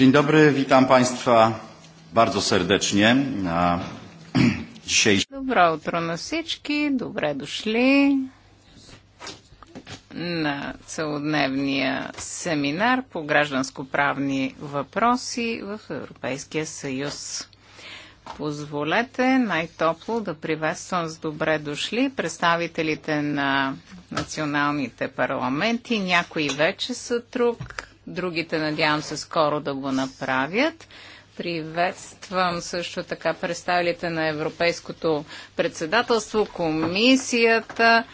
Dzień dobry, witam Państwa bardzo serdecznie na dzisiejszym. Добро утро на всички, добре дошли на целодневния семинар по гражданско-правни въпроси в Европейския съюз. Позволете най-топло да приветствам с добре дошли представителите на националните парламенти. Някои вече са тук, Другите, надявам се, скоро да го направят. Приветствам също така представите на Европейското председателство, комисията,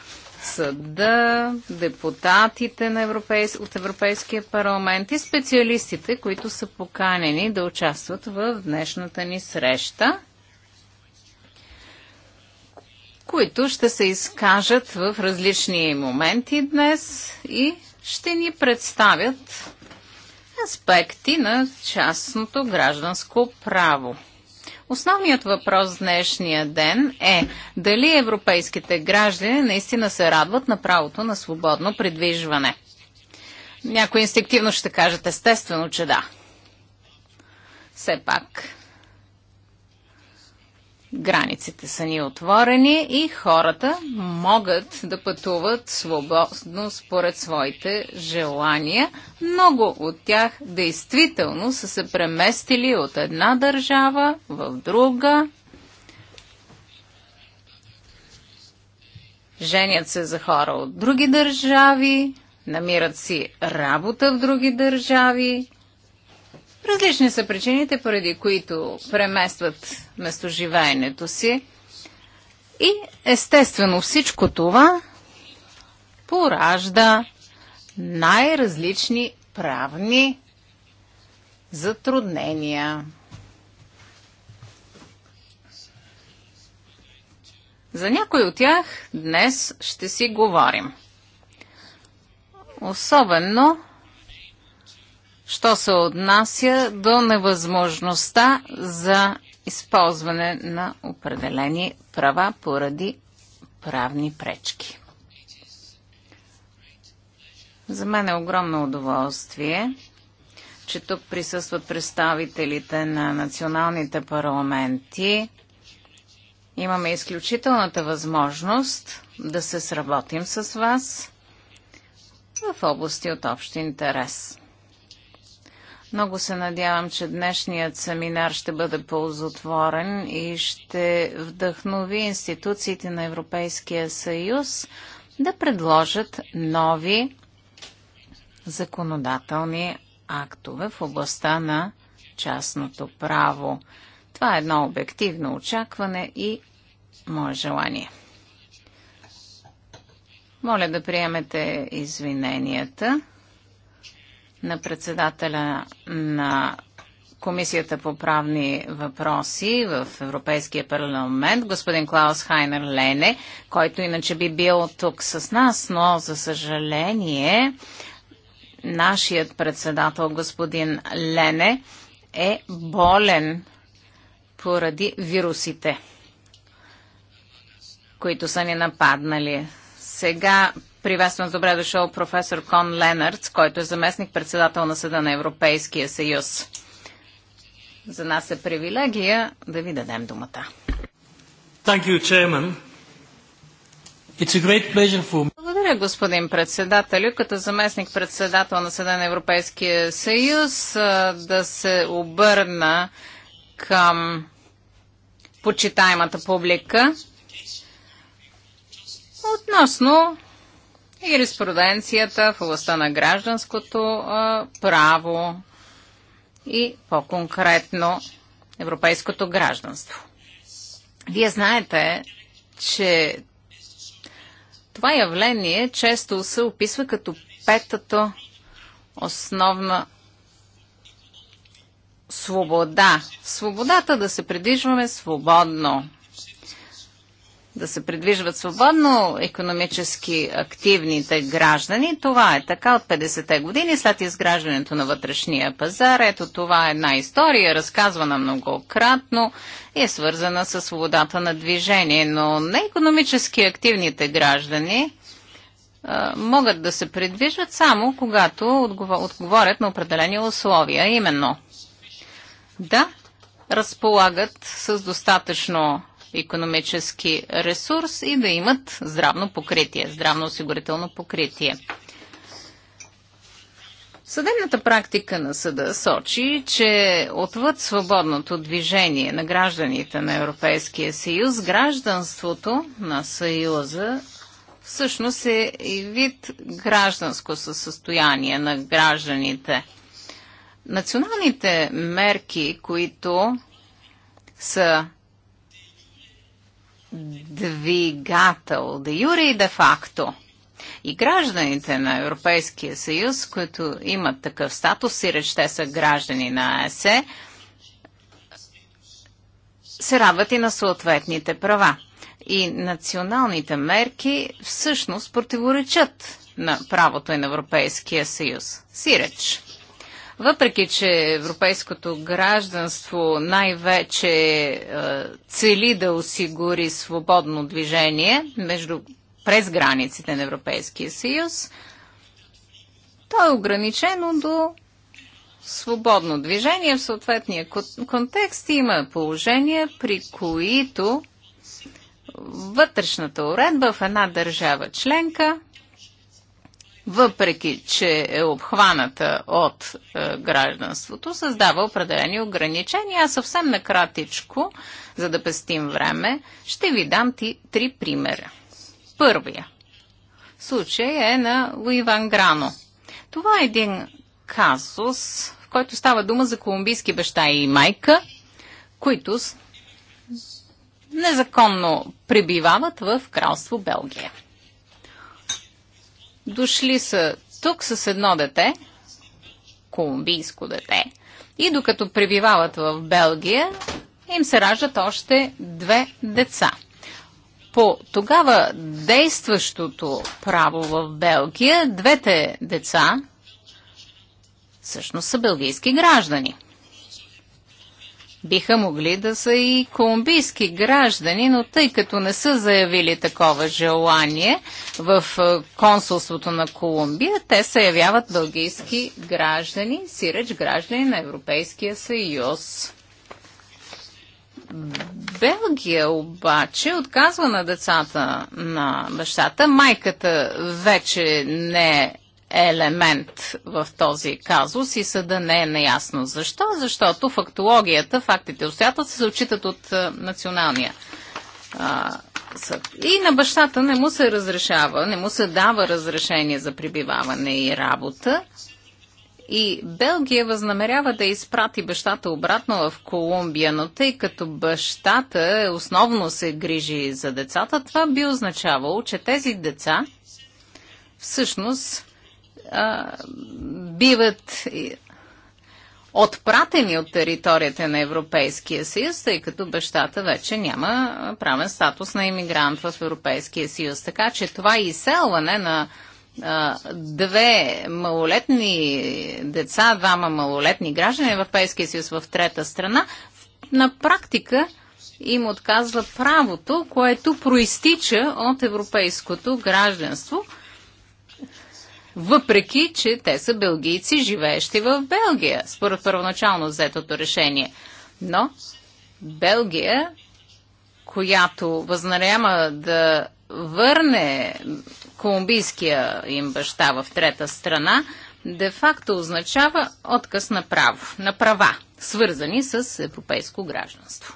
съда, депутатите на Европейс... от Европейския парламент и специалистите, които са поканени да участват в днешната ни среща които ще се изкажат в различни моменти днес и ще ни представят аспекти на частното гражданско право. Основният въпрос в днешния ден е дали европейските граждани наистина се радват на правото на свободно придвижване. Някои инстинктивно ще кажат естествено, че да. Все пак Границите са ни отворени и хората могат да пътуват свободно според своите желания. Много от тях действително са се преместили от една държава в друга. Женят се за хора от други държави, намират си работа в други държави, Различни са причините, поради които преместват местоживеенето си. И естествено всичко това поражда най-различни правни затруднения. За някой от тях днес ще си говорим. Особено що се отнася до невъзможността за използване на определени права поради правни пречки. За мен е огромно удоволствие, че тук присъстват представителите на националните парламенти. Имаме изключителната възможност да се сработим с вас в области от общ интерес. Много се надявам, че днешният семинар ще бъде ползотворен и ще вдъхнови институциите на Европейския съюз да предложат нови законодателни актове в областта на частното право. Това е едно обективно очакване и мое желание. Моля да приемете извиненията на председателя на Комисията по правни въпроси в Европейския парламент, господин Клаус Хайнер Лене, който иначе би бил тук с нас, но за съжаление нашият председател господин Лене е болен поради вирусите, които са ни нападнали. Сега Приветствам добре дошъл професор Кон Ленардс, който е заместник председател на Съда на Европейския съюз. За нас е привилегия да ви дадем думата. You, for... Благодаря, господин председателю. Като заместник председател на Съда на Европейския съюз да се обърна към почитаемата публика относно юриспруденцията в областта на гражданското право и по-конкретно европейското гражданство. Вие знаете, че това явление често се описва като петата основна свобода. Свободата да се придвижваме свободно да се придвижват свободно економически активните граждани. Това е така от 50-те години след изграждането на вътрешния пазар. Ето това е една история, разказвана многократно и е свързана с свободата на движение. Но не економически активните граждани а, могат да се придвижват само когато отговорят на определени условия. Именно да разполагат с достатъчно економически ресурс и да имат здравно покритие, здравно-осигурително покритие. Съдебната практика на съда сочи, че отвъд свободното движение на гражданите на Европейския съюз, гражданството на съюза всъщност е и вид гражданско състояние на гражданите. Националните мерки, които са двигател, де юре и де факто. И гражданите на Европейския съюз, които имат такъв статус, и реч те са граждани на ЕСЕ, се радват и на съответните права. И националните мерки всъщност противоречат на правото и на Европейския съюз. Сиреч. Въпреки, че европейското гражданство най-вече е, цели да осигури свободно движение между, през границите на Европейския съюз, то е ограничено до свободно движение в съответния контекст има положения, при които вътрешната уредба в една държава членка въпреки че е обхваната от е, гражданството, създава определени ограничения. Аз съвсем накратичко, за да пестим време, ще ви дам ти три примера. Първия случай е на Иван Грано. Това е един казус, в който става дума за колумбийски баща и майка, които незаконно пребивават в кралство Белгия. Дошли са тук с едно дете, колумбийско дете, и докато пребивават в Белгия, им се раждат още две деца. По тогава действащото право в Белгия, двете деца всъщност са белгийски граждани биха могли да са и колумбийски граждани, но тъй като не са заявили такова желание в е, консулството на Колумбия, те се явяват бългийски граждани, сиреч граждани на Европейския съюз. Белгия обаче отказва на децата на бащата. Майката вече не е елемент в този казус и съда не е неясно. Защо? Защото фактологията, фактите, обстоятелства се отчитат от националния съд. И на бащата не му се разрешава, не му се дава разрешение за прибиваване и работа. И Белгия възнамерява да изпрати бащата обратно в Колумбия, но тъй като бащата е основно се грижи за децата, това би означавало, че тези деца всъщност а, биват отпратени от територията на Европейския съюз, тъй като бащата вече няма правен статус на иммигрант в Европейския съюз. Така че това изселване на а, две малолетни деца, двама малолетни граждани Европейския съюз в трета страна, на практика им отказва правото, което проистича от европейското гражданство – въпреки че те са белгийци, живеещи в Белгия, според първоначално взетото решение. Но Белгия, която възнаряма да върне колумбийския им баща в трета страна, де-факто означава отказ на право, на права, свързани с европейско гражданство.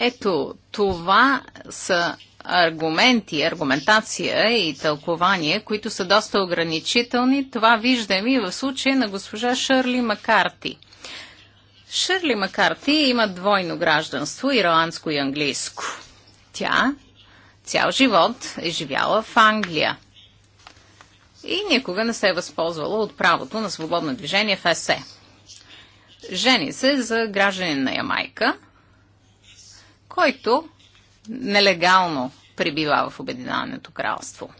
Ето, това са аргументи, аргументация и тълкование, които са доста ограничителни. Това виждаме и в случая на госпожа Шърли Макарти. Шърли Макарти има двойно гражданство, ирландско и английско. Тя цял живот е живяла в Англия и никога не се е възползвала от правото на свободно движение в ЕСЕ. Жени се за гражданин на Ямайка, който нелегално пребива в Обединеното кралство.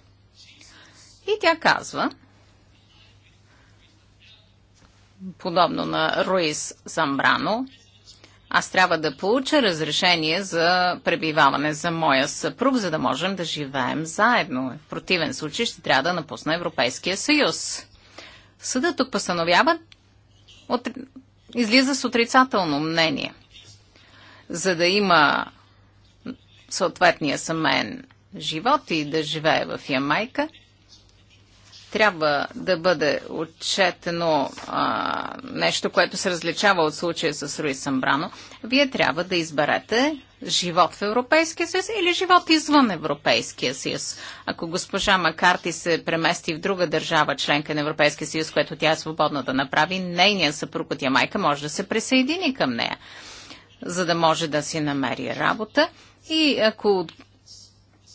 И тя казва, подобно на Руис Замбрано, аз трябва да получа разрешение за пребиваване за моя съпруг, за да можем да живеем заедно. В противен случай ще трябва да напусна Европейския съюз. Съдът тук постановява, от... излиза с отрицателно мнение. За да има съответния семейен живот и да живее в Ямайка. Трябва да бъде отчетено а, нещо, което се различава от случая с Руи Самбрано. Вие трябва да изберете живот в Европейския съюз или живот извън Европейския съюз. Ако госпожа Макарти се премести в друга държава, членка на Европейския съюз, което тя е свободна да направи, нейният съпруг от Ямайка може да се присъедини към нея, за да може да си намери работа и ако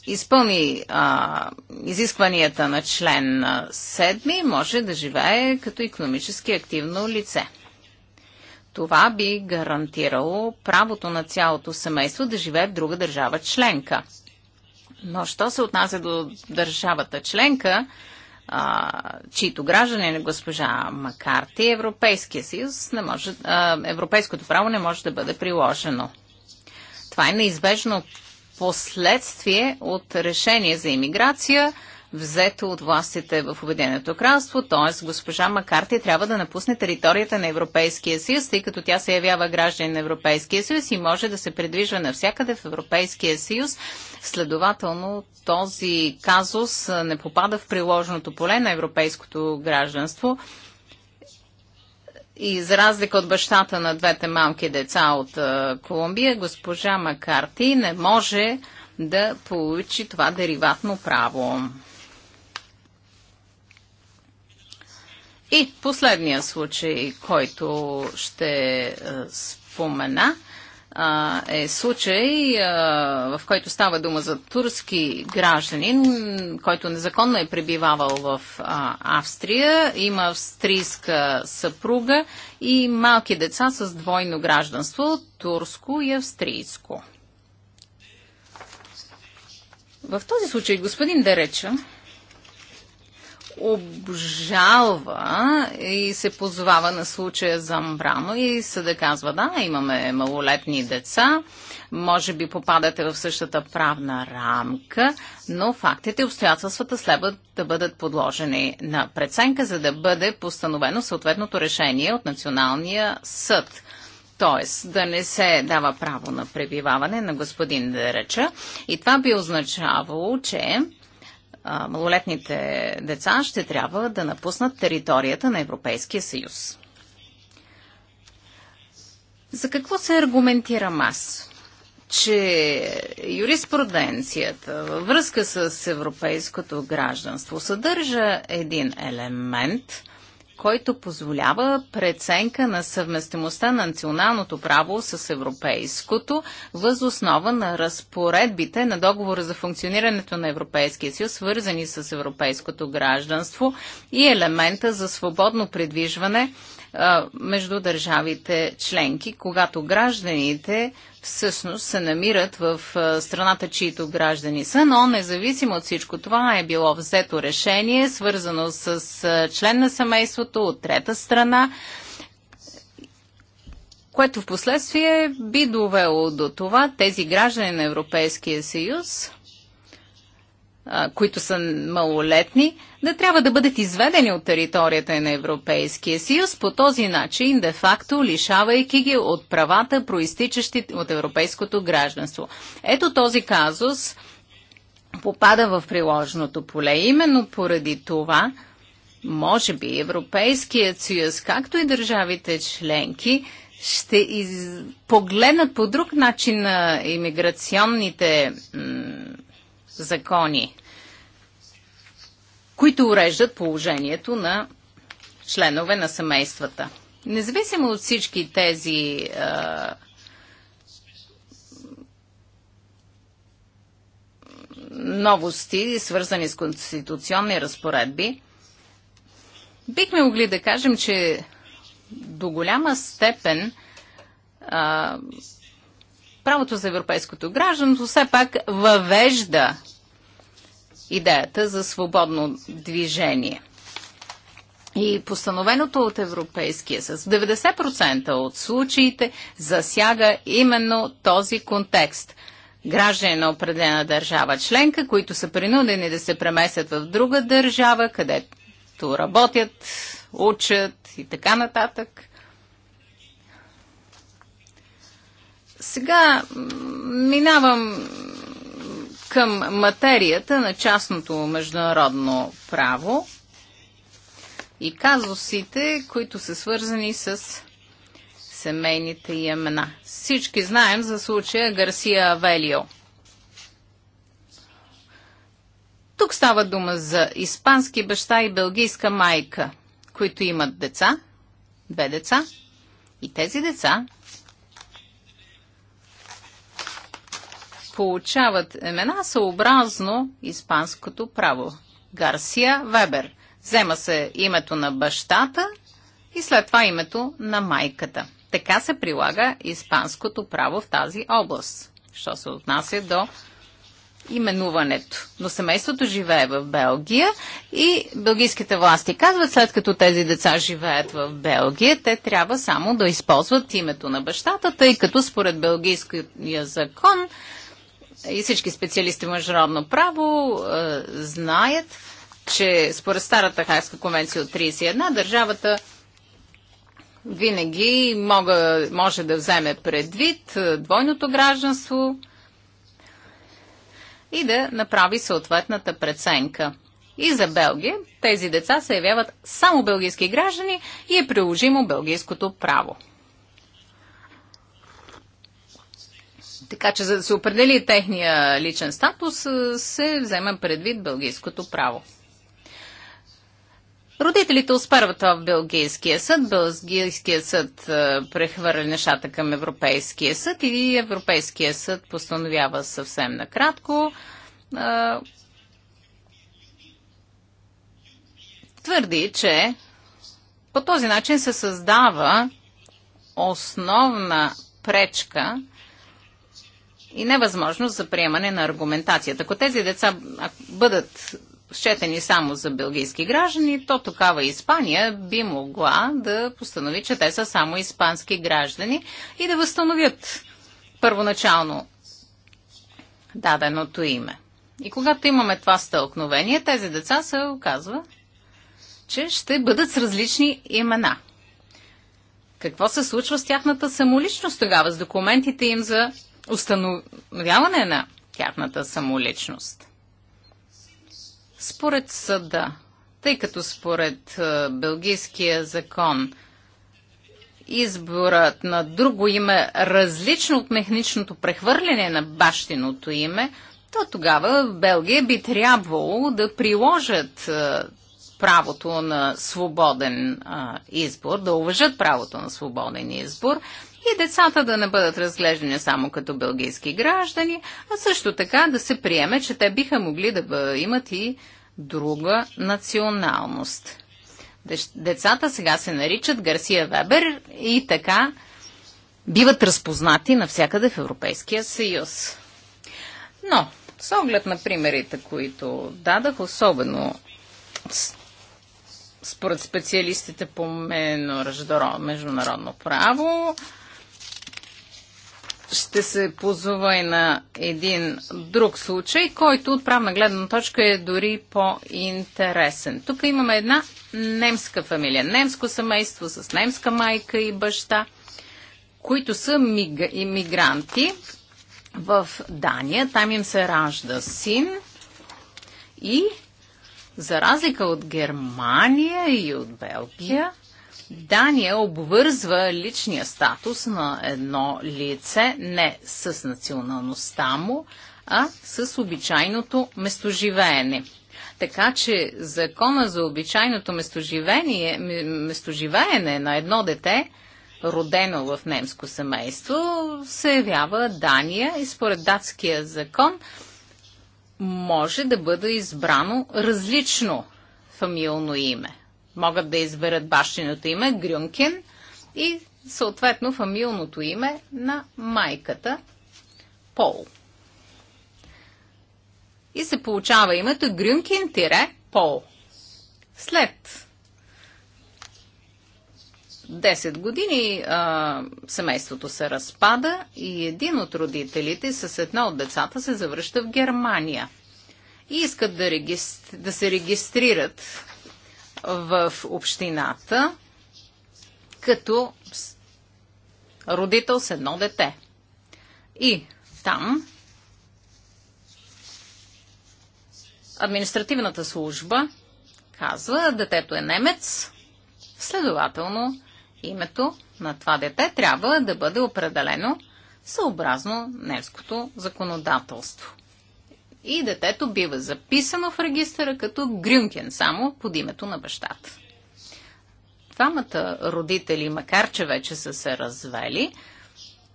изпълни а, изискванията на член 7, може да живее като економически активно лице. Това би гарантирало правото на цялото семейство да живее в друга държава членка. Но що се отнася до държавата членка, а, чието гражданин е госпожа Макарти, Европейския съюз не може, а, европейското право не може да бъде приложено. Това е неизбежно последствие от решение за иммиграция, взето от властите в Обединеното кралство, т.е. госпожа Макарти трябва да напусне територията на Европейския съюз, тъй като тя се явява гражданин на Европейския съюз и може да се придвижва навсякъде в Европейския съюз. Следователно, този казус не попада в приложеното поле на европейското гражданство. И за разлика от бащата на двете малки деца от Колумбия, госпожа Макарти не може да получи това дериватно право. И последния случай, който ще спомена – а, е случай, а, в който става дума за турски гражданин, който незаконно е пребивавал в а, Австрия, има австрийска съпруга и малки деца с двойно гражданство, турско и австрийско. В този случай господин Дереча обжалва и се позвава на случая за Амбрано и да казва, да, имаме малолетни деца, може би попадате в същата правна рамка, но фактите и обстоятелствата следват да бъдат подложени на преценка, за да бъде постановено съответното решение от Националния съд т.е. да не се дава право на пребиваване на господин Дереча. И това би означавало, че малолетните деца ще трябва да напуснат територията на Европейския съюз. За какво се аргументирам аз? че юриспруденцията във връзка с европейското гражданство съдържа един елемент, който позволява преценка на съвместимостта на националното право с европейското, въз основа на разпоредбите на договора за функционирането на Европейския съюз, свързани с европейското гражданство и елемента за свободно предвижване между държавите членки, когато гражданите всъщност се намират в страната, чието граждани са, но независимо от всичко това е било взето решение, свързано с член на семейството от трета страна, което в последствие би довело до това тези граждани на Европейския съюз които са малолетни, да трябва да бъдат изведени от територията на Европейския съюз, по този начин, де-факто, лишавайки ги от правата, проистичащи от европейското гражданство. Ето този казус попада в приложното поле. Именно поради това, може би, Европейският съюз, както и държавите членки, ще из... погледнат по друг начин на иммиграционните закони които уреждат положението на членове на семействата. Независимо от всички тези а, новости, свързани с конституционни разпоредби, бихме могли да кажем, че до голяма степен а, правото за европейското гражданство все пак въвежда идеята за свободно движение. И постановеното от Европейския съюз, 90% от случаите засяга именно този контекст. Граждани на определена държава членка, които са принудени да се преместят в друга държава, където работят, учат и така нататък. Сега минавам към материята на частното международно право и казусите, които са свързани с семейните имена. Всички знаем за случая Гарсия Авелио. Тук става дума за испански баща и белгийска майка, които имат деца, две деца, и тези деца получават имена съобразно испанското право. Гарсия Вебер. Взема се името на бащата и след това името на майката. Така се прилага испанското право в тази област, що се отнася до именуването. Но семейството живее в Белгия и белгийските власти казват, след като тези деца живеят в Белгия, те трябва само да използват името на бащата, тъй като според белгийския закон и всички специалисти в международно право е, знаят, че според Старата Хайска конвенция от 31 държавата винаги мога, може да вземе предвид е, двойното гражданство и да направи съответната преценка. И за Белгия тези деца се явяват само белгийски граждани и е приложимо белгийското право. Така че, за да се определи техния личен статус, се взема предвид бългийското право. Родителите успърват в Белгийския съд. Белгийския съд прехвърля нещата към Европейския съд и Европейския съд постановява съвсем накратко. твърди, че по този начин се създава основна пречка и невъзможност за приемане на аргументацията. Ако тези деца бъдат счетени само за белгийски граждани, то тогава Испания би могла да постанови, че те са само испански граждани и да възстановят първоначално даденото име. И когато имаме това стълкновение, тези деца се оказва, че ще бъдат с различни имена. Какво се случва с тяхната самоличност тогава, с документите им за установяване на тяхната самоличност. Според съда, тъй като според е, белгийския закон изборът на друго име, различно от механичното прехвърляне на бащиното име, то тогава в Белгия би трябвало да приложат е, правото на свободен а, е, избор, да уважат правото на свободен избор и децата да не бъдат разглеждани само като бългийски граждани, а също така да се приеме, че те биха могли да имат и друга националност. Децата сега се наричат Гарсия Вебер и така биват разпознати навсякъде в Европейския съюз. Но, с оглед на примерите, които дадах, особено според специалистите по международно право, ще се позова и на един друг случай, който от правна гледна точка е дори по-интересен. Тук имаме една немска фамилия, немско семейство с немска майка и баща, които са миг... иммигранти в Дания. Там им се ражда син и за разлика от Германия и от Белгия, Дания обвързва личния статус на едно лице не с националността му, а с обичайното местоживеене. Така че закона за обичайното местоживеене на едно дете, родено в немско семейство, се явява Дания и според датския закон може да бъде избрано различно фамилно име могат да изберат бащиното име Грюнкин и съответно фамилното име на майката Пол. И се получава името Грюнкин-Пол. След 10 години а, семейството се разпада и един от родителите с едно от децата се завръща в Германия. И искат да, регистр... да се регистрират в общината като родител с едно дете. И там административната служба казва, детето е немец, следователно името на това дете трябва да бъде определено съобразно немското законодателство и детето бива записано в регистъра като Грюнкен, само под името на бащата. Двамата родители, макар че вече са се развели,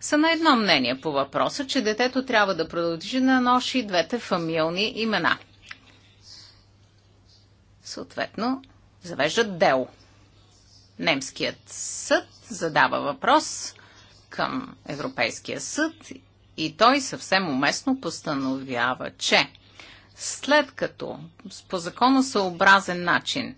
са на едно мнение по въпроса, че детето трябва да продължи да носи двете фамилни имена. Съответно, завеждат дел. Немският съд задава въпрос към Европейския съд и той съвсем уместно постановява, че след като по законосъобразен начин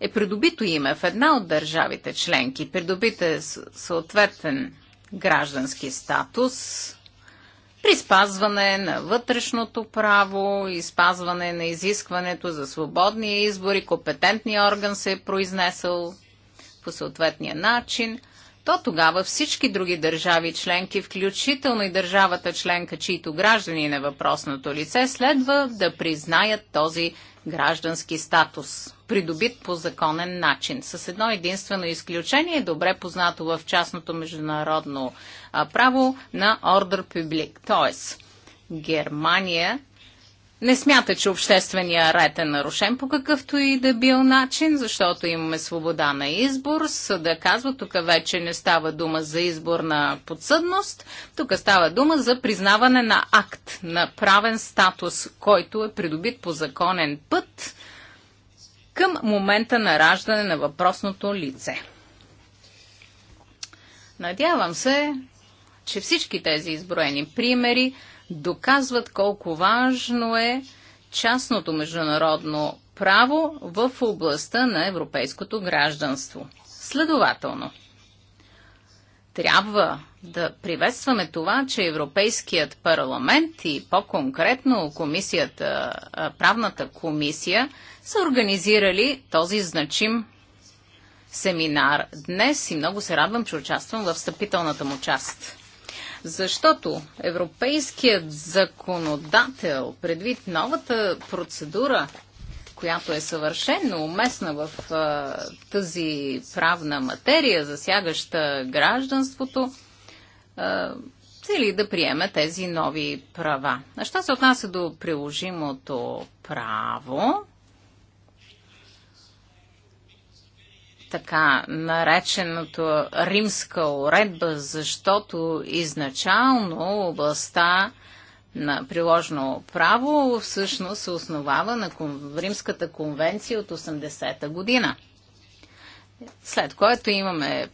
е придобито име в една от държавите членки, придобите съответен граждански статус, при спазване на вътрешното право и спазване на изискването за свободни избори, компетентния орган се е произнесъл по съответния начин – то тогава всички други държави членки, включително и държавата членка, чието граждани е на въпросното лице, следва да признаят този граждански статус, придобит по законен начин. С едно единствено изключение, добре познато в частното международно право на ордер публик. Т.е. Германия не смята, че обществения ред е нарушен по какъвто и да бил начин, защото имаме свобода на избор. Съда казва, тук вече не става дума за избор на подсъдност, тук става дума за признаване на акт, на правен статус, който е придобит по законен път към момента на раждане на въпросното лице. Надявам се, че всички тези изброени примери – доказват колко важно е частното международно право в областта на европейското гражданство. Следователно, трябва да приветстваме това, че Европейският парламент и по-конкретно комисията, правната комисия са организирали този значим семинар днес и много се радвам, че участвам в встъпителната му част. Защото европейският законодател, предвид новата процедура, която е съвършенно уместна в а, тази правна материя, засягаща гражданството, а, цели да приеме тези нови права. А що се отнася до приложимото право, така нареченото римска уредба, защото изначално областта на приложно право всъщност се основава на Римската конвенция от 80-та година. След което имаме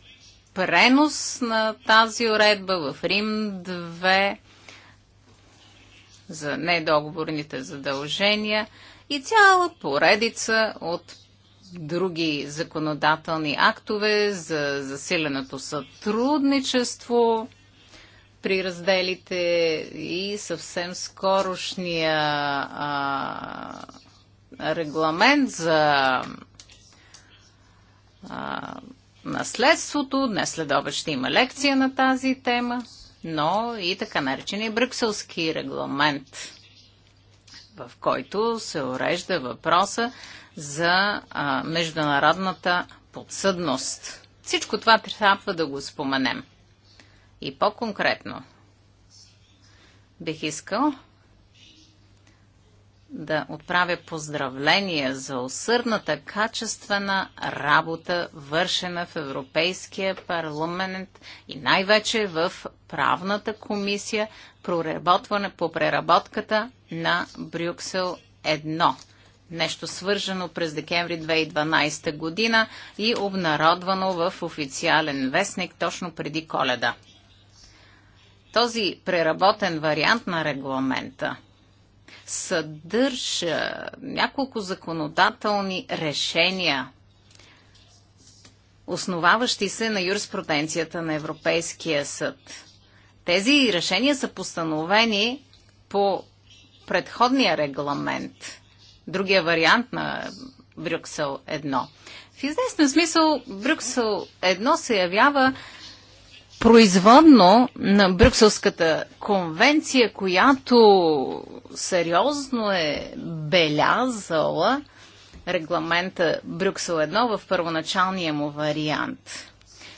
пренос на тази уредба в Рим 2 за недоговорните задължения и цяла поредица от други законодателни актове за засиленото сътрудничество при разделите и съвсем скорошния а, регламент за а, наследството. Днес след ще има лекция на тази тема, но и така наречения брюкселски регламент в който се урежда въпроса за а, международната подсъдност. Всичко това трябва да го споменем. И по-конкретно бих искал да отправя поздравления за усърдната качествена работа, вършена в Европейския парламент и най-вече в правната комисия по преработката на Брюксел 1. Нещо свържено през декември 2012 година и обнародвано в официален вестник точно преди коледа. Този преработен вариант на регламента съдържа няколко законодателни решения, основаващи се на юриспруденцията на Европейския съд. Тези решения са постановени по предходния регламент, другия вариант на Брюксел 1. В известен смисъл Брюксел 1 се явява производно на Брюкселската конвенция, която сериозно е белязала регламента Брюксел 1 в първоначалния му вариант.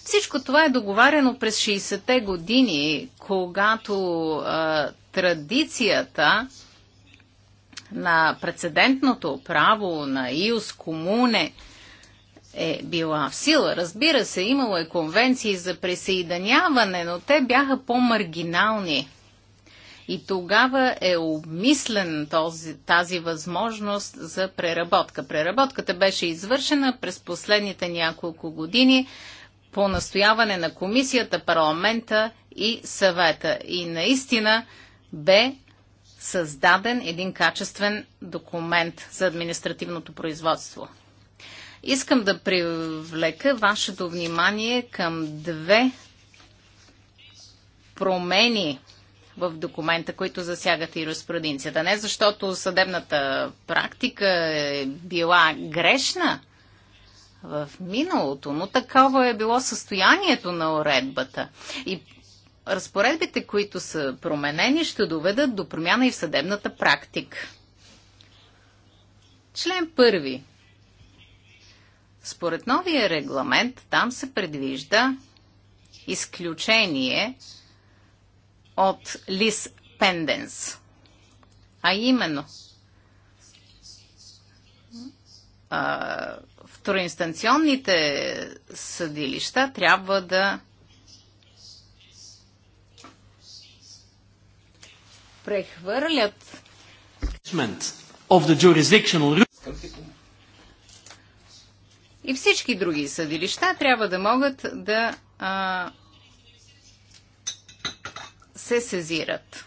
Всичко това е договарено през 60-те години, когато а, традицията на прецедентното право на Иус Комуне е била в сила. Разбира се, имало е конвенции за присъединяване, но те бяха по-маргинални. И тогава е обмислен този, тази възможност за преработка. Преработката беше извършена през последните няколко години по настояване на комисията, парламента и съвета. И наистина бе създаден един качествен документ за административното производство. Искам да привлека вашето внимание към две промени в документа, които засягат юриспруденцията. Не защото съдебната практика е била грешна в миналото, но такова е било състоянието на уредбата. И разпоредбите, които са променени, ще доведат до промяна и в съдебната практика. Член първи. Според новия регламент там се предвижда изключение от лис пенденс, а именно а, второинстанционните съдилища трябва да прехвърлят и всички други съдилища трябва да могат да а, се сезират.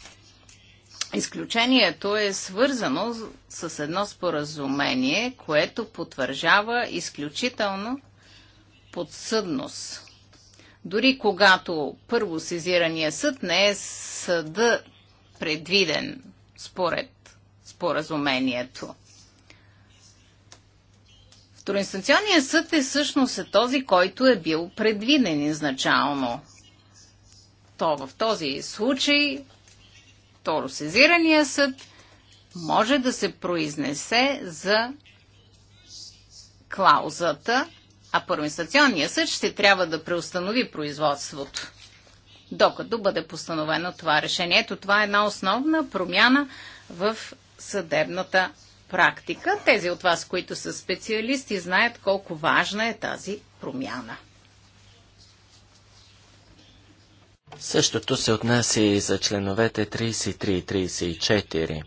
Изключението е свързано с едно споразумение, което потвържава изключително подсъдност. Дори когато първо сезирания съд не е съда предвиден според споразумението. Второинстанционният съд е всъщност е този, който е бил предвиден изначално. То в този случай второсезирания съд може да се произнесе за клаузата, а първоинстанционният съд ще трябва да преустанови производството докато бъде постановено това решение. Ето това е една основна промяна в съдебната практика. Тези от вас, които са специалисти, знаят колко важна е тази промяна. Същото се отнася и за членовете 33 и 34.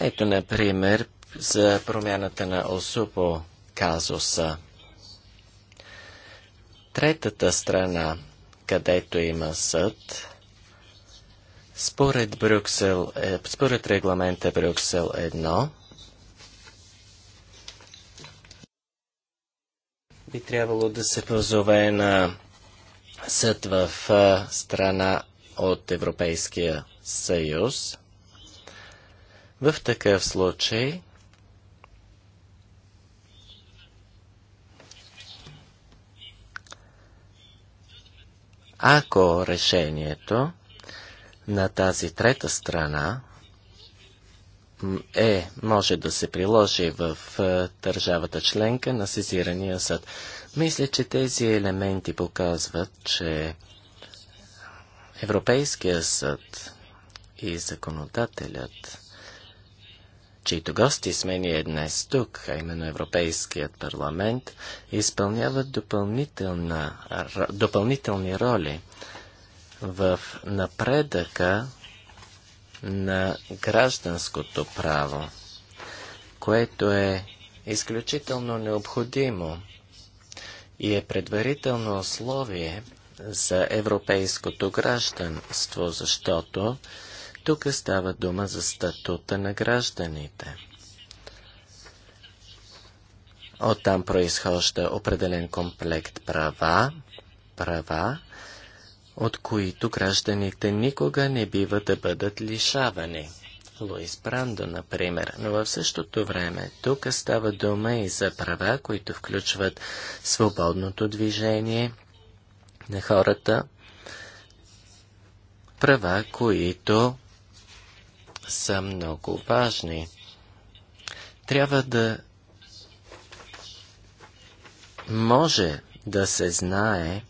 Ето, например, за промяната на Осупо казуса. Третата страна където има съд, според, Брюксел, е, според регламента Брюксел 1, би трябвало да се позове на съд в страна от Европейския съюз. В такъв случай ако решението на тази трета страна е, може да се приложи в е, държавата членка на сезирания съд. Мисля, че тези елементи показват, че Европейския съд и законодателят чието гости сме ние днес тук, а именно Европейският парламент, изпълняват допълнителни роли в напредъка на гражданското право, което е изключително необходимо и е предварително условие за европейското гражданство, защото тук става дума за статута на гражданите. Оттам произхожда определен комплект права, права, от които гражданите никога не бива да бъдат лишавани. Луис Брандо, например, но в същото време тук става дума и за права, които включват свободното движение на хората, права, които са много важни. Трябва да може да се знае,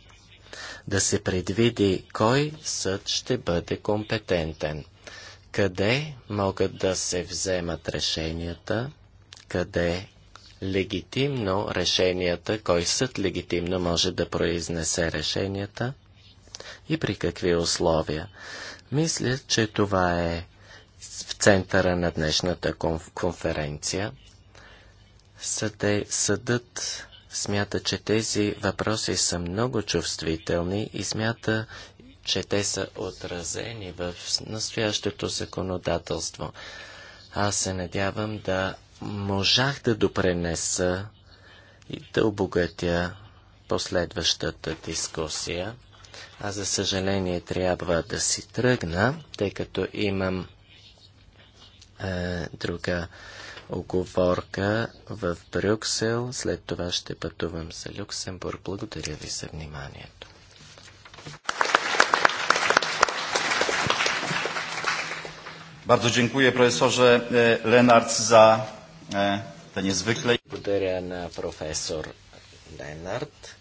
да се предвиди кой съд ще бъде компетентен, къде могат да се вземат решенията, къде легитимно решенията, кой съд легитимно може да произнесе решенията и при какви условия. Мисля, че това е в центъра на днешната конференция. Съде, съдът смята, че тези въпроси са много чувствителни и смята, че те са отразени в настоящото законодателство. Аз се надявам да можах да допренеса и да обогатя последващата дискусия. Аз, за съжаление, трябва да си тръгна, тъй като имам е, друга оговорка в Брюксел. След това ще пътувам за Люксембург. Благодаря ви за вниманието. Bardzo dziękuję profesorze e, Lenart za e, te niezwykle... Благодаря на професор Ленард.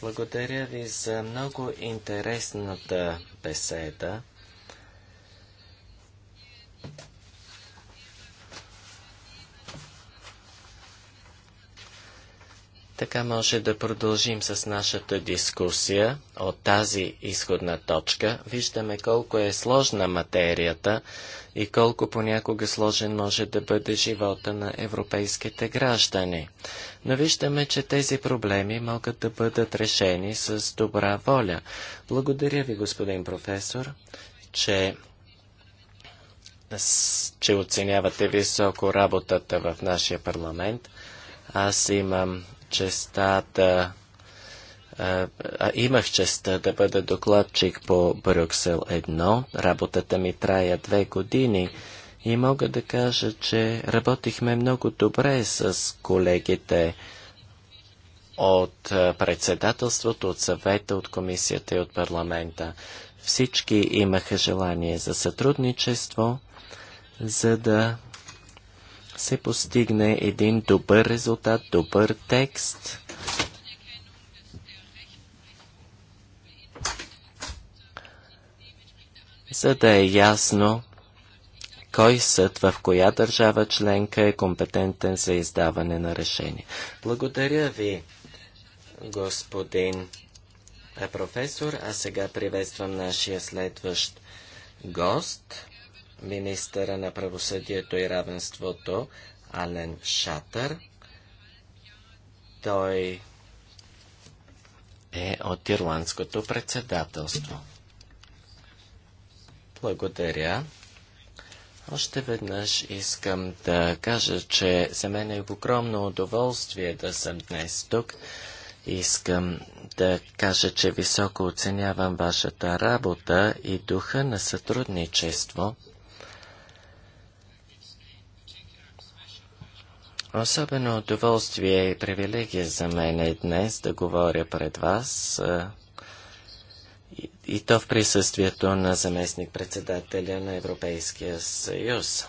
Благодаря ви за много интересната беседа. Така може да продължим с нашата дискусия от тази изходна точка. Виждаме колко е сложна материята и колко понякога сложен може да бъде живота на европейските граждани. Но виждаме, че тези проблеми могат да бъдат решени с добра воля. Благодаря ви, господин професор, че че оценявате високо работата в нашия парламент. Аз имам Честата, а, имах честа да бъда докладчик по Брюксел 1. Работата ми трая две години и мога да кажа, че работихме много добре с колегите от председателството, от съвета, от комисията и от парламента. Всички имаха желание за сътрудничество, за да се постигне един добър резултат, добър текст. За да е ясно кой съд в коя държава членка е компетентен за издаване на решение. Благодаря ви, господин професор. А сега приветствам нашия следващ гост министъра на правосъдието и равенството Ален Шатър. Той е от ирландското председателство. Благодаря. Още веднъж искам да кажа, че за мен е огромно удоволствие да съм днес тук. Искам да кажа, че високо оценявам вашата работа и духа на сътрудничество Особено удоволствие и привилегия за мен е днес да говоря пред вас а, и, и то в присъствието на заместник-председателя на Европейския съюз.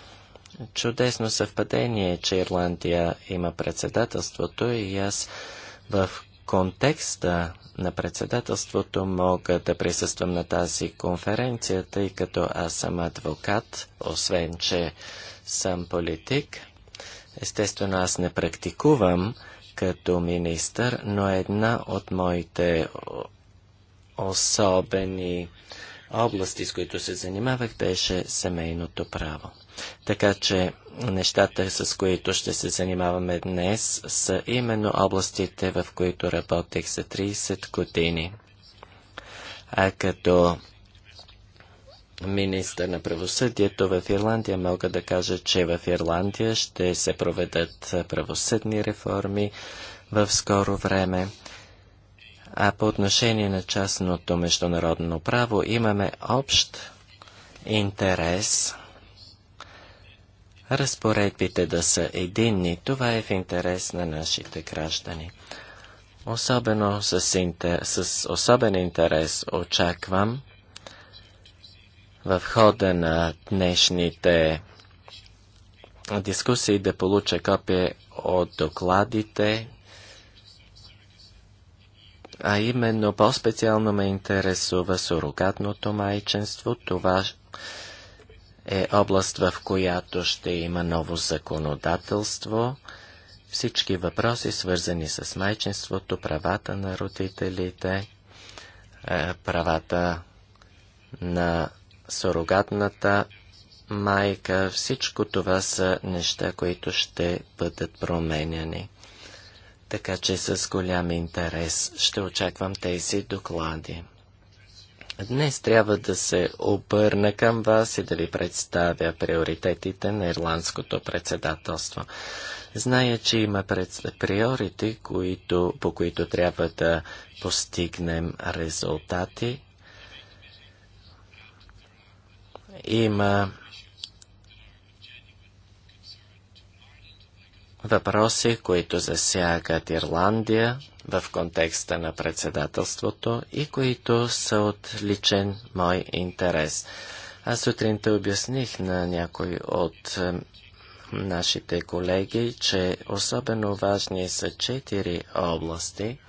Чудесно съвпадение, че Ирландия има председателството и аз в контекста на председателството мога да присъствам на тази конференция, тъй като аз съм адвокат, освен че съм политик – Естествено, аз не практикувам като министър, но една от моите особени области, с които се занимавах, беше семейното право. Така че нещата, с които ще се занимаваме днес, са именно областите, в които работех за 30 години. А като министър на правосъдието в Ирландия, мога да кажа, че в Ирландия ще се проведат правосъдни реформи в скоро време. А по отношение на частното международно право имаме общ интерес разпоредбите да са единни. Това е в интерес на нашите граждани. Особено с, интер... с особен интерес очаквам в хода на днешните дискусии да получа копие от докладите, а именно по-специално ме интересува сурогатното майчинство. Това е област, в която ще има ново законодателство. Всички въпроси, свързани с майчинството, правата на родителите, е, правата на сурогатната майка, всичко това са неща, които ще бъдат променяни. Така че с голям интерес ще очаквам тези доклади. Днес трябва да се обърна към вас и да ви представя приоритетите на ирландското председателство. Зная, че има приорите, приорити, които, по които трябва да постигнем резултати Има въпроси, които засягат Ирландия в контекста на председателството и които са от личен мой интерес. Аз сутринта обясних на някой от нашите колеги, че особено важни са четири области –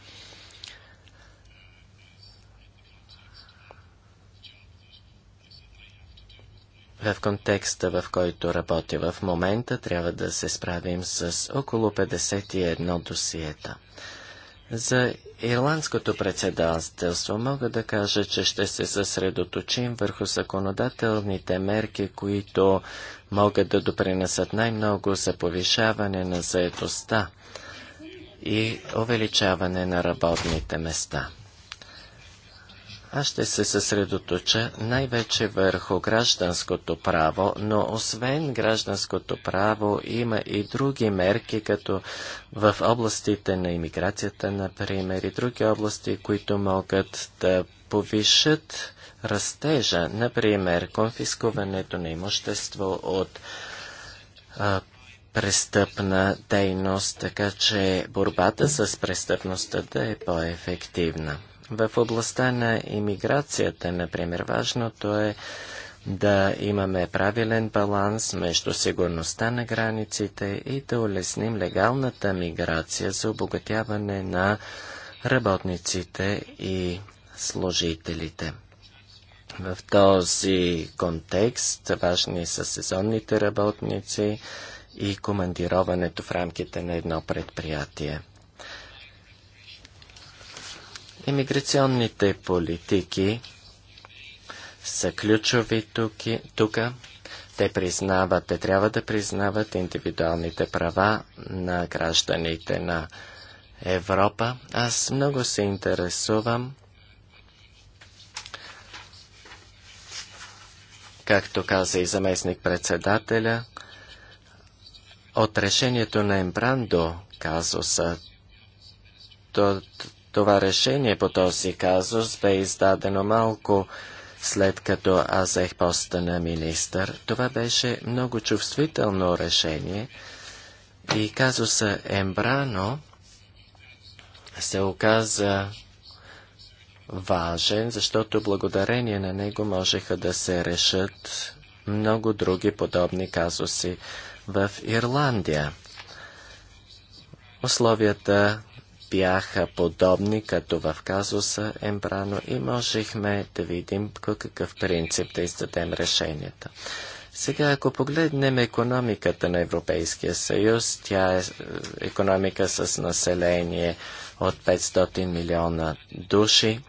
в контекста, в който работя в момента, трябва да се справим с около 51 досиета. За ирландското председателство мога да кажа, че ще се съсредоточим върху законодателните мерки, които могат да допринесат най-много за повишаване на заедостта и увеличаване на работните места. Аз ще се съсредоточа най-вече върху гражданското право, но освен гражданското право има и други мерки, като в областите на иммиграцията, например, и други области, които могат да повишат растежа, например, конфискуването на имущество от престъпна дейност, така че борбата с престъпността да е по-ефективна. В областта на иммиграцията, например, важното е да имаме правилен баланс между сигурността на границите и да улесним легалната миграция за обогатяване на работниците и служителите. В този контекст важни са сезонните работници и командироването в рамките на едно предприятие. Имиграционните политики са ключови тук. Те признават, те трябва да признават индивидуалните права на гражданите на Европа. Аз много се интересувам, както каза и заместник-председателя, от решението на Ембрандо казуса. То, това решение по този казус бе издадено малко след като аз ех поста на министър. Това беше много чувствително решение и казуса Ембрано се оказа важен, защото благодарение на него можеха да се решат много други подобни казуси в Ирландия. Условията бяха подобни, като в казуса Ембрано и можехме да видим по какъв принцип да издадем решенията. Сега, ако погледнем економиката на Европейския съюз, тя е, е економика с население от 500 милиона души.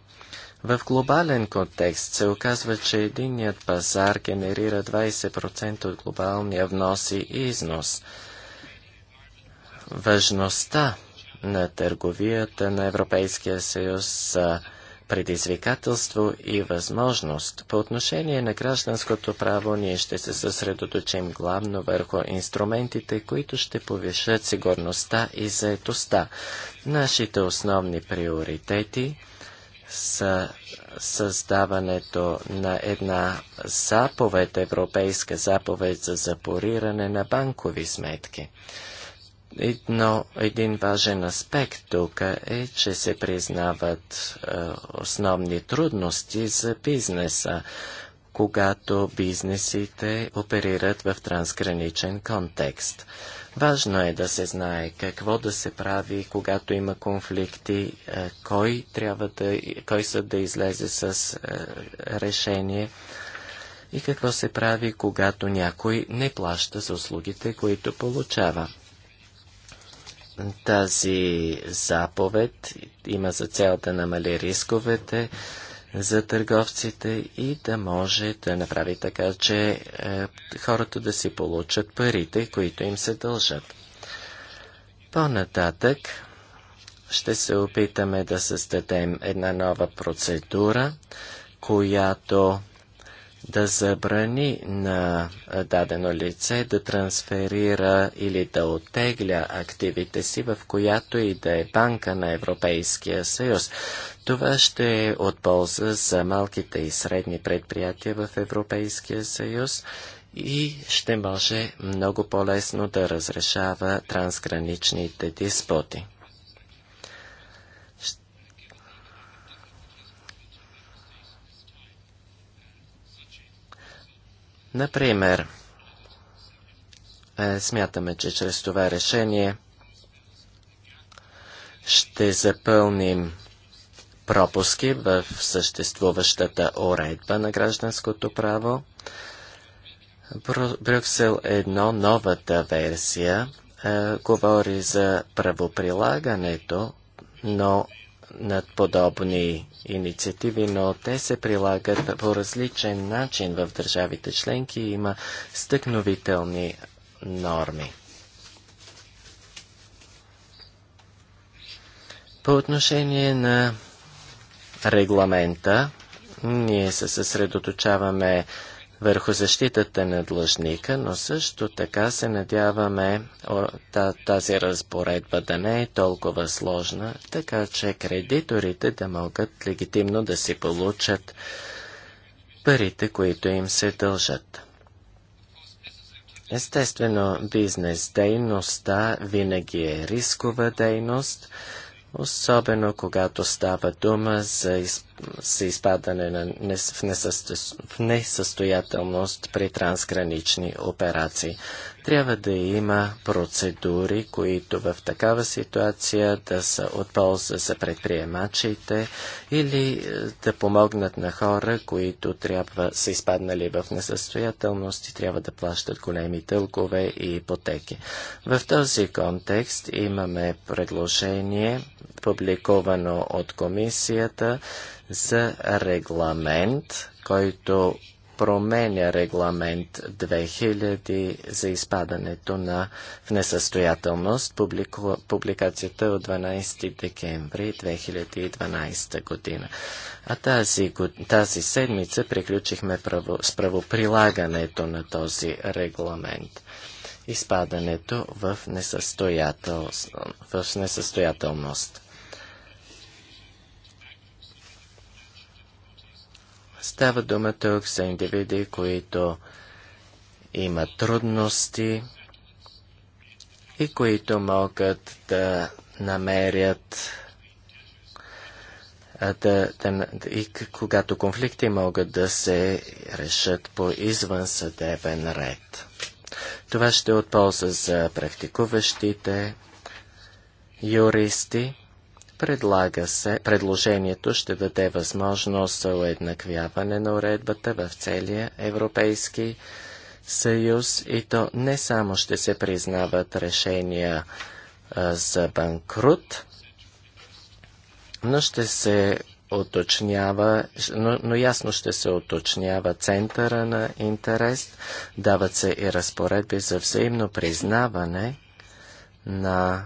В глобален контекст се оказва, че единният пазар генерира 20% от глобалния внос и износ. Важността на търговията на Европейския съюз са предизвикателство и възможност. По отношение на гражданското право ние ще се съсредоточим главно върху инструментите, които ще повишат сигурността и заетостта. Нашите основни приоритети са създаването на една заповед, европейска заповед за запориране на банкови сметки. Едно, един важен аспект тук е, че се признават е, основни трудности за бизнеса, когато бизнесите оперират в трансграничен контекст. Важно е да се знае какво да се прави, когато има конфликти, е, кой, трябва да, кой съд да излезе с е, решение и какво се прави, когато някой не плаща за услугите, които получава. Тази заповед има за цел да намали рисковете за търговците и да може да направи така, че е, хората да си получат парите, които им се дължат. По-нататък ще се опитаме да създадем една нова процедура, която да забрани на дадено лице да трансферира или да отегля активите си в която и да е банка на Европейския съюз. Това ще е от полза за малките и средни предприятия в Европейския съюз и ще може много по-лесно да разрешава трансграничните диспоти. Например, е, смятаме, че чрез това решение ще запълним пропуски в съществуващата уредба на гражданското право. Брюксел 1, новата версия, е, говори за правоприлагането, но над подобни инициативи, но те се прилагат по различен начин в държавите членки и има стъкновителни норми. По отношение на регламента, ние се съсредоточаваме върху защитата на длъжника, но също така се надяваме тази разпоредба да не е толкова сложна, така че кредиторите да могат легитимно да си получат парите, които им се дължат. Естествено, бизнес дейността винаги е рискова дейност, особено когато става дума за изпълнение се изпадане на, в, в несъстоятелност при трансгранични операции. Трябва да има процедури, които в такава ситуация да са от полза за предприемачите или е, да помогнат на хора, които трябва са изпаднали в несъстоятелност и трябва да плащат големи дългове и ипотеки. В този контекст имаме предложение, публикувано от комисията, за регламент, който променя регламент 2000 за изпадането на в несъстоятелност. Публику... Публикацията е от 12 декември 2012 година. А тази, тази седмица приключихме право... с правоприлагането на този регламент. Изпадането в несъстоятелност. в несъстоятелност. Става дума тук за индивиди, които имат трудности и които могат да намерят да, да, и когато конфликти могат да се решат по извън съдебен ред. Това ще е от полза за практикуващите юристи Предлага се, предложението ще даде възможност за уеднаквяване на уредбата в целия Европейски съюз и то не само ще се признават решения а, за банкрут, но ще се уточнява, но, но ясно ще се уточнява центъра на интерес, дават се и разпоредби за взаимно признаване на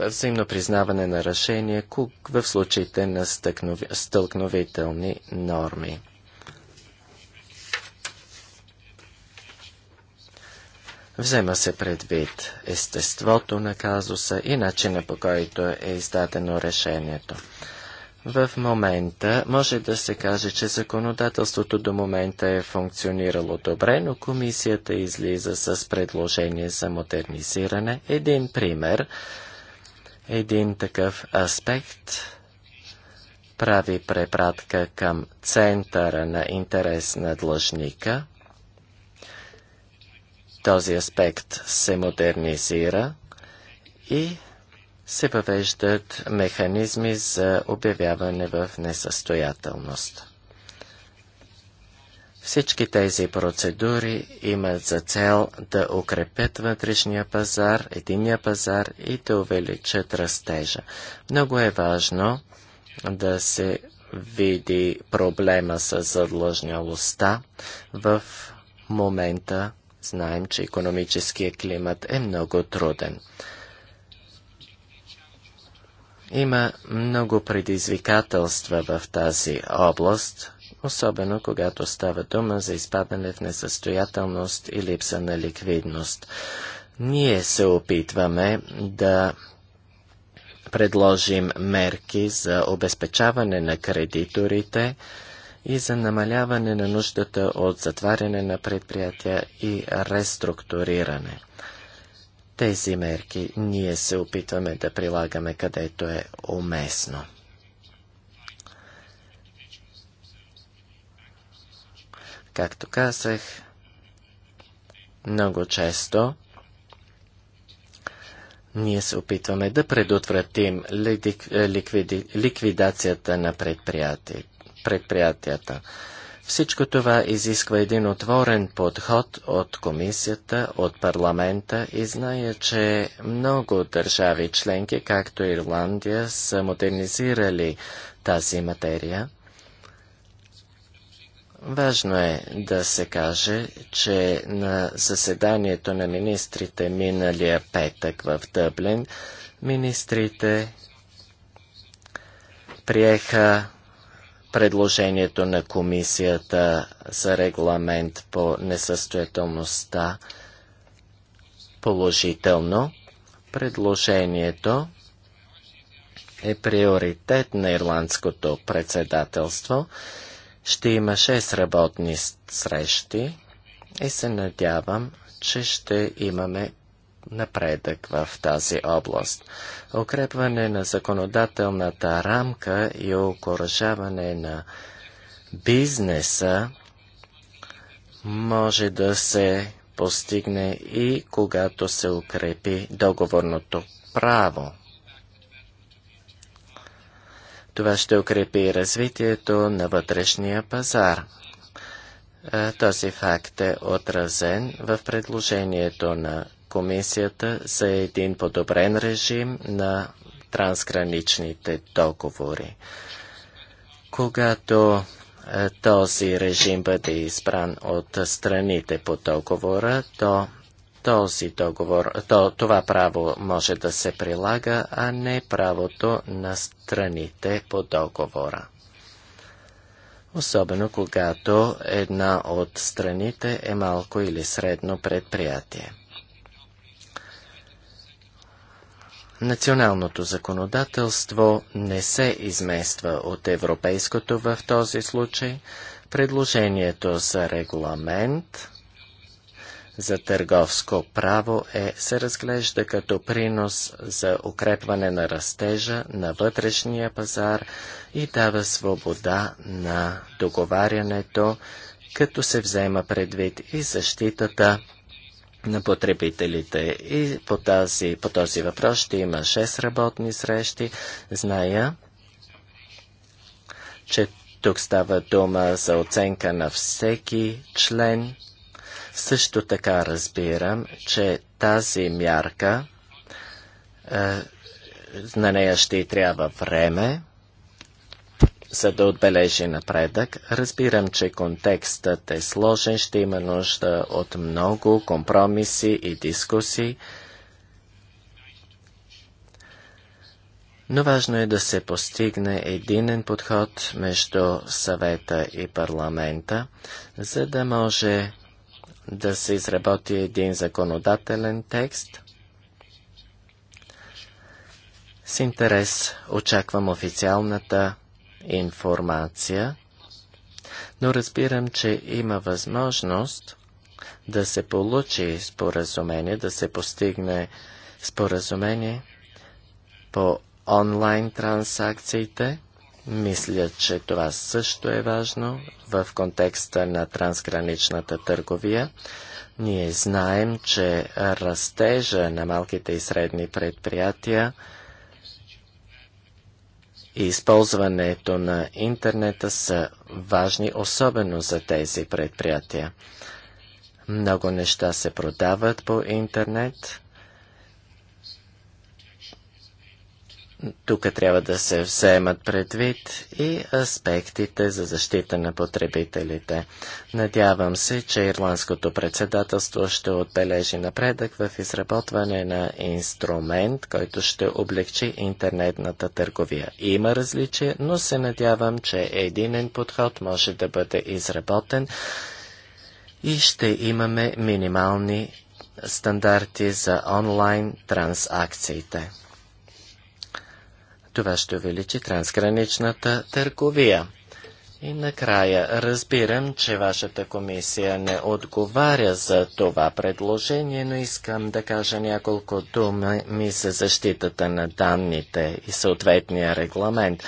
взаимно признаване на решение в случаите на стълкновителни норми. Взема се предвид естеството на казуса и начина по който е издадено решението. В момента може да се каже, че законодателството до момента е функционирало добре, но комисията излиза с предложение за модернизиране. Един пример – един такъв аспект прави препратка към центъра на интерес на длъжника. Този аспект се модернизира и се въвеждат механизми за обявяване в несъстоятелност. Всички тези процедури имат за цел да укрепят вътрешния пазар, единния пазар и да увеличат растежа. Много е важно да се види проблема с задлъжнялостта. В момента знаем, че економическия климат е много труден. Има много предизвикателства в тази област – особено когато става дума за изпадане в несъстоятелност и липса на ликвидност. Ние се опитваме да предложим мерки за обезпечаване на кредиторите и за намаляване на нуждата от затваряне на предприятия и реструктуриране. Тези мерки ние се опитваме да прилагаме където е уместно. Както казах, много често ние се опитваме да предотвратим е, ликвидацията на предприятията. Всичко това изисква един отворен подход от комисията, от парламента и зная, че много държави членки, както Ирландия, са модернизирали тази материя. Важно е да се каже, че на заседанието на министрите миналия петък в Дъблин, министрите приеха предложението на комисията за регламент по несъстоятелността положително. Предложението е приоритет на ирландското председателство – ще има 6 работни срещи и се надявам, че ще имаме напредък в тази област. Укрепване на законодателната рамка и окоръжаване на бизнеса може да се постигне и когато се укрепи договорното право. Това ще укрепи развитието на вътрешния пазар. Този факт е отразен в предложението на Комисията за един подобрен режим на трансграничните договори. Когато този режим бъде избран от страните по договора, то този договор, то, това право може да се прилага, а не правото на страните по договора. Особено когато една от страните е малко или средно предприятие. Националното законодателство не се измества от европейското в този случай. Предложението за регламент за търговско право е, се разглежда като принос за укрепване на растежа на вътрешния пазар и дава свобода на договарянето, като се взема предвид и защитата на потребителите. И по, тази, по този въпрос ще има 6 работни срещи. Зная, че тук става дума за оценка на всеки член също така разбирам, че тази мярка е, на нея ще и трябва време, за да отбележи напредък. Разбирам, че контекстът е сложен, ще има нужда от много компромиси и дискусии, но важно е да се постигне единен подход между съвета и парламента, за да може да се изработи един законодателен текст. С интерес очаквам официалната информация, но разбирам, че има възможност да се получи споразумение, да се постигне споразумение по онлайн транзакциите. Мисля, че това също е важно в контекста на трансграничната търговия. Ние знаем, че растежа на малките и средни предприятия и използването на интернета са важни особено за тези предприятия. Много неща се продават по интернет Тук трябва да се вземат предвид и аспектите за защита на потребителите. Надявам се, че ирландското председателство ще отбележи напредък в изработване на инструмент, който ще облегчи интернетната търговия. Има различия, но се надявам, че единен подход може да бъде изработен и ще имаме минимални стандарти за онлайн трансакциите. Това ще увеличи трансграничната търговия. И накрая разбирам, че вашата комисия не отговаря за това предложение, но искам да кажа няколко думи за защитата на данните и съответния регламент.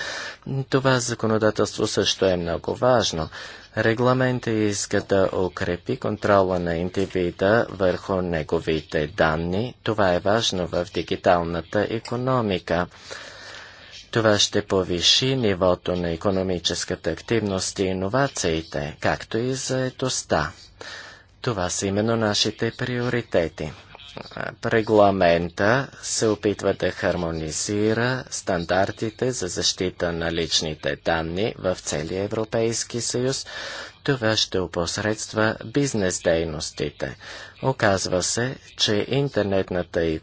Това законодателство също е много важно. Регламентът иска да укрепи контрола на индивида върху неговите данни. Това е важно в дигиталната економика. Това ще повиши нивото на економическата активност и иновациите, както и заетостта. Това са именно нашите приоритети. Регламента се опитва да хармонизира стандартите за защита на личните данни в целия Европейски съюз, това ще опосредства бизнес дейностите. Оказва се, че интернетната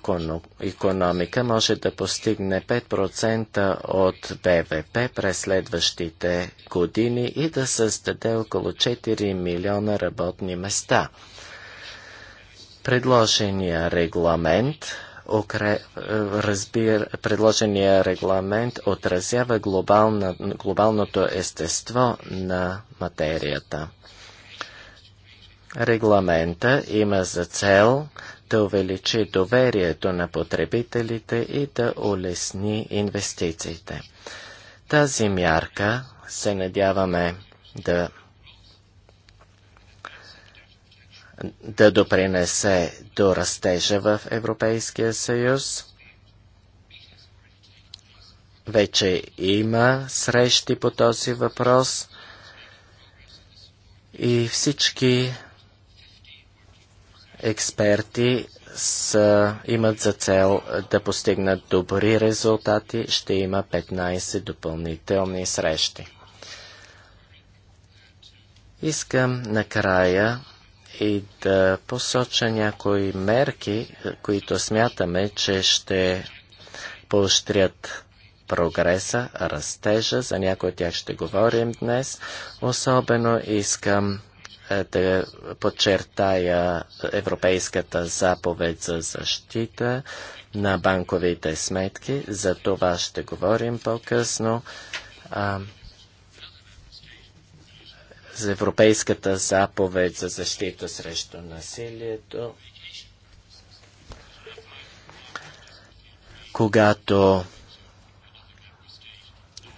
економика може да постигне 5% от БВП през следващите години и да създаде около 4 милиона работни места. Предложения регламент Разбир... Предложения регламент отразява глобална... глобалното естество на материята. Регламента има за цел да увеличи доверието на потребителите и да улесни инвестициите. Тази мярка се надяваме да да допринесе до растежа в Европейския съюз. Вече има срещи по този въпрос и всички експерти са, имат за цел да постигнат добри резултати. Ще има 15 допълнителни срещи. Искам накрая и да посоча някои мерки, които смятаме, че ще поощрят прогреса, растежа. За някои от тях ще говорим днес. Особено искам е, да подчертая Европейската заповед за защита на банковите сметки. За това ще говорим по-късно за Европейската заповед за защита срещу насилието, когато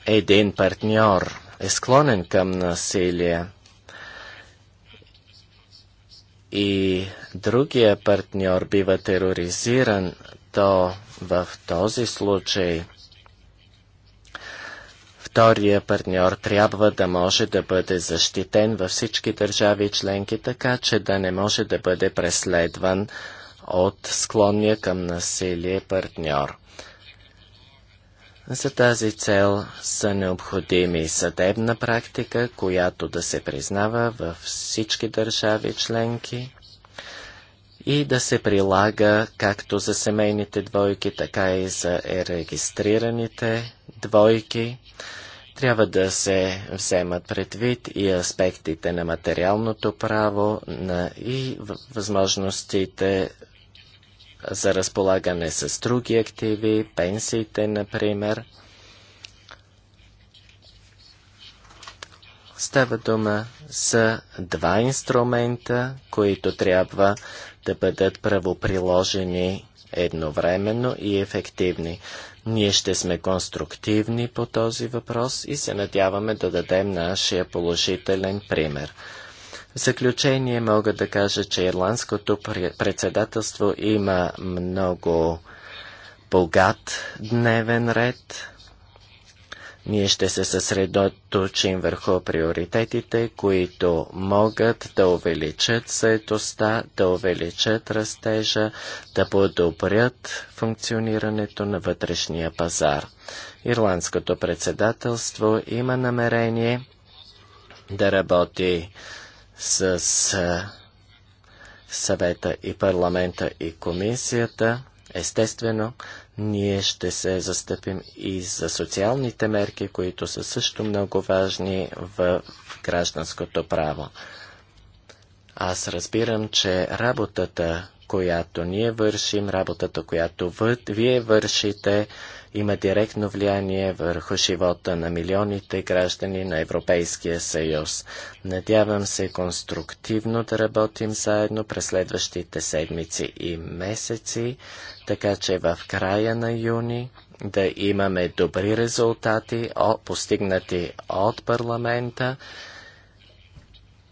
един партньор е склонен към насилие и другия партньор бива тероризиран, то в този случай – Втория партньор трябва да може да бъде защитен във всички държави и членки, така че да не може да бъде преследван от склонния към насилие партньор. За тази цел са необходими съдебна практика, която да се признава във всички държави членки и да се прилага както за семейните двойки, така и за регистрираните двойки. Трябва да се вземат предвид и аспектите на материалното право на и възможностите за разполагане с други активи, пенсиите, например. Става дума за два инструмента, които трябва да бъдат правоприложени едновременно и ефективни. Ние ще сме конструктивни по този въпрос и се надяваме да дадем нашия положителен пример. В заключение мога да кажа, че ирландското председателство има много богат дневен ред. Ние ще се съсредоточим върху приоритетите, които могат да увеличат заедостта, да увеличат растежа, да подобрят функционирането на вътрешния пазар. Ирландското председателство има намерение да работи с съвета и парламента и комисията. Естествено, ние ще се застъпим и за социалните мерки, които са също много важни в гражданското право. Аз разбирам, че работата, която ние вършим, работата, която вие вършите, има директно влияние върху живота на милионите граждани на Европейския съюз. Надявам се конструктивно да работим заедно през следващите седмици и месеци, така че в края на юни да имаме добри резултати, постигнати от парламента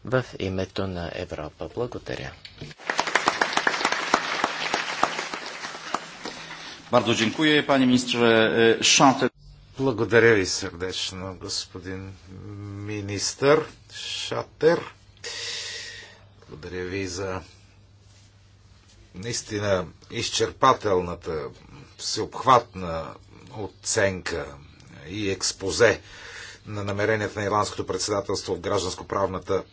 в името на Европа. Благодаря. Bardzo dziękuję, panie ministrze Шантел. E, Благодаря ви сърдечно, господин министър Шатер. Благодаря ви за наистина изчерпателната, всеобхватна оценка и експозе на намеренията на Ирландското председателство в гражданско-правната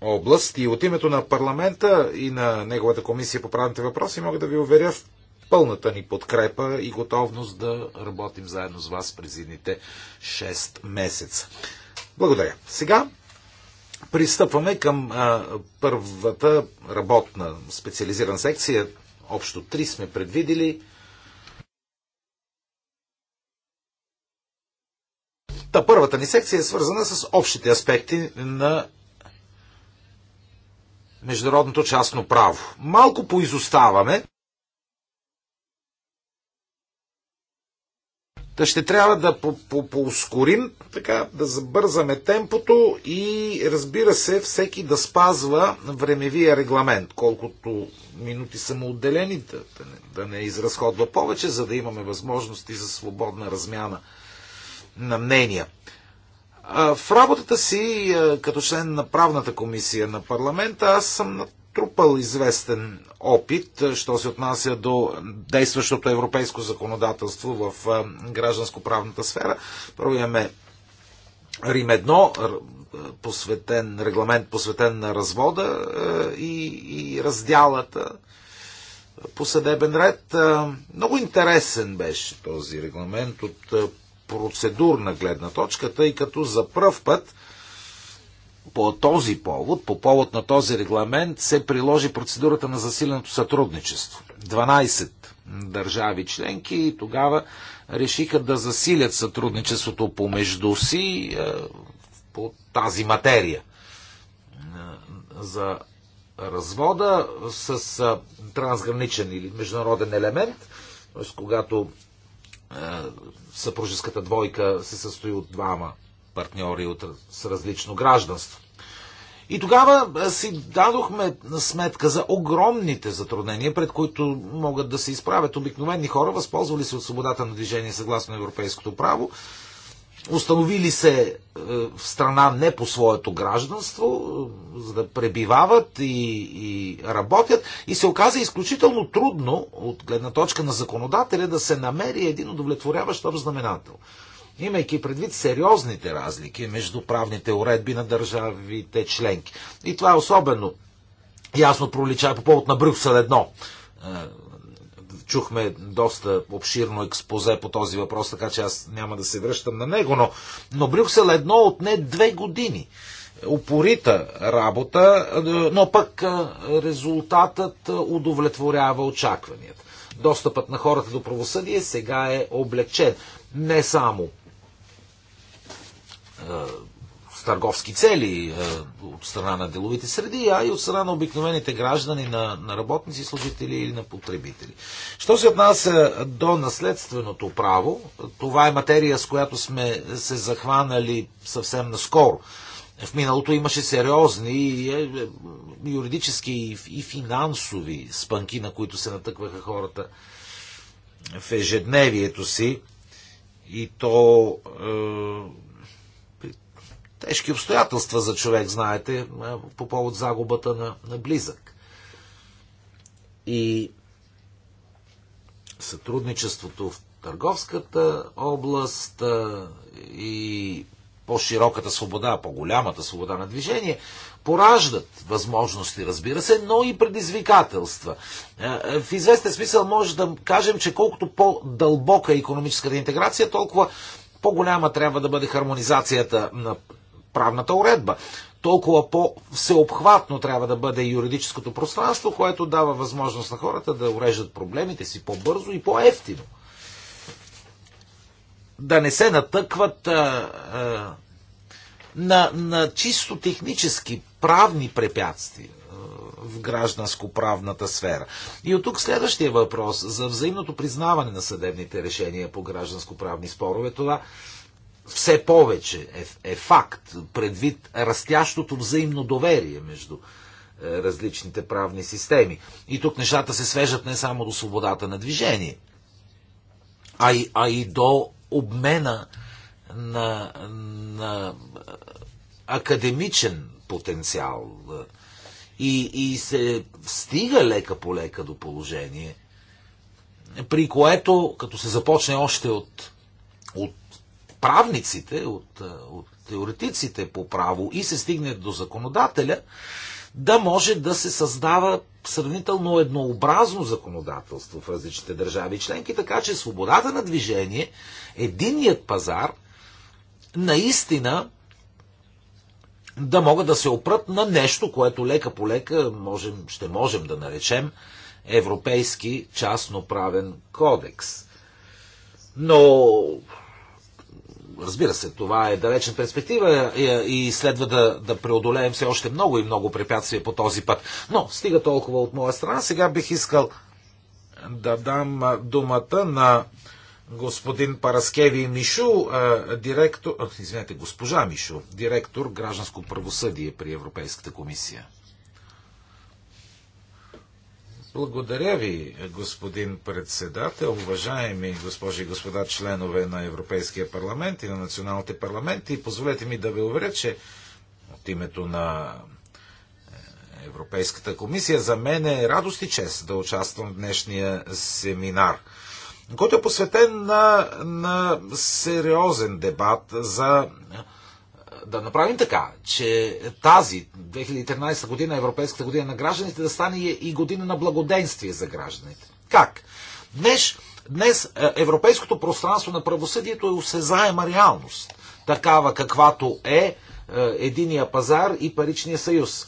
област. И от името на парламента и на неговата комисия по правните въпроси мога да ви уверя в пълната ни подкрепа и готовност да работим заедно с вас през едните 6 месеца. Благодаря. Сега пристъпваме към а, първата работна специализирана секция. Общо три сме предвидили. Та първата ни секция е свързана с общите аспекти на международното частно право. Малко поизоставаме Та ще трябва да поускорим, -по -по така, да забързаме темпото и разбира се, всеки да спазва времевия регламент, колкото минути са му отделени, да, да, не, да не изразходва повече, за да имаме възможности за свободна размяна на мнения. В работата си като член на правната комисия на парламента аз съм натрупал известен опит, е, що се отнася до действащото европейско законодателство в е, гражданско-правната сфера. Първо имаме Рим 1, посветен, регламент посветен на развода е, и, и разделата по съдебен ред. Много интересен беше този регламент от процедурна гледна точка, тъй като за пръв път по този повод, по повод на този регламент, се приложи процедурата на засиленото сътрудничество. 12 държави членки и тогава решиха да засилят сътрудничеството помежду си е, по тази материя е, за развода с е, трансграничен или международен елемент, т.е. когато съпружеската двойка се състои от двама партньори от, с различно гражданство. И тогава си дадохме сметка за огромните затруднения, пред които могат да се изправят обикновени хора, възползвали се от свободата на движение съгласно европейското право, установили се е, в страна не по своето гражданство, е, за да пребивават и, и работят. И се оказа изключително трудно, от гледна точка на законодателя, да се намери един удовлетворяващ обзнаменател. знаменател имайки предвид сериозните разлики между правните уредби на държавите членки. И това е особено ясно пролича по повод на Брюксел едно. Е, чухме доста обширно експозе по този въпрос, така че аз няма да се връщам на него, но, но Брюксел едно отне две години упорита работа, но пък е, резултатът удовлетворява очакванията. Достъпът на хората до правосъдие сега е облегчен. Не само е, с търговски цели е, от страна на деловите среди, а и от страна на обикновените граждани, на, на работници, служители или на потребители. Що се отнася до наследственото право, това е материя, с която сме се захванали съвсем наскоро. В миналото имаше сериозни е, юридически и финансови спънки, на които се натъкваха хората в ежедневието си. И то тежки обстоятелства за човек, знаете, е, по повод загубата на, на близък. И сътрудничеството в търговската област е, и по-широката свобода, по-голямата свобода на движение, пораждат възможности, разбира се, но и предизвикателства. Е, в известен смисъл може да кажем, че колкото по-дълбока е економическата интеграция, толкова по-голяма трябва да бъде хармонизацията на правната уредба. Толкова по-всеобхватно трябва да бъде юридическото пространство, което дава възможност на хората да уреждат проблемите си по-бързо и по-ефтино. Да не се натъкват а, а, на, на чисто технически правни препятствия в гражданско-правната сфера. И от тук следващия въпрос за взаимното признаване на съдебните решения по гражданско-правни спорове. Това все повече е, е факт, предвид растящото взаимно доверие между е, различните правни системи. И тук нещата се свежат не само до свободата на движение, а и, а и до обмена на, на е, академичен потенциал. И, и се стига лека по лека до положение, при което, като се започне още от, от правниците, от, е, от теоретиците по право и се стигне до законодателя, да може да се създава сравнително еднообразно законодателство в различните държави и членки, така че свободата на движение, единният пазар, наистина да могат да се опрат на нещо, което лека по лека можем, ще можем да наречем Европейски частноправен кодекс. Но разбира се, това е далечна перспектива и следва да, да преодолеем все още много и много препятствия по този път. Но стига толкова от моя страна. Сега бих искал да дам думата на господин Параскеви Мишу, директор, извинете, госпожа Мишу, директор гражданско правосъдие при Европейската комисия. Благодаря ви, господин председател, уважаеми госпожи и господа членове на Европейския парламент и на националните парламенти. Позволете ми да ви уверя, че от името на е, Европейската комисия за мен е радост и чест да участвам в днешния семинар, който е посветен на, на сериозен дебат за да направим така, че тази 2013 година, Европейската година на гражданите, да стане и година на благоденствие за гражданите. Как? Днес, днес европейското пространство на правосъдието е осезаема реалност, такава каквато е, е единия пазар и паричния съюз.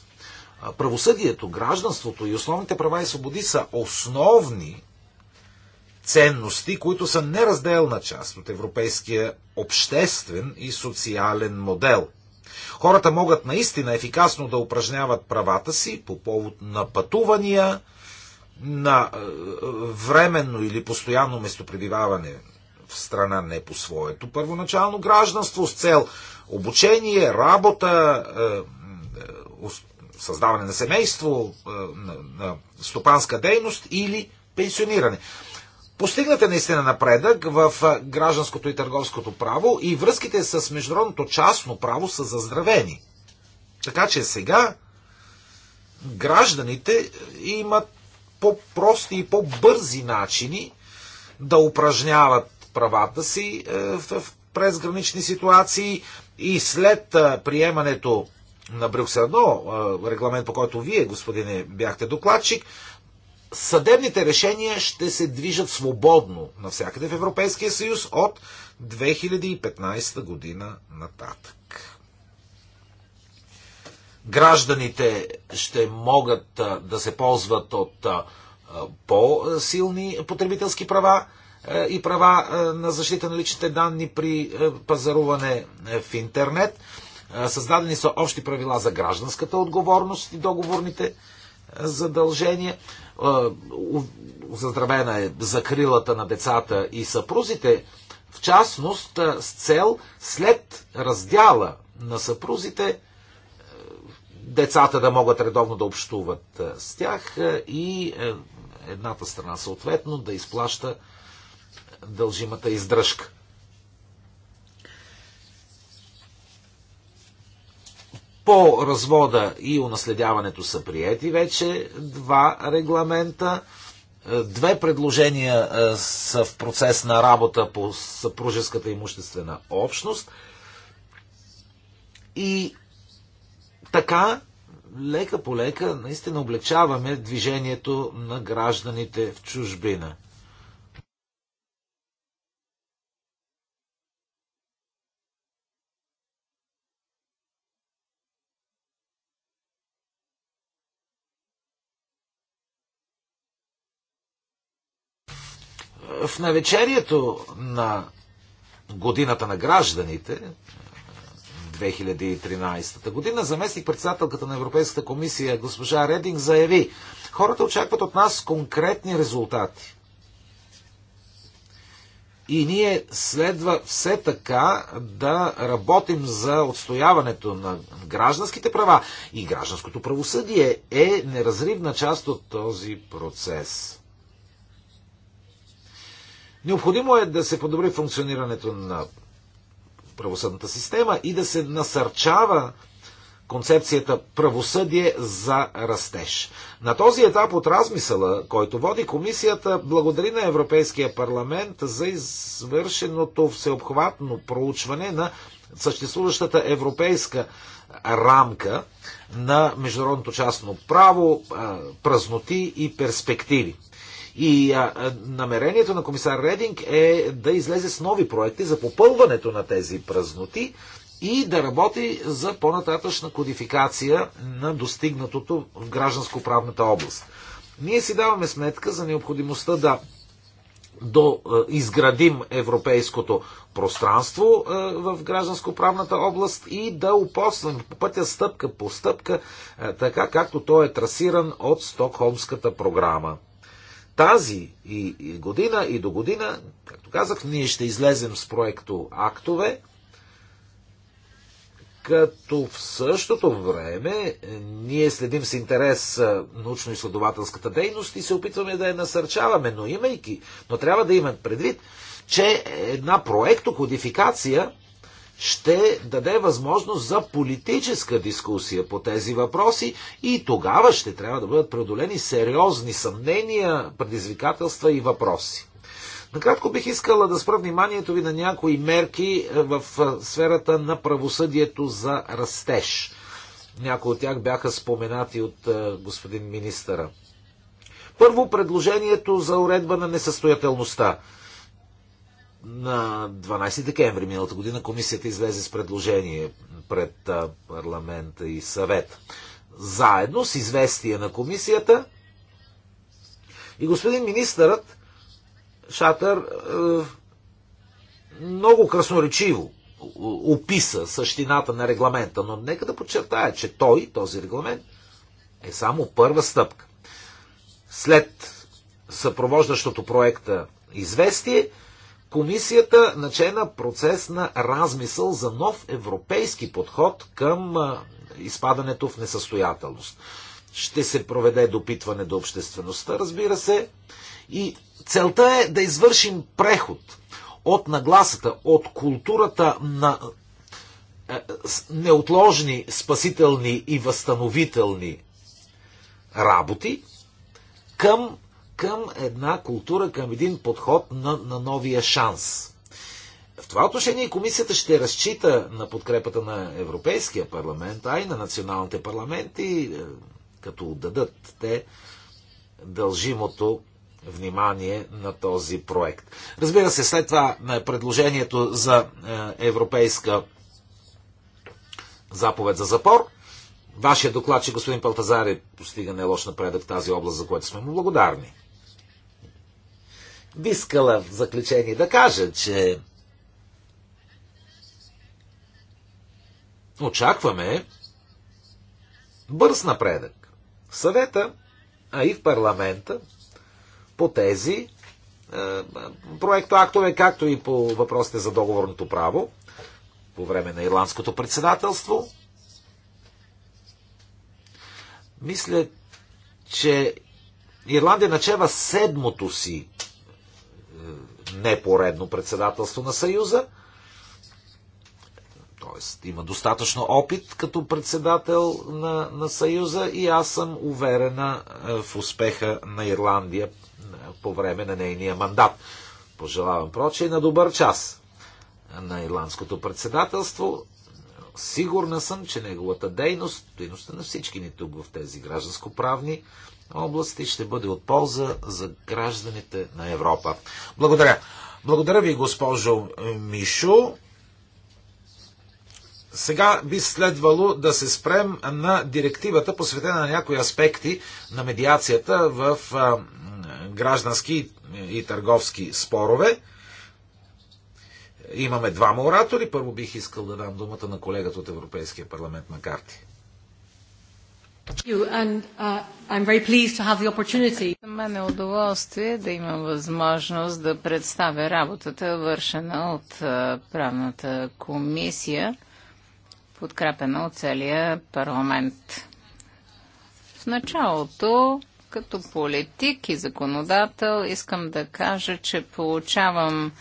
Правосъдието, гражданството и основните права и свободи са основни ценности, които са неразделна част от европейския обществен и социален модел. Хората могат наистина ефикасно да упражняват правата си по повод на пътувания, на е, временно или постоянно местопребиваване в страна не по своето първоначално гражданство с цел обучение, работа, е, е, създаване на семейство, на стопанска дейност или пенсиониране. Постигнате наистина напредък в гражданското и търговското право и връзките с международното частно право са заздравени. Така че сега гражданите имат по-прости и по-бързи начини да упражняват правата си е, в презгранични ситуации и след приемането на Брюксел 1, регламент по който вие, господине, бяхте докладчик, съдебните решения ще се движат свободно навсякъде в Европейския съюз от 2015 година нататък. Гражданите ще могат да се ползват от по-силни потребителски права и права на защита на личните данни при пазаруване в интернет. Създадени са общи правила за гражданската отговорност и договорните задължения. Заздравена е закрилата на децата и съпрузите, в частност с цел след раздяла на съпрузите децата да могат редовно да общуват с тях и едната страна съответно да изплаща дължимата издръжка. По развода и унаследяването са приети вече два регламента. Е, две предложения е, са в процес на работа по съпружеската имуществена общност. И така, лека по лека, наистина облегчаваме движението на гражданите в чужбина. в навечерието на годината на гражданите, 2013 година, заместник председателката на Европейската комисия госпожа Рединг заяви, хората очакват от нас конкретни резултати. И ние следва все така да работим за отстояването на гражданските права. И гражданското правосъдие е неразривна част от този процес. Необходимо е да се подобри функционирането на правосъдната система и да се насърчава концепцията правосъдие за растеж. На този етап от размисъла, който води комисията, благодари на Европейския парламент за извършеното всеобхватно проучване на съществуващата европейска рамка на международното частно право, празноти и перспективи. И а, а, намерението на комисар Рединг е да излезе с нови проекти за попълването на тези празноти и да работи за по-нататъчна кодификация на достигнатото в гражданско-правната област. Ние си даваме сметка за необходимостта да до изградим европейското пространство в гражданско-правната област и да упослим по пътя стъпка по стъпка, така както той е трасиран от Стокхолмската програма тази и, и година, и до година, както казах, ние ще излезем с проекто актове, като в същото време ние следим с интерес научно-изследователската дейност и се опитваме да я насърчаваме, но имайки, но трябва да имат предвид, че една проектокодификация ще даде възможност за политическа дискусия по тези въпроси и тогава ще трябва да бъдат преодолени сериозни съмнения, предизвикателства и въпроси. Накратко бих искала да спра вниманието ви на някои мерки е, в е, сферата на правосъдието за растеж. Някои от тях бяха споменати от е, господин министъра. Първо, предложението за уредба на несъстоятелността. На 12 декември миналата година комисията излезе с предложение пред парламента и съвет. Заедно с известие на комисията и господин министърът Шатър е, много красноречиво описа същината на регламента, но нека да подчертая, че той, този регламент, е само първа стъпка. След съпровождащото проекта известие, комисията начена процес на размисъл за нов европейски подход към изпадането в несъстоятелност. Ще се проведе допитване до обществеността, разбира се, и целта е да извършим преход от нагласата, от културата на неотложни спасителни и възстановителни работи към към една култура, към един подход на, на новия шанс. В това отношение комисията ще разчита на подкрепата на Европейския парламент, а и на националните парламенти, е, като отдадат те дължимото внимание на този проект. Разбира се, след това на е, предложението за е, европейска заповед за запор. Вашия доклад, че господин Палтазари, е постига нелош напредък в тази област, за което сме му благодарни би искала в заключение да кажа, че очакваме бърз напредък в съвета, а и в парламента по тези е, проектоактове, както и по въпросите за договорното право по време на ирландското председателство. Мисля, че Ирландия начева седмото си непоредно председателство на Съюза. Тоест, има достатъчно опит като председател на, на Съюза и аз съм уверена е, в успеха на Ирландия е, по време на нейния мандат. Пожелавам проче и на добър час на ирландското председателство. Сигурна съм, че неговата дейност, дейността на всички ни тук в тези гражданско-правни области ще бъде от полза за гражданите на Европа. Благодаря. Благодаря ви, госпожо е, Мишо. Сега би следвало да се спрем на директивата, посветена на някои аспекти на медиацията в е, граждански и търговски спорове. Имаме двама оратори. Първо бих искал да дам думата на колегата от Европейския парламент на карти. Uh, За мен е удоволствие да имам възможност да представя работата, вършена от правната комисия, подкрепена от целия парламент. В началото, като политик и законодател, искам да кажа, че получавам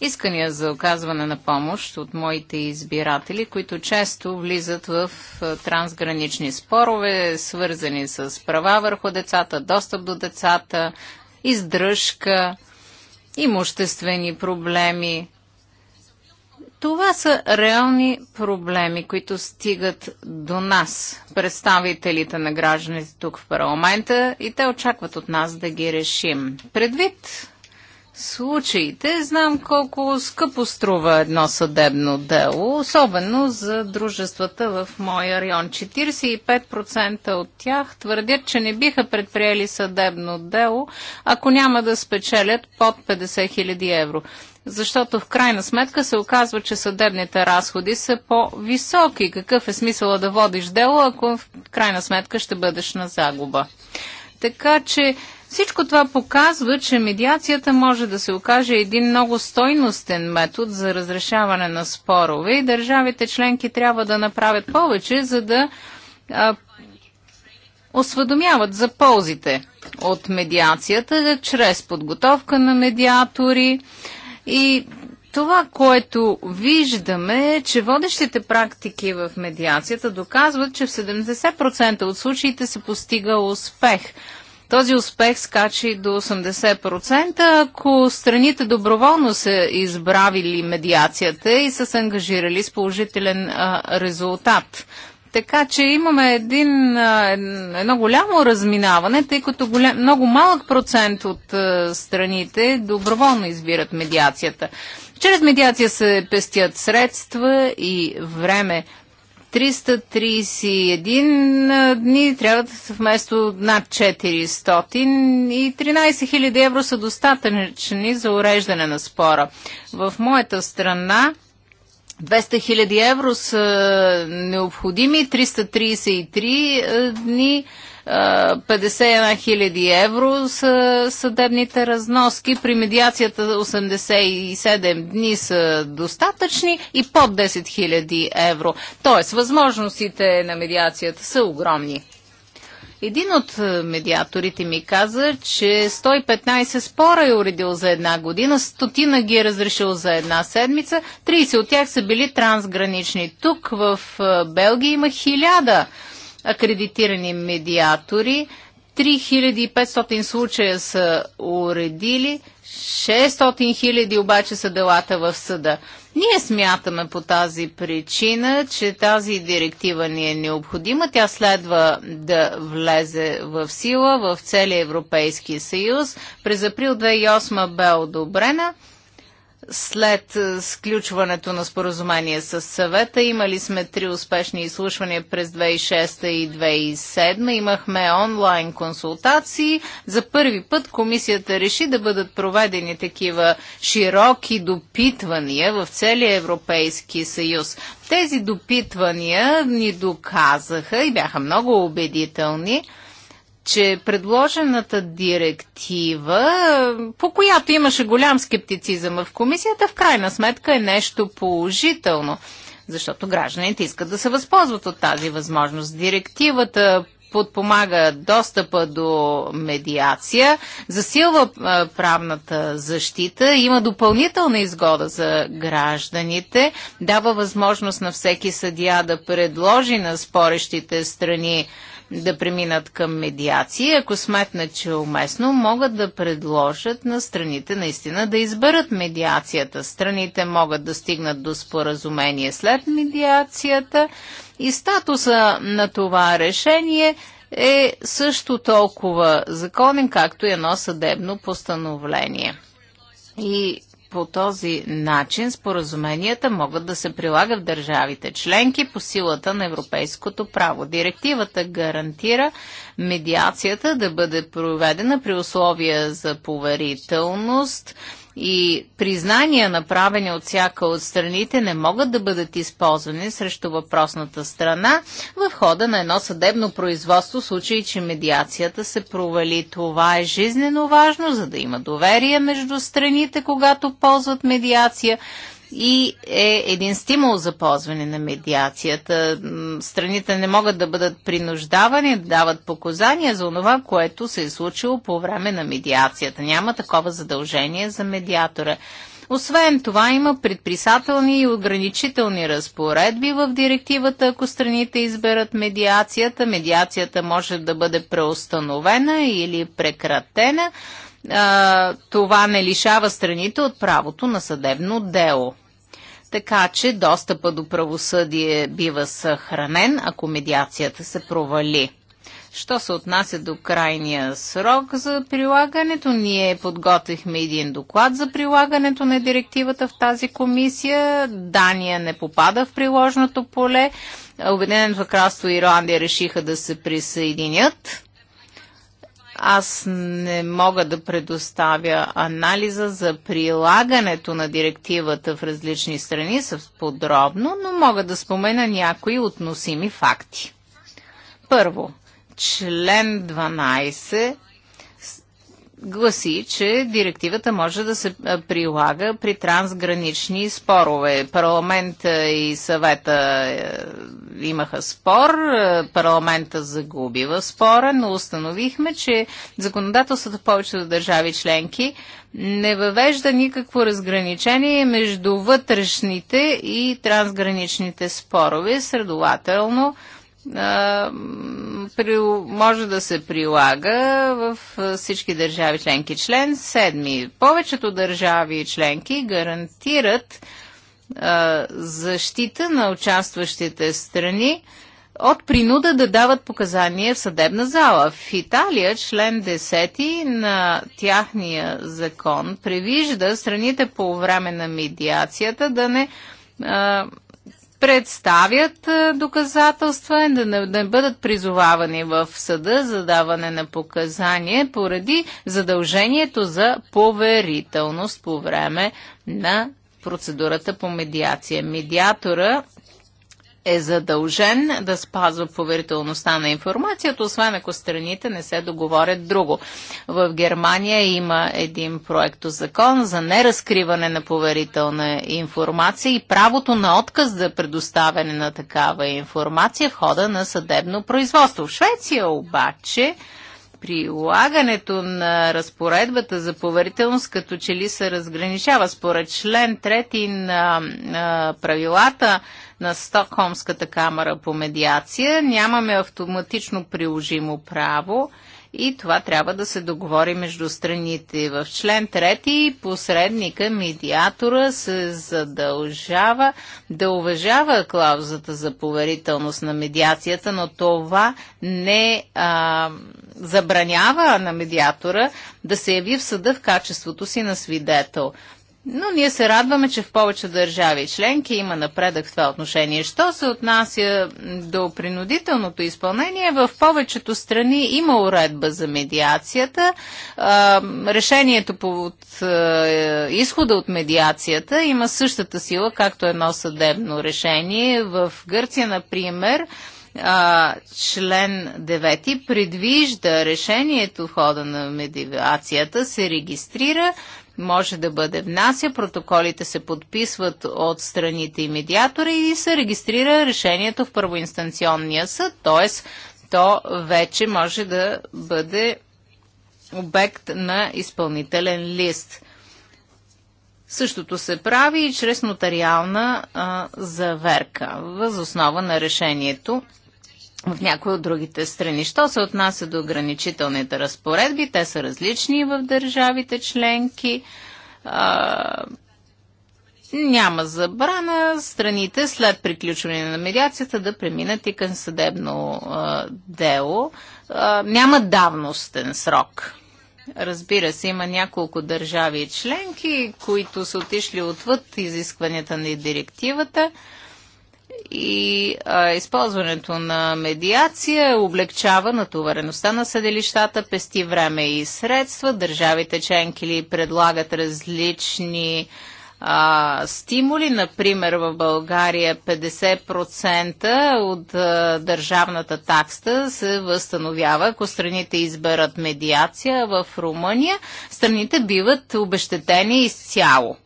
искания за оказване на помощ от моите избиратели, които често влизат в трансгранични спорове, свързани с права върху децата, достъп до децата, издръжка, имуществени проблеми. Това са реални проблеми, които стигат до нас, представителите на гражданите тук в парламента, и те очакват от нас да ги решим. Предвид случаите. Знам колко скъпо струва едно съдебно дело, особено за дружествата в моя район. 45% от тях твърдят, че не биха предприели съдебно дело, ако няма да спечелят под 50 000 евро. Защото в крайна сметка се оказва, че съдебните разходи са по-високи. Какъв е смисъла да водиш дело, ако в крайна сметка ще бъдеш на загуба? Така че всичко това показва, че медиацията може да се окаже един много стойностен метод за разрешаване на спорове и държавите членки трябва да направят повече, за да а, осведомяват за ползите от медиацията чрез подготовка на медиатори и това, което виждаме е, че водещите практики в медиацията доказват, че в 70% от случаите се постига успех – този успех скачи до 80%, ако страните доброволно са избравили медиацията и са се ангажирали с положителен а, резултат. Така че имаме един, едно голямо разминаване, тъй като голям, много малък процент от страните доброволно избират медиацията. Чрез медиация се пестят средства и време. 331 дни трябва да са вместо над 400 и 13 000 евро са достатъчни за уреждане на спора. В моята страна 200 000 евро са необходими, 333 е, дни 51 000 евро са съдебните разноски. При медиацията 87 дни са достатъчни и под 10 000 евро. Тоест, възможностите на медиацията са огромни. Един от медиаторите ми каза, че 115 спора е уредил за една година, стотина ги е разрешил за една седмица, 30 от тях са били трансгранични. Тук в Белгия има хиляда 1000 акредитирани медиатори. 3500 случая са уредили, 600 хиляди обаче са делата в съда. Ние смятаме по тази причина, че тази директива ни е необходима. Тя следва да влезе в сила в целия Европейски съюз. През април 2008 бе одобрена след е, сключването на споразумение с съвета. Имали сме три успешни изслушвания през 2006 и 2007. Имахме онлайн консултации. За първи път комисията реши да бъдат проведени такива широки допитвания в целия Европейски съюз. Тези допитвания ни доказаха и бяха много убедителни – че предложената директива, по която имаше голям скептицизъм в комисията, в крайна сметка е нещо положително, защото гражданите искат да се възползват от тази възможност. Директивата подпомага достъпа до медиация, засилва правната защита, има допълнителна изгода за гражданите, дава възможност на всеки съдия да предложи на спорещите страни да преминат към медиация. ако сметнат, че е уместно, могат да предложат на страните наистина да изберат медиацията. Страните могат да стигнат до споразумение след медиацията и статуса на това решение е също толкова законен, както и едно съдебно постановление. И по този начин споразуменията могат да се прилагат в държавите членки по силата на европейското право. Директивата гарантира медиацията да бъде проведена при условия за поверителност и признания, направени от всяка от страните, не могат да бъдат използвани срещу въпросната страна в хода на едно съдебно производство, в случай, че медиацията се провали. Това е жизнено важно, за да има доверие между страните, когато ползват медиация и е един стимул за ползване на медиацията. Страните не могат да бъдат принуждавани да дават показания за това, което се е случило по време на медиацията. Няма такова задължение за медиатора. Освен това има предписателни и ограничителни разпоредби в директивата, ако страните изберат медиацията. Медиацията може да бъде преустановена или прекратена. това не лишава страните от правото на съдебно дело така че достъпа до правосъдие бива съхранен, ако медиацията се провали. Що се отнася до крайния срок за прилагането, ние подготвихме един доклад за прилагането на директивата в тази комисия. Дания не попада в приложното поле. Обединеното кралство и Ирландия решиха да се присъединят. Аз не мога да предоставя анализа за прилагането на директивата в различни страни с подробно, но мога да спомена някои относими факти. Първо, член 12 гласи, че директивата може да се прилага при трансгранични спорове. Парламента и съвета е, имаха спор, парламента загуби в спора, но установихме, че законодателството в повечето държави членки не въвежда никакво разграничение между вътрешните и трансграничните спорове. Следователно, може да се прилага в всички държави членки. Член 7. Повечето държави членки гарантират защита на участващите страни от принуда да дават показания в съдебна зала. В Италия член 10 на тяхния закон превижда страните по време на медиацията да не представят е, доказателства и да не, да бъдат призовавани в съда за даване на показания поради задължението за поверителност по време на процедурата по медиация. Медиатора е задължен да спазва поверителността на информацията, освен ако страните не се договорят друго. В Германия има един проекто закон за неразкриване на поверителна информация и правото на отказ за предоставяне на такава информация в хода на съдебно производство. В Швеция обаче прилагането на разпоредбата за поверителност като че ли се разграничава. Според член 3 на, на правилата на Стокхолмската камера по медиация нямаме автоматично приложимо право и това трябва да се договори между страните. В член 3 посредника, медиатора се задължава да уважава клаузата за поверителност на медиацията, но това не а, забранява на медиатора да се яви в съда в качеството си на свидетел. Но ние се радваме, че в повече държави и членки има напредък в това отношение. Що се отнася до принудителното изпълнение, в повечето страни има уредба за медиацията. Решението по изхода от медиацията има същата сила, както едно съдебно решение. В Гърция, например, а, член 9 предвижда решението в хода на медиацията се регистрира може да бъде внася, протоколите се подписват от страните и медиатора и се регистрира решението в първоинстанционния съд, т.е. то вече може да бъде обект на изпълнителен лист. Същото се прави и чрез нотариална а, заверка, възоснова на решението в някои от другите страни. Що се отнася до ограничителните разпоредби, те са различни в държавите членки. А, няма забрана страните след приключване на медиацията да преминат и към съдебно а, дело. А, няма давностен срок. Разбира се, има няколко държави и членки, които са отишли отвъд изискванията на директивата и а, използването на медиация облегчава натовареността на съдилищата, пести време и средства. Държавите членки предлагат различни а, стимули. Например, в България 50% от а, държавната такста се възстановява, ако страните изберат медиация. В Румъния страните биват обещетени изцяло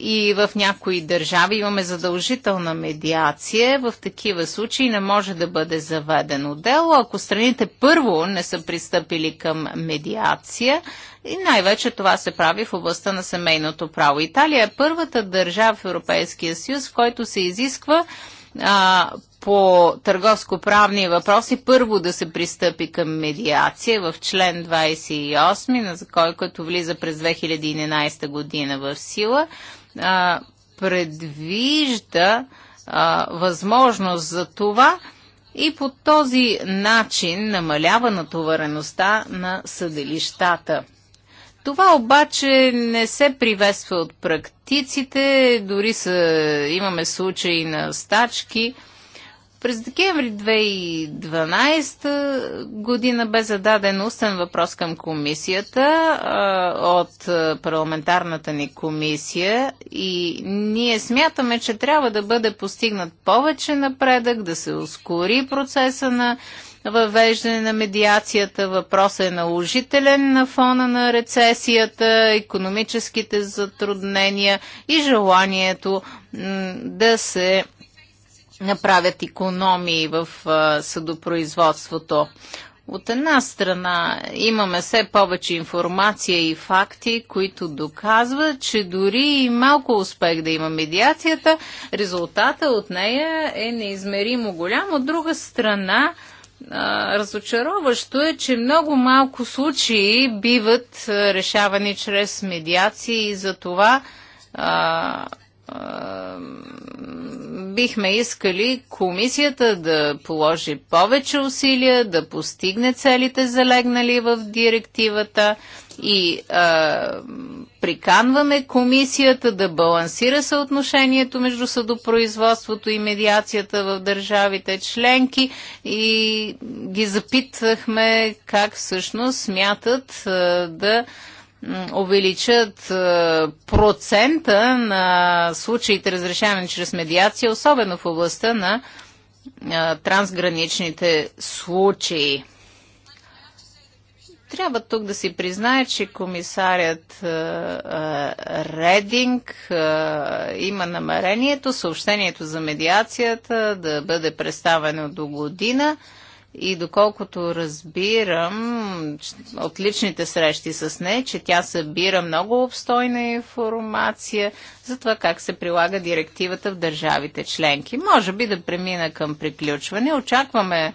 и в някои държави имаме задължителна медиация. В такива случаи не може да бъде заведено дело, ако страните първо не са пристъпили към медиация. И най-вече това се прави в областта на семейното право. Италия е първата държава в Европейския съюз, в който се изисква а, по търговско-правни въпроси първо да се пристъпи към медиация в член 28, на закон, който влиза през 2011 година в сила а, предвижда а, възможност за това и по този начин намалява натовареността на съдилищата. Това обаче не се приветства от практиците, дори са, имаме случаи на стачки – през декември 2012 година бе зададен устен въпрос към комисията а, от парламентарната ни комисия и ние смятаме, че трябва да бъде постигнат повече напредък, да се ускори процеса на въвеждане на медиацията. Въпросът е наложителен на фона на рецесията, економическите затруднения и желанието да се направят економии в съдопроизводството. От една страна имаме все повече информация и факти, които доказват, че дори и малко успех да има медиацията, резултата от нея е неизмеримо голям. От друга страна, разочароващо е, че много малко случаи биват решавани чрез медиации и за това бихме искали комисията да положи повече усилия, да постигне целите залегнали в директивата и а, приканваме комисията да балансира съотношението между съдопроизводството и медиацията в държавите членки и ги запитахме как всъщност смятат а, да а, увеличат е, процента на случаите разрешаване чрез медиация, особено в областта на е, трансграничните случаи. Трябва тук да си признае, че комисарят е, Рединг има намерението съобщението за медиацията да бъде представено до година. И доколкото разбирам от личните срещи с нея, че тя събира много обстойна информация за това как се прилага директивата в държавите членки. Може би да премина към приключване. Очакваме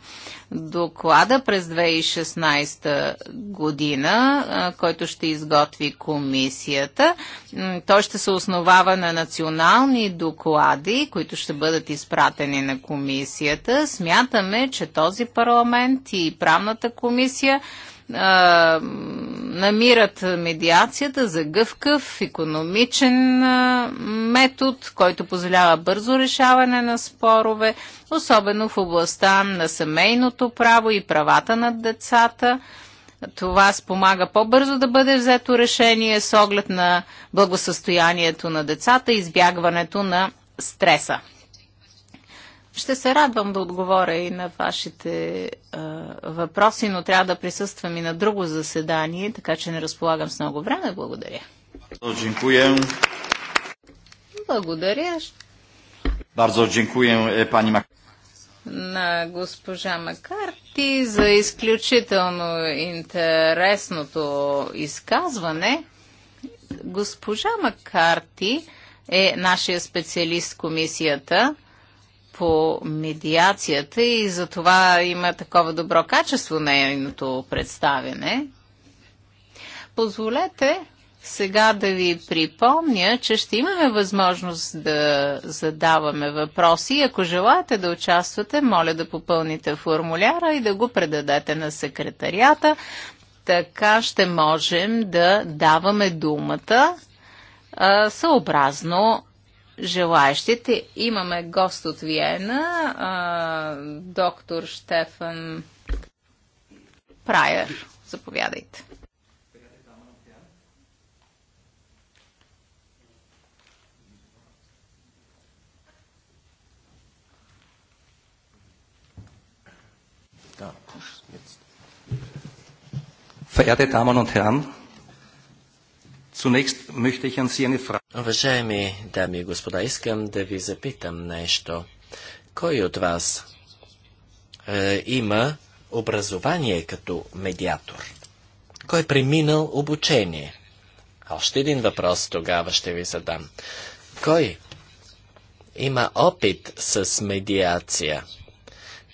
доклада през 2016 година, който ще изготви комисията. Той ще се основава на национални доклади, които ще бъдат изпратени на комисията. Смятаме, че този парламент и правната комисия а, намират медиацията за гъвкав, економичен а, метод, който позволява бързо решаване на спорове, особено в областта на семейното право и правата на децата. Това спомага по-бързо да бъде взето решение с оглед на благосъстоянието на децата и избягването на стреса. Ще се радвам да отговоря и на вашите а, въпроси, но трябва да присъствам и на друго заседание, така че не разполагам с много време. Благодаря. Благодаря. Bardzo dziękuję e, pani Mak на госпожа Макарти за изключително интересното изказване. Госпожа Макарти е нашия специалист в комисията по медиацията и за това има такова добро качество нейното представяне. Позволете сега да ви припомня, че ще имаме възможност да задаваме въпроси. Ако желаете да участвате, моля да попълните формуляра и да го предадете на секретарията. Така ще можем да даваме думата съобразно желаящите. Имаме гост от Виена, а, доктор Штефан Прайер. Заповядайте. Verehrte Damen und Herren, Zunächst möchte ich an Sie eine Frage. Уважаеми дами и господа, искам да ви запитам нещо. Кой от вас е, има образование като медиатор? Кой е преминал обучение? Още един въпрос тогава ще ви задам. Кой има опит с медиация?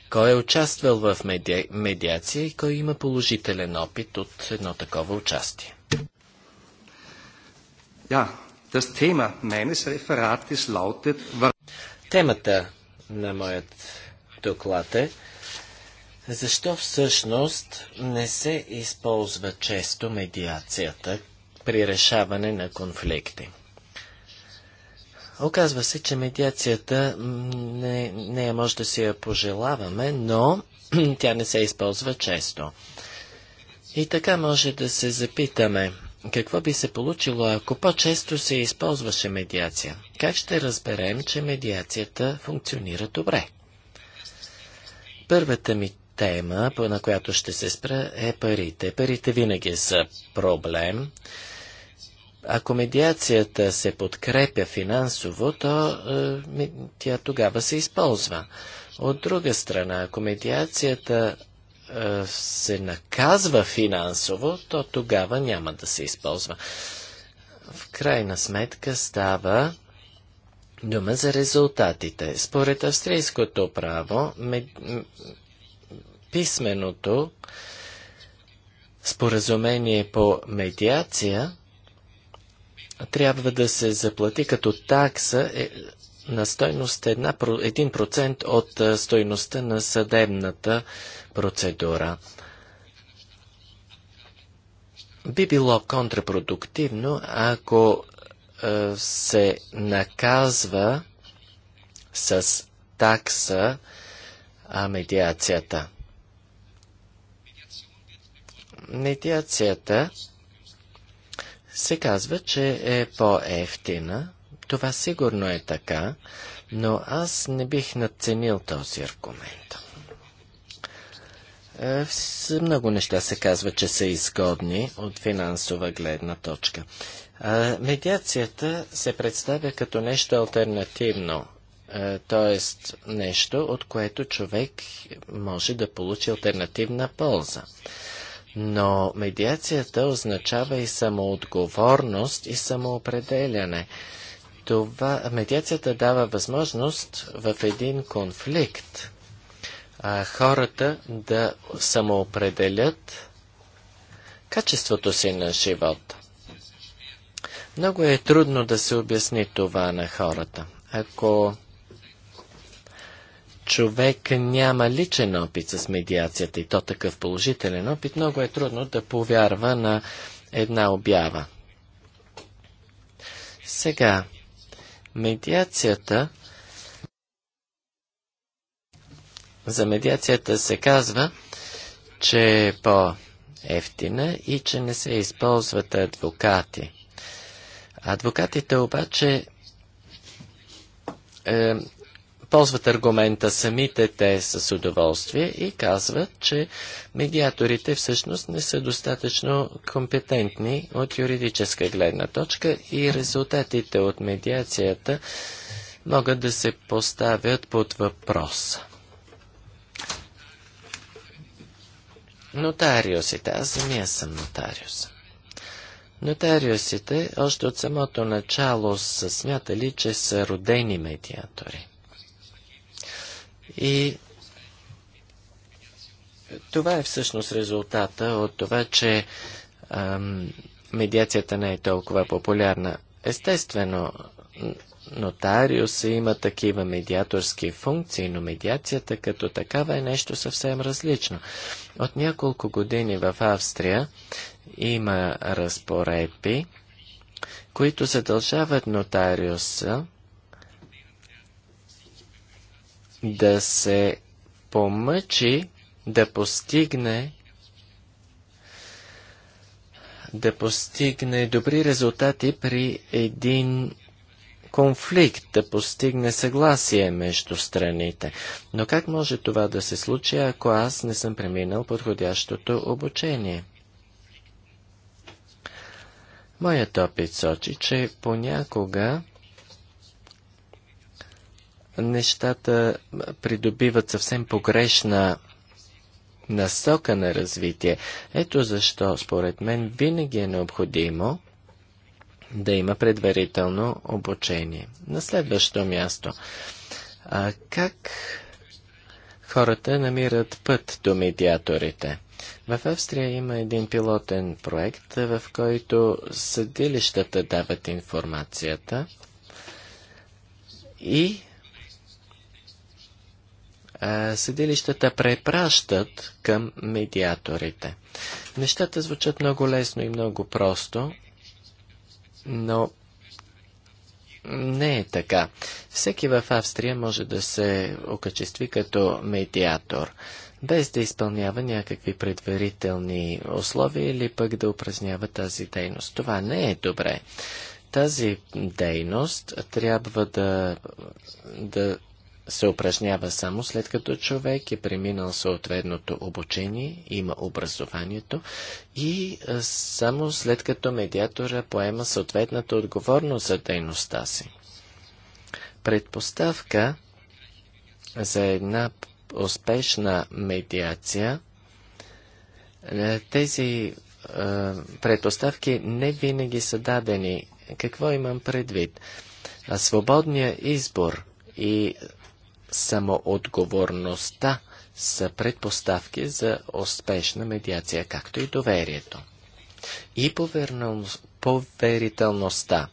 Кой е участвал в меди... медиация и кой има положителен опит от едно такова участие? Ja, das Thema meines Referates lautet... Темата на моят доклад е защо всъщност не се използва често медиацията при решаване на конфликти. Оказва се, че медиацията не, не може да си я пожелаваме, но тя не се използва често. И така може да се запитаме, какво би се получило, ако по-често се използваше медиация? Как ще разберем, че медиацията функционира добре? Първата ми тема, на която ще се спра, е парите. Парите винаги са проблем. Ако медиацията се подкрепя финансово, то е, тя тогава се използва. От друга страна, ако медиацията е, се наказва финансово, то тогава няма да се използва. В крайна сметка става дума за резултатите. Според австрийското право, писменото споразумение по медиация трябва да се заплати като такса е, на стойност 1% от е, стойността на съдебната процедура. Би било контрапродуктивно, ако е, се наказва с такса а медиацията. Медиацията се казва, че е по-ефтина. Това сигурно е така, но аз не бих надценил този аргумент. Е, много неща се казва, че са изгодни от финансова гледна точка. медиацията се представя като нещо альтернативно, т.е. нещо, от което човек може да получи альтернативна полза. Но медиацията означава и самоотговорност и самоопределяне. Това, медиацията дава възможност в един конфликт а, хората да самоопределят качеството си на живот. Много е трудно да се обясни това на хората. Ако човек няма личен опит с медиацията и то такъв положителен опит, много е трудно да повярва на една обява. Сега, медиацията За медиацията се казва, че е по-ефтина и че не се използват адвокати. Адвокатите обаче е, ползват аргумента самите те с удоволствие и казват, че медиаторите всъщност не са достатъчно компетентни от юридическа гледна точка и резултатите от медиацията могат да се поставят под въпрос. Нотариусите. Аз самия съм нотариус. Нотариусите още от самото начало са смятали, че са родени медиатори. И това е всъщност резултата от това, че ам, медиацията не е толкова популярна. Естествено, нотариуса има такива медиаторски функции, но медиацията като такава е нещо съвсем различно. От няколко години в Австрия има разпоредби, които задължават нотариуса да се помъчи да постигне да постигне добри резултати при един конфликт, да постигне съгласие между страните. Но как може това да се случи, ако аз не съм преминал подходящото обучение? Моят опит сочи, че понякога нещата придобиват съвсем погрешна насока на развитие. Ето защо, според мен, винаги е необходимо да има предварително обучение. На следващо място. А как хората намират път до медиаторите? В Австрия има един пилотен проект, в който съдилищата дават информацията и съдилищата препращат към медиаторите. Нещата звучат много лесно и много просто, но не е така. Всеки в Австрия може да се окачестви като медиатор, без да изпълнява някакви предварителни условия или пък да упражнява тази дейност. Това не е добре. Тази дейност трябва да, да се упражнява само след като човек е преминал съответното обучение, има образованието и само след като медиатора поема съответната отговорност за дейността си. Предпоставка за една успешна медиация тези предпоставки не винаги са дадени. Какво имам предвид? Свободният избор и самоотговорността са предпоставки за успешна медиация, както и доверието. И поверителността.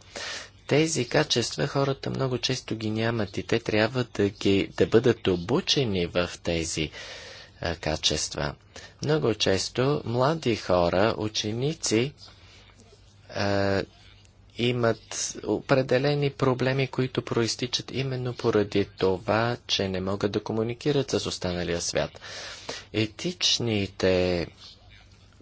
Тези качества хората много често ги нямат и те трябва да, ги, да бъдат обучени в тези а, качества. Много често млади хора, ученици, а, имат определени проблеми, които проистичат именно поради това, че не могат да комуникират с останалия свят. Етичните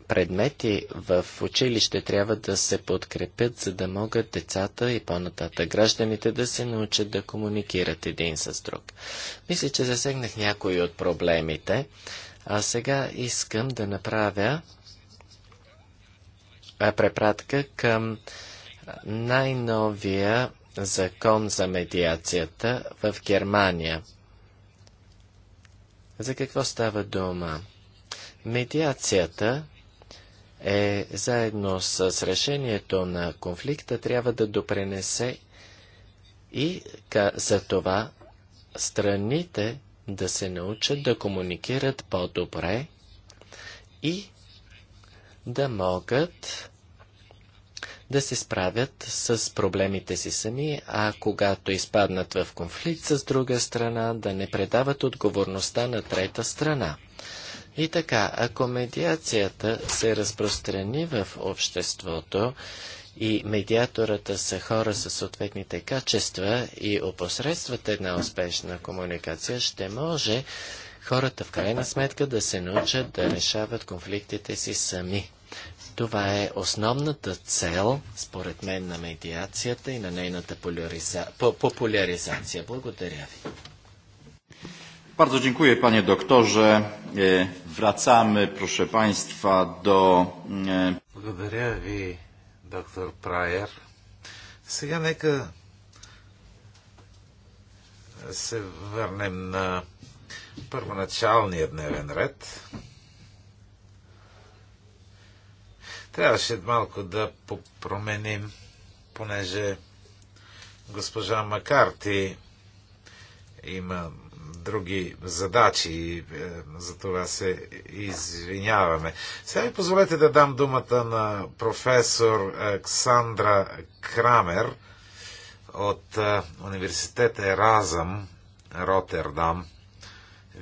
предмети в училище трябва да се подкрепят, за да могат децата и по-нататък гражданите да се научат да комуникират един с друг. Мисля, че засегнах някои от проблемите, а сега искам да направя препратка към най-новия закон за медиацията в Германия. За какво става дума? Медиацията е заедно с решението на конфликта трябва да допренесе и за това страните да се научат да комуникират по-добре и да могат да се справят с проблемите си сами, а когато изпаднат в конфликт с друга страна, да не предават отговорността на трета страна. И така, ако медиацията се разпространи в обществото и медиатората са хора със съответните качества и опосредстват една успешна комуникация, ще може хората в крайна сметка да се научат да решават конфликтите си сами. Това е основната цел, според мен, на медиацията и на нейната поляриза... популяризация. Благодаря ви. Bardzo dziękuję panie doktorze. E, wracamy, proszę państwa, do... E, Благодаря ви, доктор Прайер. Сега нека се върнем на първоначалния дневен ред. Трябваше малко да променим, понеже госпожа Макарти има други задачи, е, за това се извиняваме. Сега ми позволете да дам думата на професор Ксандра Крамер от е, университета Еразъм, Ротердам,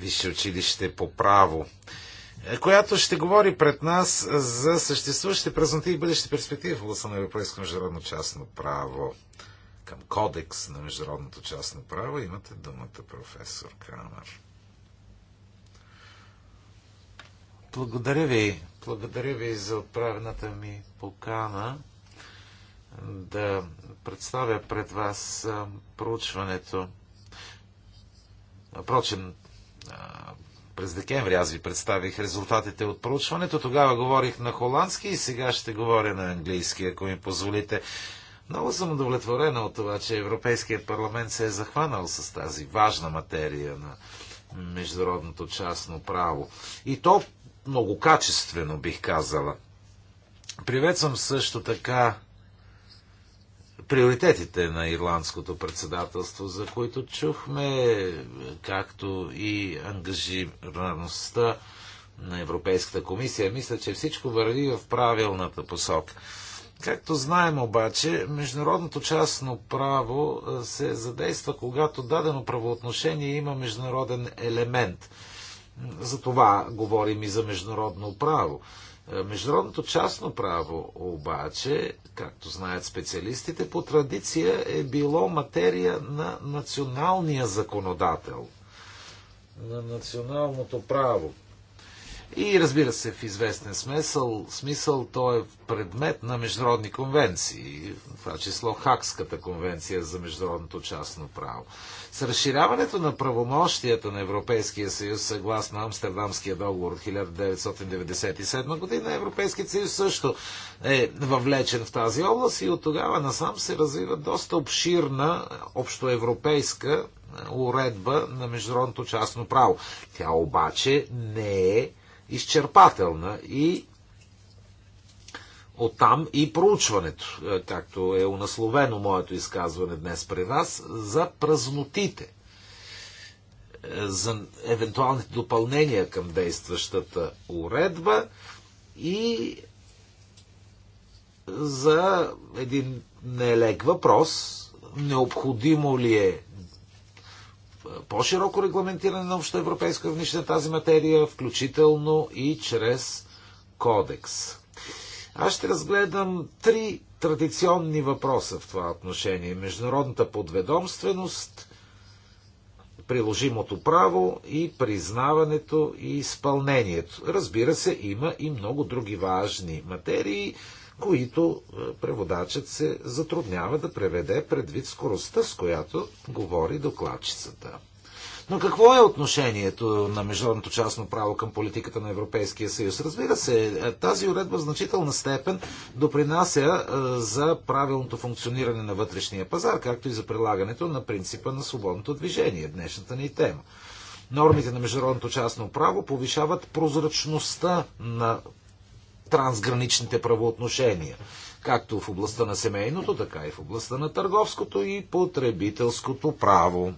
Висше училище по право която ще говори пред нас за съществуващите празноти и бъдещи перспективи в областта на европейско международно частно право. Към кодекс на международното частно право имате думата, професор Камер. Благодаря ви. Благодаря ви за отправената ми покана да представя пред вас проучването. Впрочем, през декември аз ви представих резултатите от проучването. Тогава говорих на холандски и сега ще говоря на английски, ако ми позволите. Много съм удовлетворена от това, че Европейският парламент се е захванал с тази важна материя на международното частно право. И то много качествено, бих казала. Приветствам също така приоритетите на ирландското председателство, за които чухме, както и ангажираността на Европейската комисия. Мисля, че всичко върви в правилната посока. Както знаем обаче, международното частно право се задейства, когато дадено правоотношение има международен елемент. За това говорим и за международно право. Е, международното частно право обаче, както знаят специалистите, по традиция е било материя на националния законодател, на националното право. И разбира се, в известен смисъл, смисъл то е предмет на международни конвенции, В това число Хакската конвенция за международното частно право. С разширяването на правомощията на Европейския съюз съгласно Амстердамския договор от 1997 година, Европейският съюз също е въвлечен в тази област и от тогава насам се развива доста обширна общоевропейска е, уредба на международното частно право. Тя обаче не е изчерпателна и оттам и проучването, е, както е унасловено моето изказване днес при вас, за празнотите, е, за евентуалните допълнения към действащата уредба и за един нелег въпрос, необходимо ли е по-широко регламентиране на общоевропейско равнище на тази материя, включително и чрез кодекс. Аз ще разгледам три традиционни въпроса в това отношение. Международната подведомственост, приложимото право и признаването и изпълнението. Разбира се, има и много други важни материи, които е, преводачът се затруднява да преведе предвид скоростта, с която говори докладчицата. Но какво е отношението на международното частно право към политиката на Европейския съюз? Разбира се, е, тази уредба в значителна степен допринася е, за правилното функциониране на вътрешния пазар, както и за прилагането на принципа на свободното движение, днешната ни тема. Нормите на международното частно право повишават прозрачността на трансграничните правоотношения, както в областта на семейното, така и в областта на търговското и потребителското право.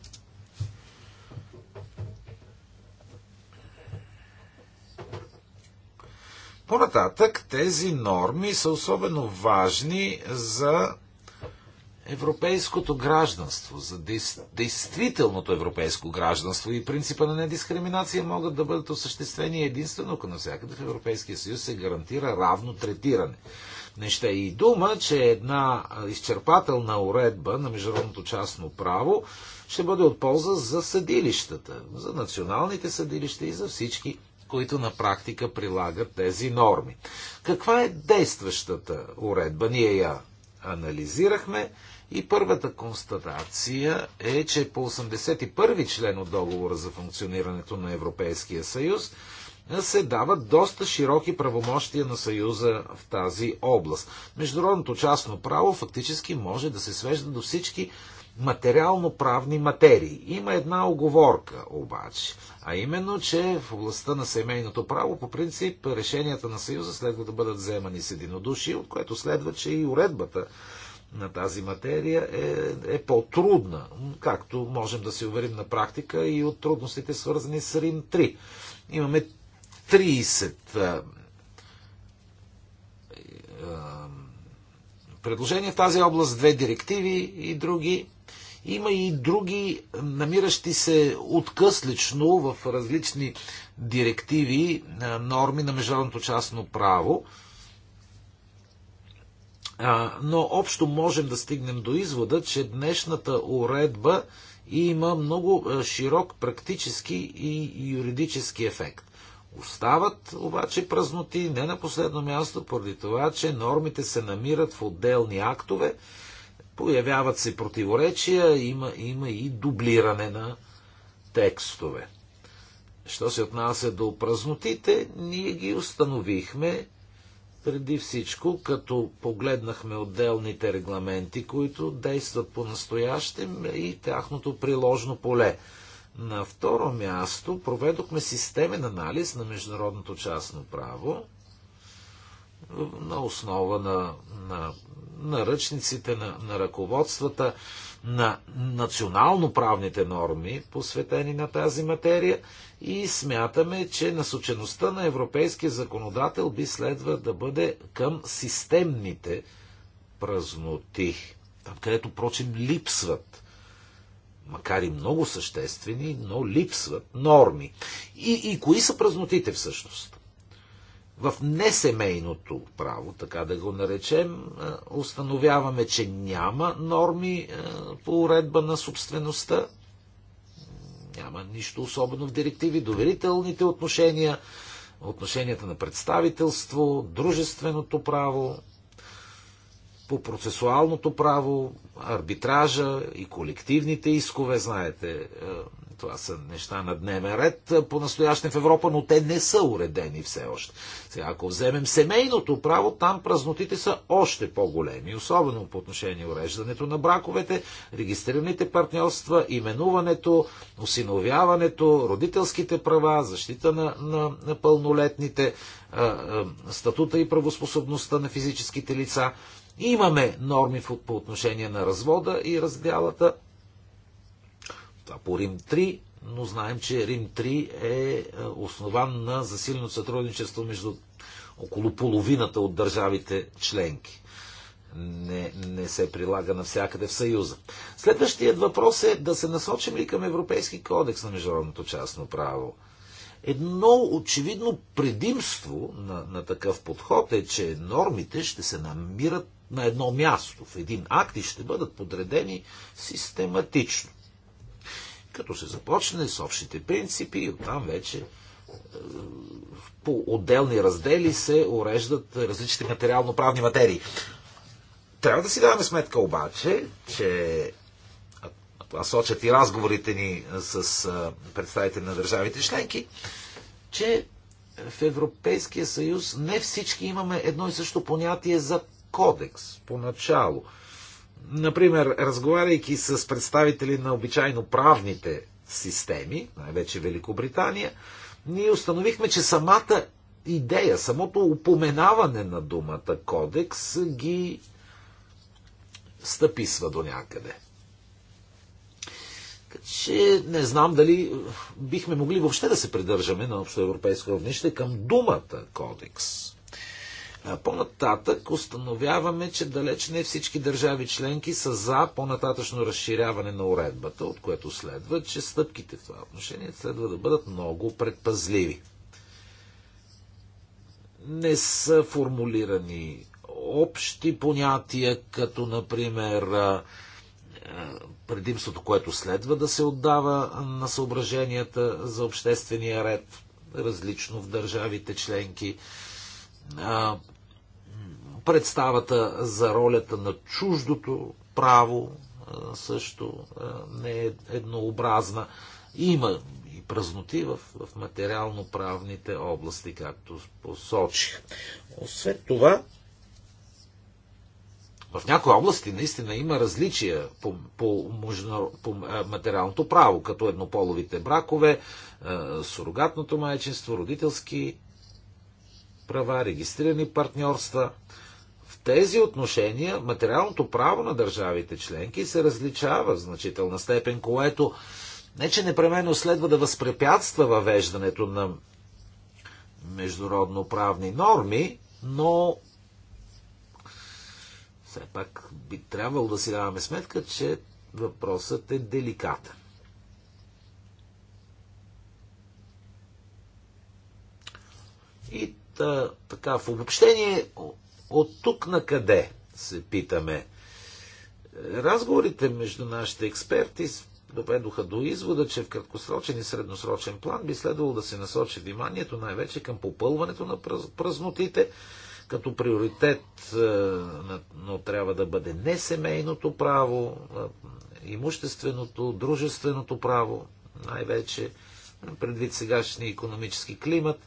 Понататък тези норми са особено важни за европейското гражданство, за действителното европейско гражданство и принципа на недискриминация могат да бъдат осъществени единствено, ако навсякъде в Европейския съюз се гарантира равно третиране. Не ще е и дума, че една изчерпателна уредба на международното частно право ще бъде от полза за съдилищата, за националните съдилища и за всички които на практика прилагат тези норми. Каква е действащата уредба? Ние я анализирахме и първата констатация е, че по 81 член от договора за функционирането на Европейския съюз се дават доста широки правомощия на Съюза в тази област. Международното частно право фактически може да се свежда до всички материално-правни материи. Има една оговорка обаче, а именно, че в областта на семейното право по принцип решенията на Съюза следва да бъдат вземани с единодушие, от което следва, че и уредбата на тази материя е, е по-трудна, както можем да се уверим на практика и от трудностите свързани с Рим 3. Имаме 30 предложения в тази област, две директиви и други има и други, намиращи се откъслично в различни директиви, норми на международното частно право. Но общо можем да стигнем до извода, че днешната уредба има много широк практически и юридически ефект. Остават обаче празноти не на последно място поради това, че нормите се намират в отделни актове, Появяват се противоречия, има, има и дублиране на текстове. Що се отнася до празнотите, ние ги установихме преди всичко, като погледнахме отделните регламенти, които действат по настоящем и тяхното приложно поле. На второ място проведохме системен анализ на международното частно право на основа на, на ръчниците, на, на ръководствата, на национално-правните норми, посветени на тази материя, и смятаме, че насочеността на европейския законодател би следва да бъде към системните празноти, там където, прочим, липсват макар и много съществени, но липсват норми. И, и кои са празнотите всъщност? в несемейното право, така да го наречем, установяваме, че няма норми по уредба на собствеността. Няма нищо особено в директиви. Доверителните отношения, отношенията на представителство, дружественото право, по процесуалното право, арбитража и колективните искове, знаете, това са неща на дневен ред по-настоящен в Европа, но те не са уредени все още. Сега, ако вземем семейното право, там празнотите са още по-големи, особено по отношение уреждането на браковете, регистрираните партньорства, именуването, осиновяването, родителските права, защита на, на, на пълнолетните, а, а, статута и правоспособността на физическите лица. Имаме норми по отношение на развода и разделата, това по Рим 3, но знаем, че Рим 3 е, е основан на засилено сътрудничество между около половината от държавите членки. Не, не се прилага навсякъде в Съюза. Следващият въпрос е да се насочим ли към Европейски кодекс на международното частно право. Едно очевидно предимство на, на такъв подход е, че нормите ще се намират на едно място, в един акт и ще бъдат подредени систематично като се започне с общите принципи и оттам вече е, по отделни раздели се уреждат различните материално-правни материи. Трябва да си даваме сметка обаче, че а сочат и разговорите ни е, с е, представители на държавите членки, че в Европейския съюз не всички имаме едно и също понятие за кодекс поначало. Например, разговаряйки с представители на обичайно правните системи, най-вече Великобритания, ние установихме, че самата идея, самото упоменаване на думата кодекс ги стъписва до някъде. Че не знам дали бихме могли въобще да се придържаме на общоевропейско равнище към думата кодекс по-нататък установяваме, че далеч не всички държави членки са за по-нататъчно разширяване на уредбата, от което следва, че стъпките в това отношение следва да бъдат много предпазливи. Не са формулирани общи понятия, като например предимството, което следва да се отдава на съображенията за обществения ред, различно в държавите членки Представата за ролята на чуждото право също не е еднообразна. Има и празноти в, в материално-правните области, както посочих. Освен това, в някои области наистина има различия по, по, по материалното право, като еднополовите бракове, сурогатното майчинство, родителски права, регистрирани партньорства – тези отношения материалното право на държавите членки се различава в значителна степен, което не че непременно следва да възпрепятства въвеждането на международно правни норми, но все пак би трябвало да си даваме сметка, че въпросът е деликатен. И та, така, в обобщение от тук на къде, се питаме. Разговорите между нашите експерти доведоха до извода, че в краткосрочен и средносрочен план би следвало да се насочи вниманието най-вече към попълването на празнотите, като приоритет е, но трябва да бъде не семейното право, имущественото, дружественото право, най-вече е, предвид сегашния економически климат,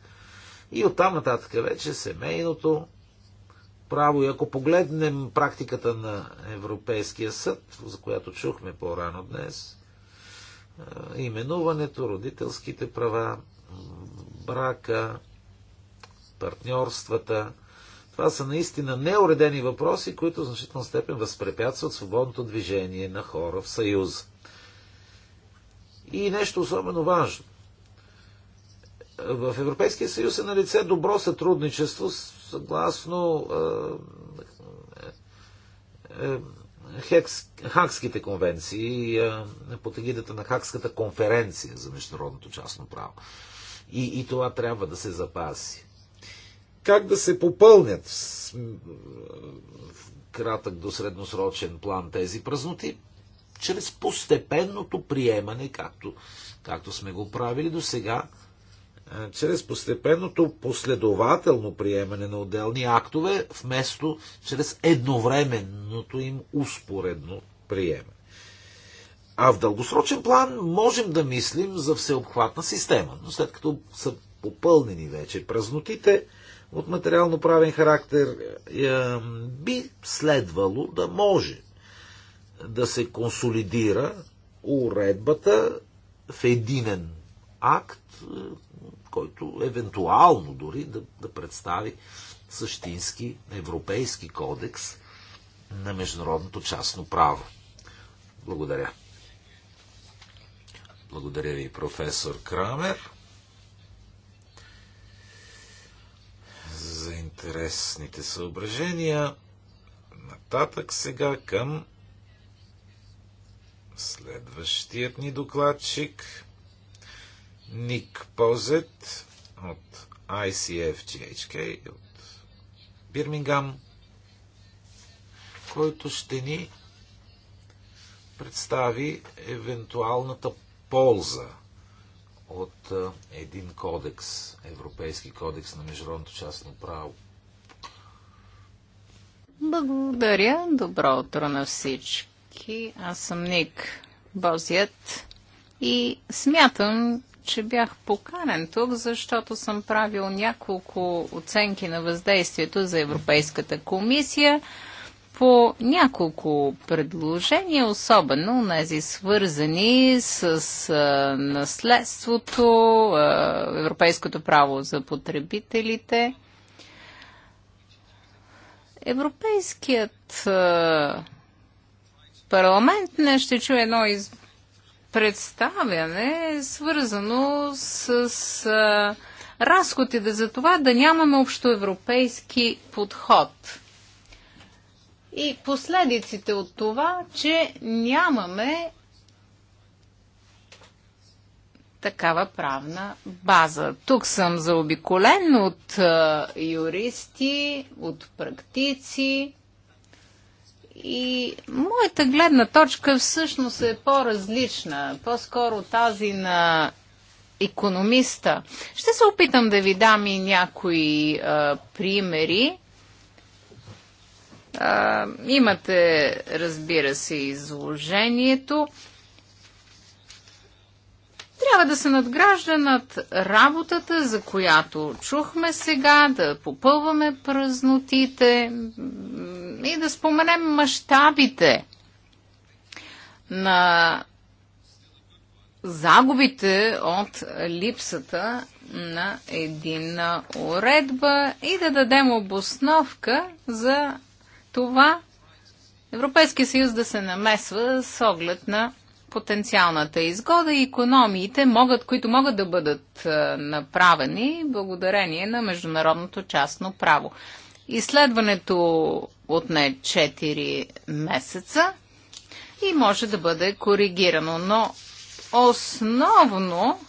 и оттам нататък вече семейното, право. И ако погледнем практиката на Европейския съд, за която чухме по-рано днес, именуването, родителските права, брака, партньорствата, това са наистина неуредени въпроси, които в значителна степен възпрепятстват свободното движение на хора в Съюза. И нещо особено важно в Европейския съюз е на лице добро сътрудничество съгласно е, е, Хакските конвенции и под егидата на Хакската конференция за международното частно право. И, и това трябва да се запаси. Как да се попълнят в, в кратък до средносрочен план тези празноти? Чрез постепенното приемане, както, както сме го правили до сега, чрез постепенното последователно приемане на отделни актове, вместо чрез едновременното им успоредно приемане. А в дългосрочен план можем да мислим за всеобхватна система, но след като са попълнени вече празнотите от материално-правен характер, е, е, би следвало да може да се консолидира уредбата в единен акт, е, който евентуално дори да, да представи същински европейски кодекс на международното частно право. Благодаря. Благодаря ви, професор Крамер, за интересните съображения. Нататък сега към следващият ни докладчик. Ник Позет от ICFGHK от Бирмингам, който ще ни представи евентуалната полза от един кодекс, Европейски кодекс на международното частно право. Благодаря. Добро утро на всички. Аз съм Ник Бозият и смятам, че бях поканен тук, защото съм правил няколко оценки на въздействието за Европейската комисия по няколко предложения, особено тези свързани с а, наследството, а, европейското право за потребителите. Европейският а, парламент не ще чуе едно из представяне е свързано с, с а, разходите за това да нямаме общоевропейски подход. И последиците от това, че нямаме такава правна база. Тук съм заобиколен от а, юристи, от практици, и моята гледна точка всъщност е по-различна, по-скоро тази на економиста. Ще се опитам да ви дам и някои а, примери. А, имате, разбира се, изложението. Трябва да се надгражда над работата, за която чухме сега, да попълваме празнотите, и да споменем мащабите на загубите от липсата на единна уредба и да дадем обосновка за това Европейския съюз да се намесва с оглед на потенциалната изгода и економиите, могат, които могат да бъдат направени благодарение на международното частно право. Изследването отне 4 месеца и може да бъде коригирано, но основно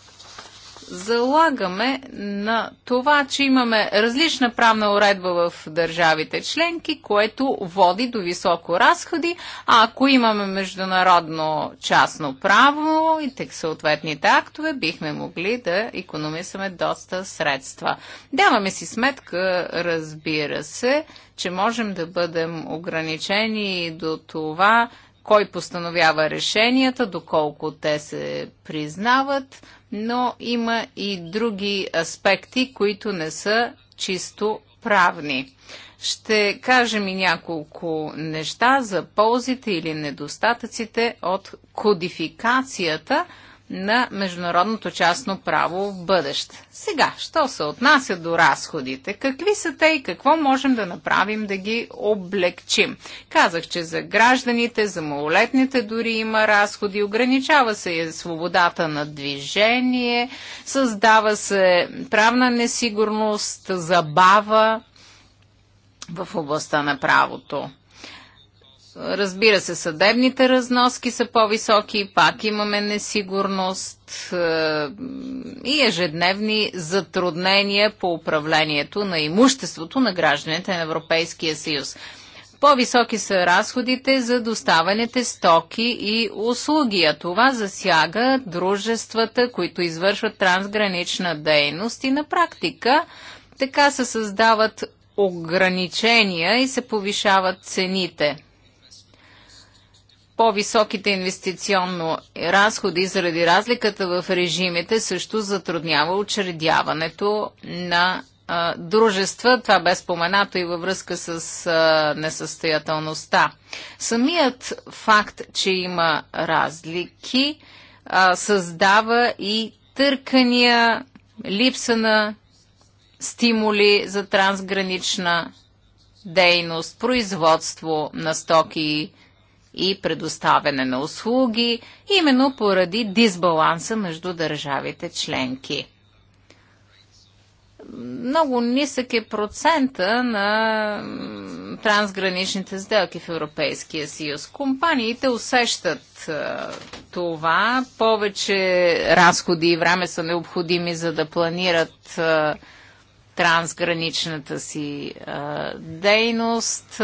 залагаме на това, че имаме различна правна уредба в държавите членки, което води до високо разходи, а ако имаме международно частно право и тък съответните актове, бихме могли да економисаме доста средства. Даваме си сметка, разбира се, че можем да бъдем ограничени до това, кой постановява решенията, доколко те се признават, но има и други аспекти, които не са чисто правни. Ще кажем и няколко неща за ползите или недостатъците от кодификацията – на международното частно право в бъдеще. Сега, що се отнася до разходите? Какви са те и какво можем да направим да ги облегчим? Казах, че за гражданите, за малолетните дори има разходи, ограничава се и свободата на движение, създава се правна несигурност, забава в областта на правото. Разбира се, съдебните разноски са по-високи, пак имаме несигурност е, и ежедневни затруднения по управлението на имуществото на гражданите на Европейския съюз. По-високи са разходите за доставаните стоки и услуги, а това засяга дружествата, които извършват трансгранична дейност и на практика така се създават ограничения и се повишават цените по-високите инвестиционно разходи заради разликата в режимите също затруднява учредяването на дружества. Това бе споменато и във връзка с несъстоятелността. Самият факт, че има разлики, създава и търкания, липса на стимули за трансгранична дейност, производство на стоки и и предоставяне на услуги, именно поради дисбаланса между държавите членки. Много нисък е процента на трансграничните сделки в Европейския съюз. Компаниите усещат това. Повече разходи и време са необходими за да планират трансграничната си а, дейност.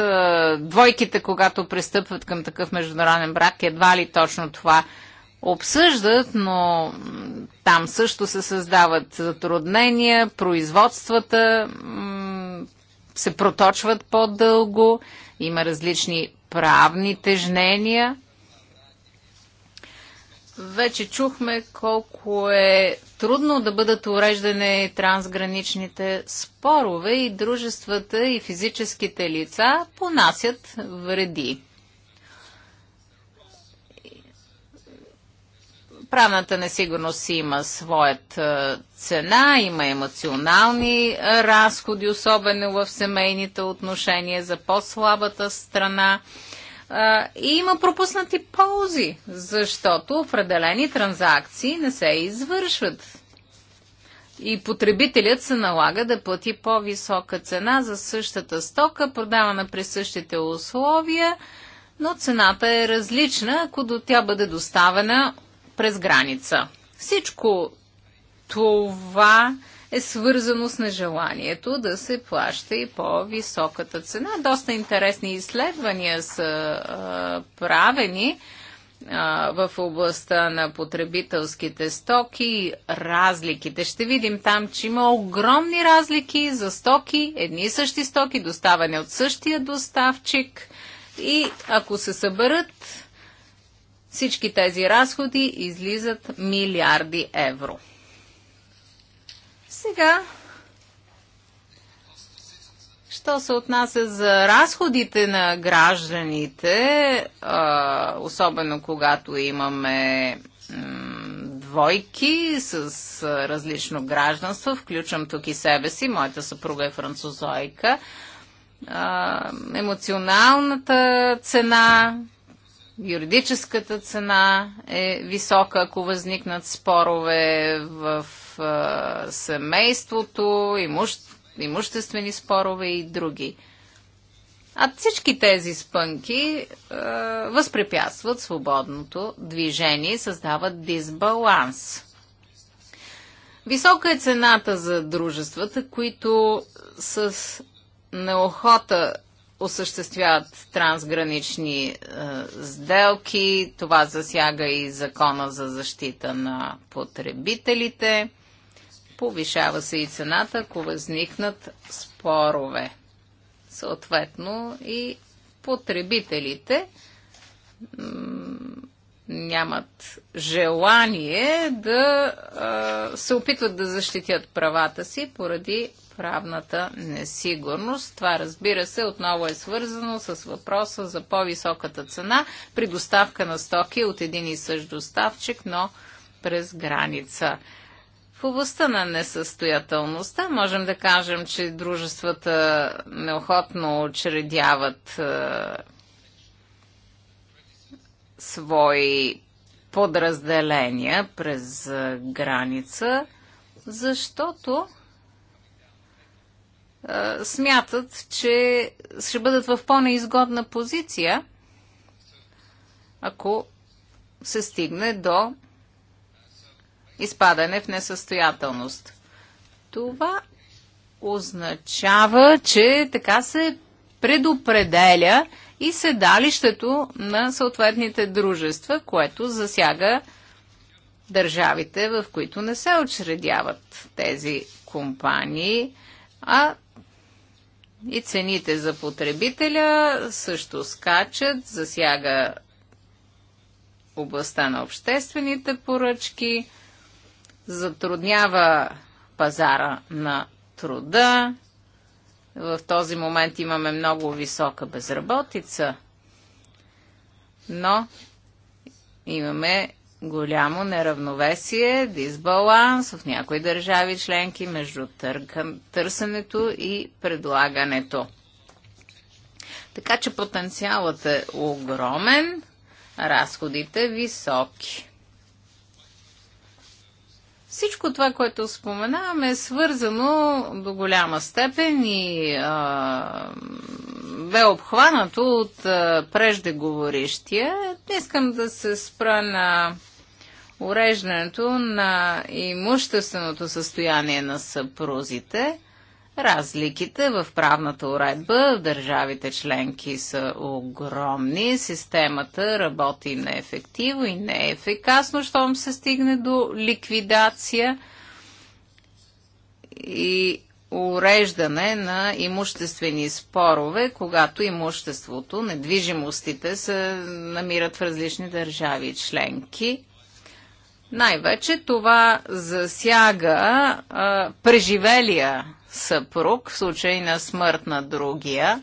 двойките, когато пристъпват към такъв международен брак, едва ли точно това обсъждат, но там също се създават затруднения, производствата се проточват по-дълго, има различни правни тежнения. Вече чухме колко е трудно да бъдат уреждани трансграничните спорове и дружествата и физическите лица понасят вреди. правната несигурност си има своят цена, има емоционални разходи, особено в семейните отношения за по-слабата страна. И има пропуснати ползи, защото определени транзакции не се извършват и потребителят се налага да плати по-висока цена за същата стока, продавана при същите условия, но цената е различна, ако до тя бъде доставена през граница. Всичко това е свързано с нежеланието да се плаща и по-високата цена. Доста интересни изследвания са а, правени в областта на потребителските стоки, разликите. Ще видим там, че има огромни разлики за стоки, едни и същи стоки, доставане от същия доставчик. И ако се съберат всички тези разходи, излизат милиарди евро. Сега Що се отнася за разходите на гражданите, а, особено когато имаме двойки с различно гражданство, включвам тук и себе си, моята съпруга е французойка, а, емоционалната цена, юридическата цена е висока, ако възникнат спорове в а, семейството, имуществото, имуществени спорове и други. А всички тези спънки е, възпрепятстват свободното движение и създават дисбаланс. Висока е цената за дружествата, които с неохота осъществяват трансгранични е, сделки. Това засяга и закона за защита на потребителите. Повишава се и цената, ако възникнат спорове. Съответно и потребителите нямат желание да а, се опитват да защитят правата си поради правната несигурност. Това, разбира се, отново е свързано с въпроса за по-високата цена при доставка на стоки от един и същ доставчик, но през граница. В областта на несъстоятелността можем да кажем, че дружествата неохотно учредяват е, свои подразделения през е, граница, защото е, смятат, че ще бъдат в по-неизгодна позиция, ако се стигне до изпадане в несъстоятелност. Това означава, че така се предопределя и седалището на съответните дружества, което засяга държавите, в които не се очредяват тези компании, а и цените за потребителя също скачат, засяга областта на обществените поръчки – затруднява пазара на труда. В този момент имаме много висока безработица, но имаме голямо неравновесие, дисбаланс в някои държави членки между търсенето и предлагането. Така че потенциалът е огромен, разходите високи. Всичко това, което споменаваме, е свързано до голяма степен и а, бе обхванато от а, преждеговорещия. Искам да се спра на уреждането на имущественото състояние на съпрузите – Разликите в правната уредба в държавите членки са огромни. Системата работи неефективно и неефикасно, е щом се стигне до ликвидация и уреждане на имуществени спорове, когато имуществото, недвижимостите се намират в различни държави членки. Най-вече това засяга а, преживелия съпруг в случай на смърт на другия.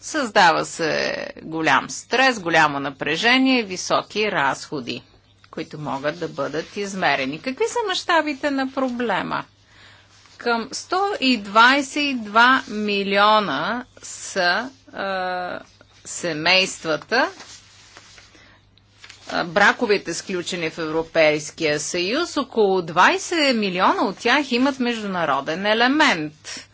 Създава се голям стрес, голямо напрежение и високи разходи, които могат да бъдат измерени. Какви са мащабите на проблема? Към 122 милиона са е, семействата, браковете сключени в Европейския съюз, около 20 милиона от тях имат международен елемент.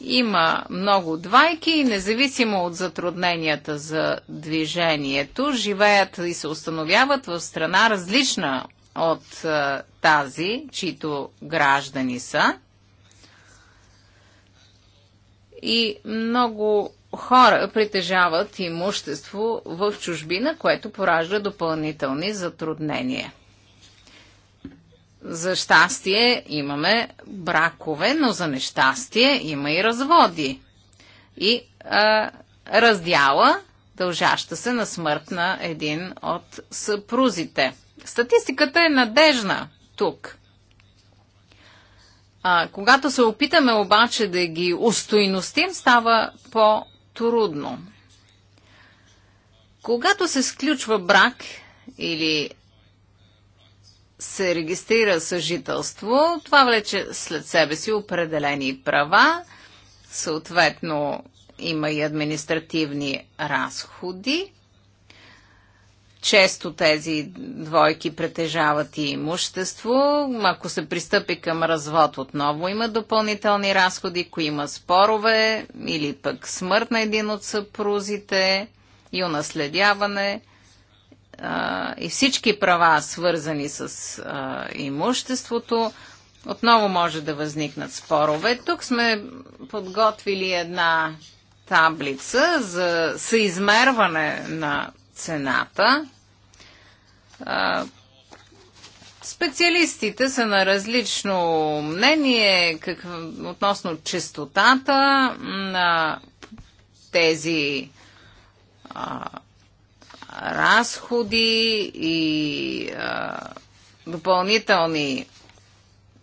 Има много двайки и независимо от затрудненията за движението, живеят и се установяват в страна различна от тази, чието граждани са. И много хора притежават имущество в чужбина, което поражда допълнителни затруднения. За щастие имаме бракове, но за нещастие има и разводи. И а, раздяла, дължаща се на смърт на един от съпрузите. Статистиката е надежна тук. А, когато се опитаме обаче да ги устойностим, става по трудно. Когато се сключва брак или се регистрира съжителство, това влече след себе си определени права, съответно има и административни разходи често тези двойки притежават и имущество. Ако се пристъпи към развод, отново има допълнителни разходи, ако има спорове или пък смърт на един от съпрузите и унаследяване и всички права, свързани с а, имуществото, отново може да възникнат спорове. Тук сме подготвили една таблица за съизмерване на цената. специалистите са на различно мнение как, относно чистотата на тези а, разходи и а, допълнителни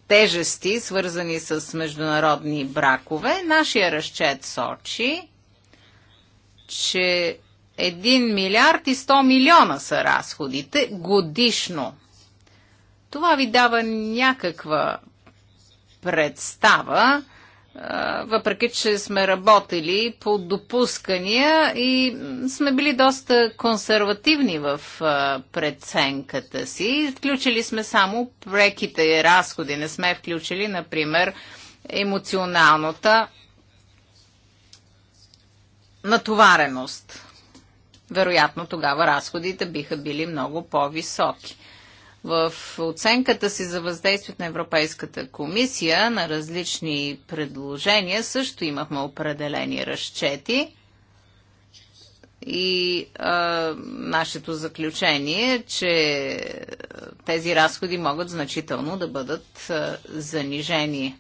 тежести, свързани с международни бракове. Нашия разчет сочи, че 1 милиард и 100 милиона са разходите годишно. Това ви дава някаква представа, въпреки че сме работили по допускания и сме били доста консервативни в преценката си. Включили сме само преките разходи, не сме включили, например, емоционалната натовареност вероятно тогава разходите биха били много по-високи. В оценката си за въздействието на Европейската комисия на различни предложения също имахме определени разчети и а, нашето заключение е, че тези разходи могат значително да бъдат а, занижени.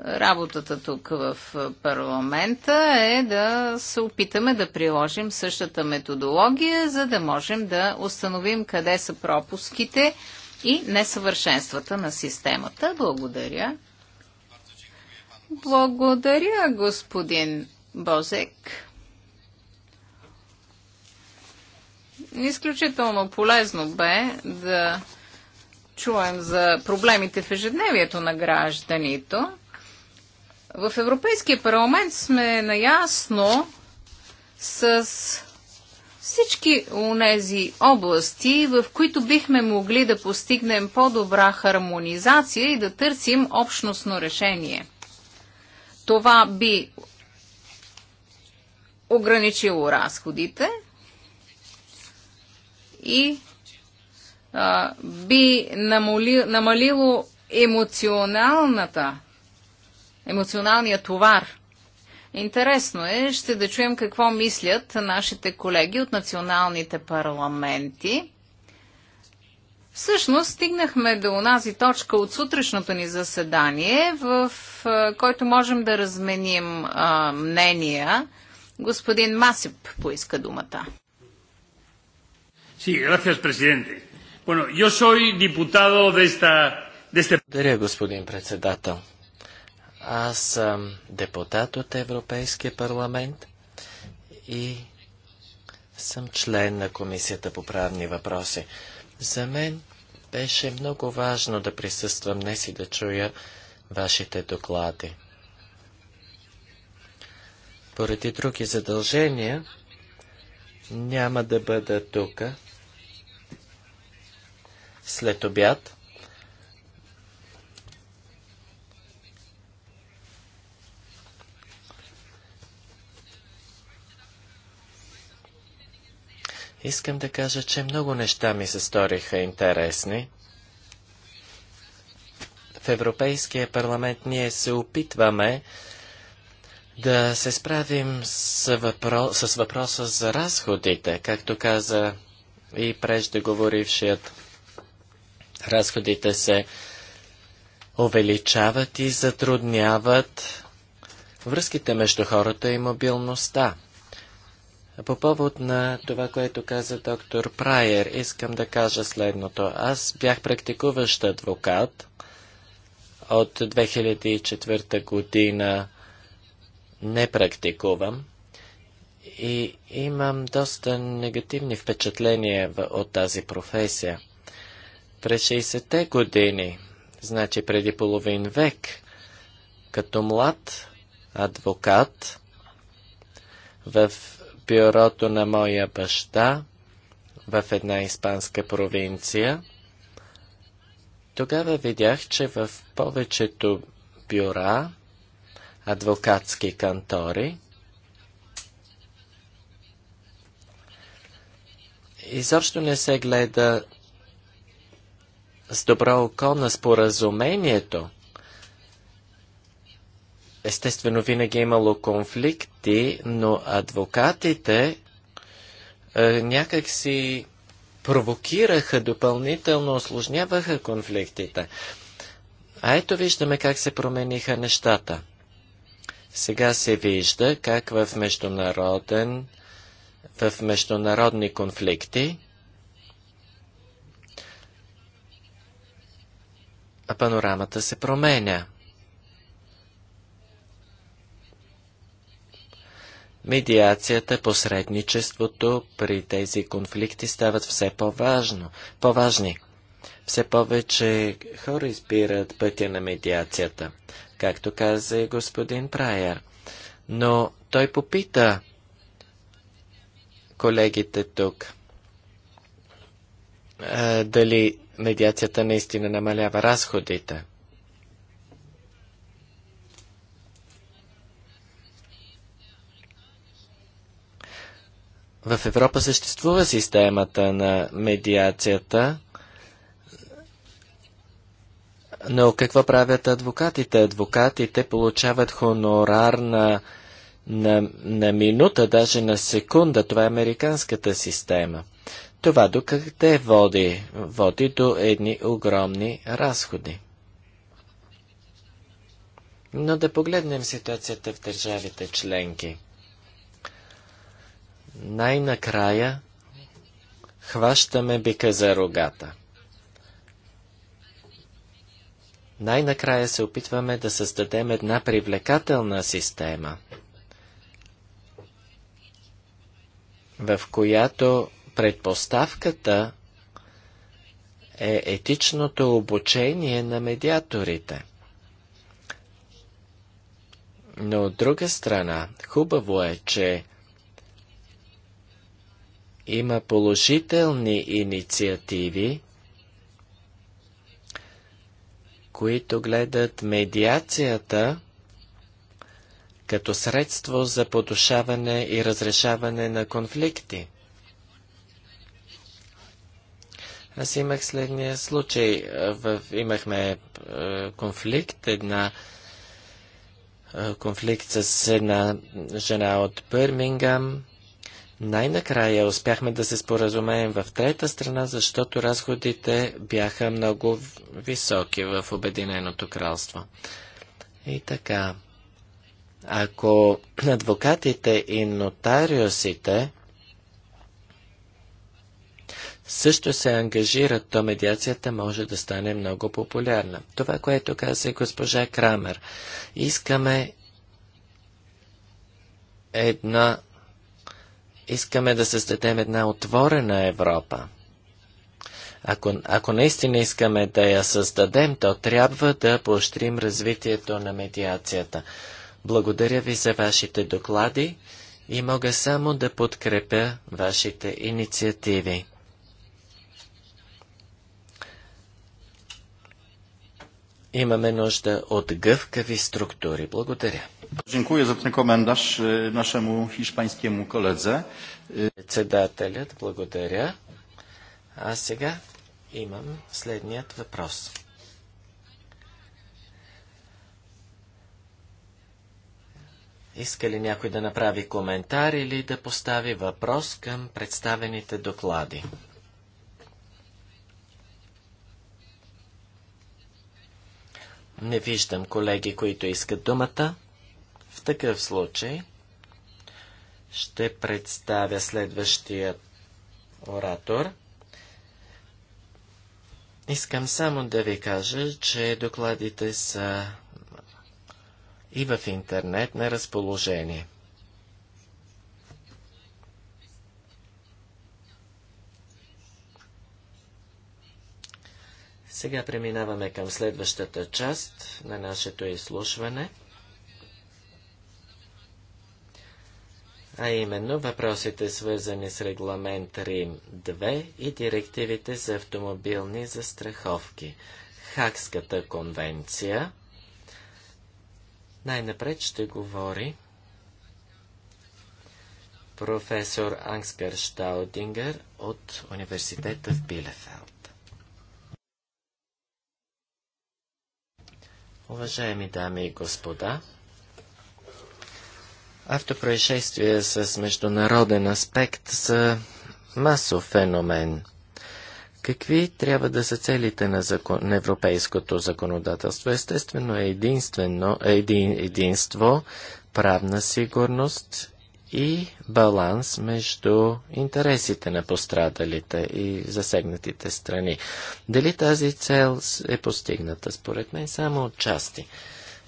Работата тук в парламента е да се опитаме да приложим същата методология, за да можем да установим къде са пропуските и несъвършенствата на системата. Благодаря. Благодаря, господин Бозек. Изключително полезно бе да чуем за проблемите в ежедневието на гражданите. В Европейския парламент сме наясно с всички онези области, в които бихме могли да постигнем по-добра хармонизация и да търсим общностно решение. Това би ограничило разходите и а, би намали, намалило емоционалната емоционалния товар. Интересно е, ще да чуем какво мислят нашите колеги от националните парламенти. Всъщност стигнахме до онази точка от сутрешното ни заседание, в който можем да разменим а, мнения. Господин Масип поиска думата. Sí, gracias, presidente. Bueno, yo soy diputado de esta... De este... Благодаря, господин председател. Аз съм депутат от Европейския парламент и съм член на Комисията по правни въпроси. За мен беше много важно да присъствам днес и да чуя вашите доклади. Поради други задължения няма да бъда тук след обяд. Искам да кажа, че много неща ми се сториха интересни. В Европейския парламент ние се опитваме да се справим с, въпро... с въпроса за разходите, както каза и преждеговорившият. Разходите се увеличават и затрудняват връзките между хората и мобилността. По повод на това, което каза доктор Прайер, искам да кажа следното. Аз бях практикуващ адвокат от 2004 година не практикувам и имам доста негативни впечатления от тази професия. През 60-те години, значи преди половин век, като млад адвокат в бюрото на моя баща в една испанска провинция. Тогава видях, че в повечето бюра, адвокатски кантори, изобщо не се гледа с добро око на споразумението Естествено, винаги е имало конфликти, но адвокатите е, някак си провокираха допълнително, осложняваха конфликтите. А ето виждаме как се промениха нещата. Сега се вижда как в международен, в международни конфликти а панорамата се променя. Медиацията, посредничеството при тези конфликти стават все по-важно, по-важни. Все повече хора избират пътя на медиацията, както каза и господин Прайер. Но той попита колегите тук дали медиацията наистина намалява разходите. В Европа съществува системата на медиацията, но какво правят адвокатите? Адвокатите получават хонорар на, на, на минута, даже на секунда. Това е американската система. Това до къде води? Води до едни огромни разходи. Но да погледнем ситуацията в държавите членки – най-накрая хващаме бика за рогата. Най-накрая се опитваме да създадем една привлекателна система, в която предпоставката е етичното обучение на медиаторите. Но от друга страна, хубаво е, че има положителни инициативи, които гледат медиацията като средство за потушаване и разрешаване на конфликти. Аз имах следния случай. В, имахме е, конфликт, една е, конфликт с една жена от Бърмингам. Най-накрая успяхме да се споразумеем в трета страна, защото разходите бяха много високи в Обединеното кралство. И така, ако адвокатите и нотариусите също се ангажират, то медиацията може да стане много популярна. Това, което каза госпожа Крамер, искаме една Искаме да създадем една отворена Европа. Ако, ако наистина искаме да я създадем, то трябва да поощрим развитието на медиацията. Благодаря ви за вашите доклади и мога само да подкрепя вашите инициативи. Имаме нужда от гъвкави структури. Благодаря. Dziękuję za ten komentarz e, naszemu hiszpańskiemu koledze. E, Председателят, благодаря. А сега имам следният въпрос. Иска ли някой да направи коментар или да постави въпрос към представените доклади? Не виждам колеги, които искат думата. В такъв случай ще представя следващия оратор. Искам само да ви кажа, че докладите са и в интернет на разположение. Сега преминаваме към следващата част на нашето изслушване – а именно въпросите свързани с регламент Рим 2 и директивите за автомобилни застраховки. Хакската конвенция най-напред ще говори професор Ангскър Штаудингер от университета в Билефелд. Уважаеми дами и господа, Автопроисшествия с международен аспект са масов феномен. Какви трябва да са целите на, закон, на европейското законодателство? Естествено е единствено, е един, единство, правна сигурност и баланс между интересите на пострадалите и засегнатите страни. Дали тази цел е постигната? Според мен само от части.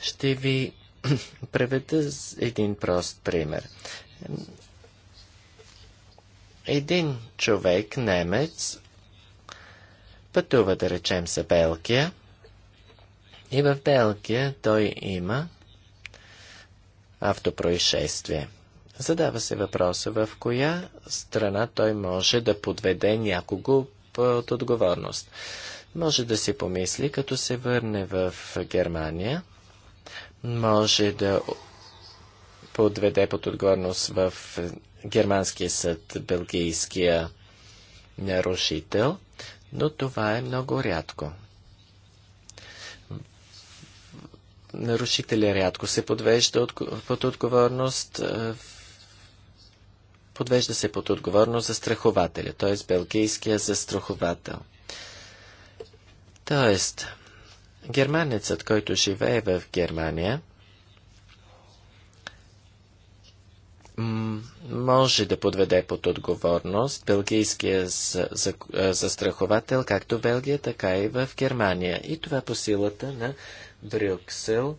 Ще ви преведа един прост пример. Един човек, немец, пътува, да речем, за Белгия и в Белгия той има автопроизшествие. Задава се въпроса в коя страна той може да подведе някого под отговорност. Може да си помисли, като се върне в Германия – може да подведе под отговорност в германския съд бългийския нарушител, но това е много рядко. Нарушителя рядко се подвежда от, под отговорност, е, подвежда се под отговорност за страхователя, т.е. белгийския застраховател. Тоест, Германецът, който живее в Германия, може да подведе под отговорност белгийския застраховател, както в Белгия, така и в Германия. И това по силата на Брюксел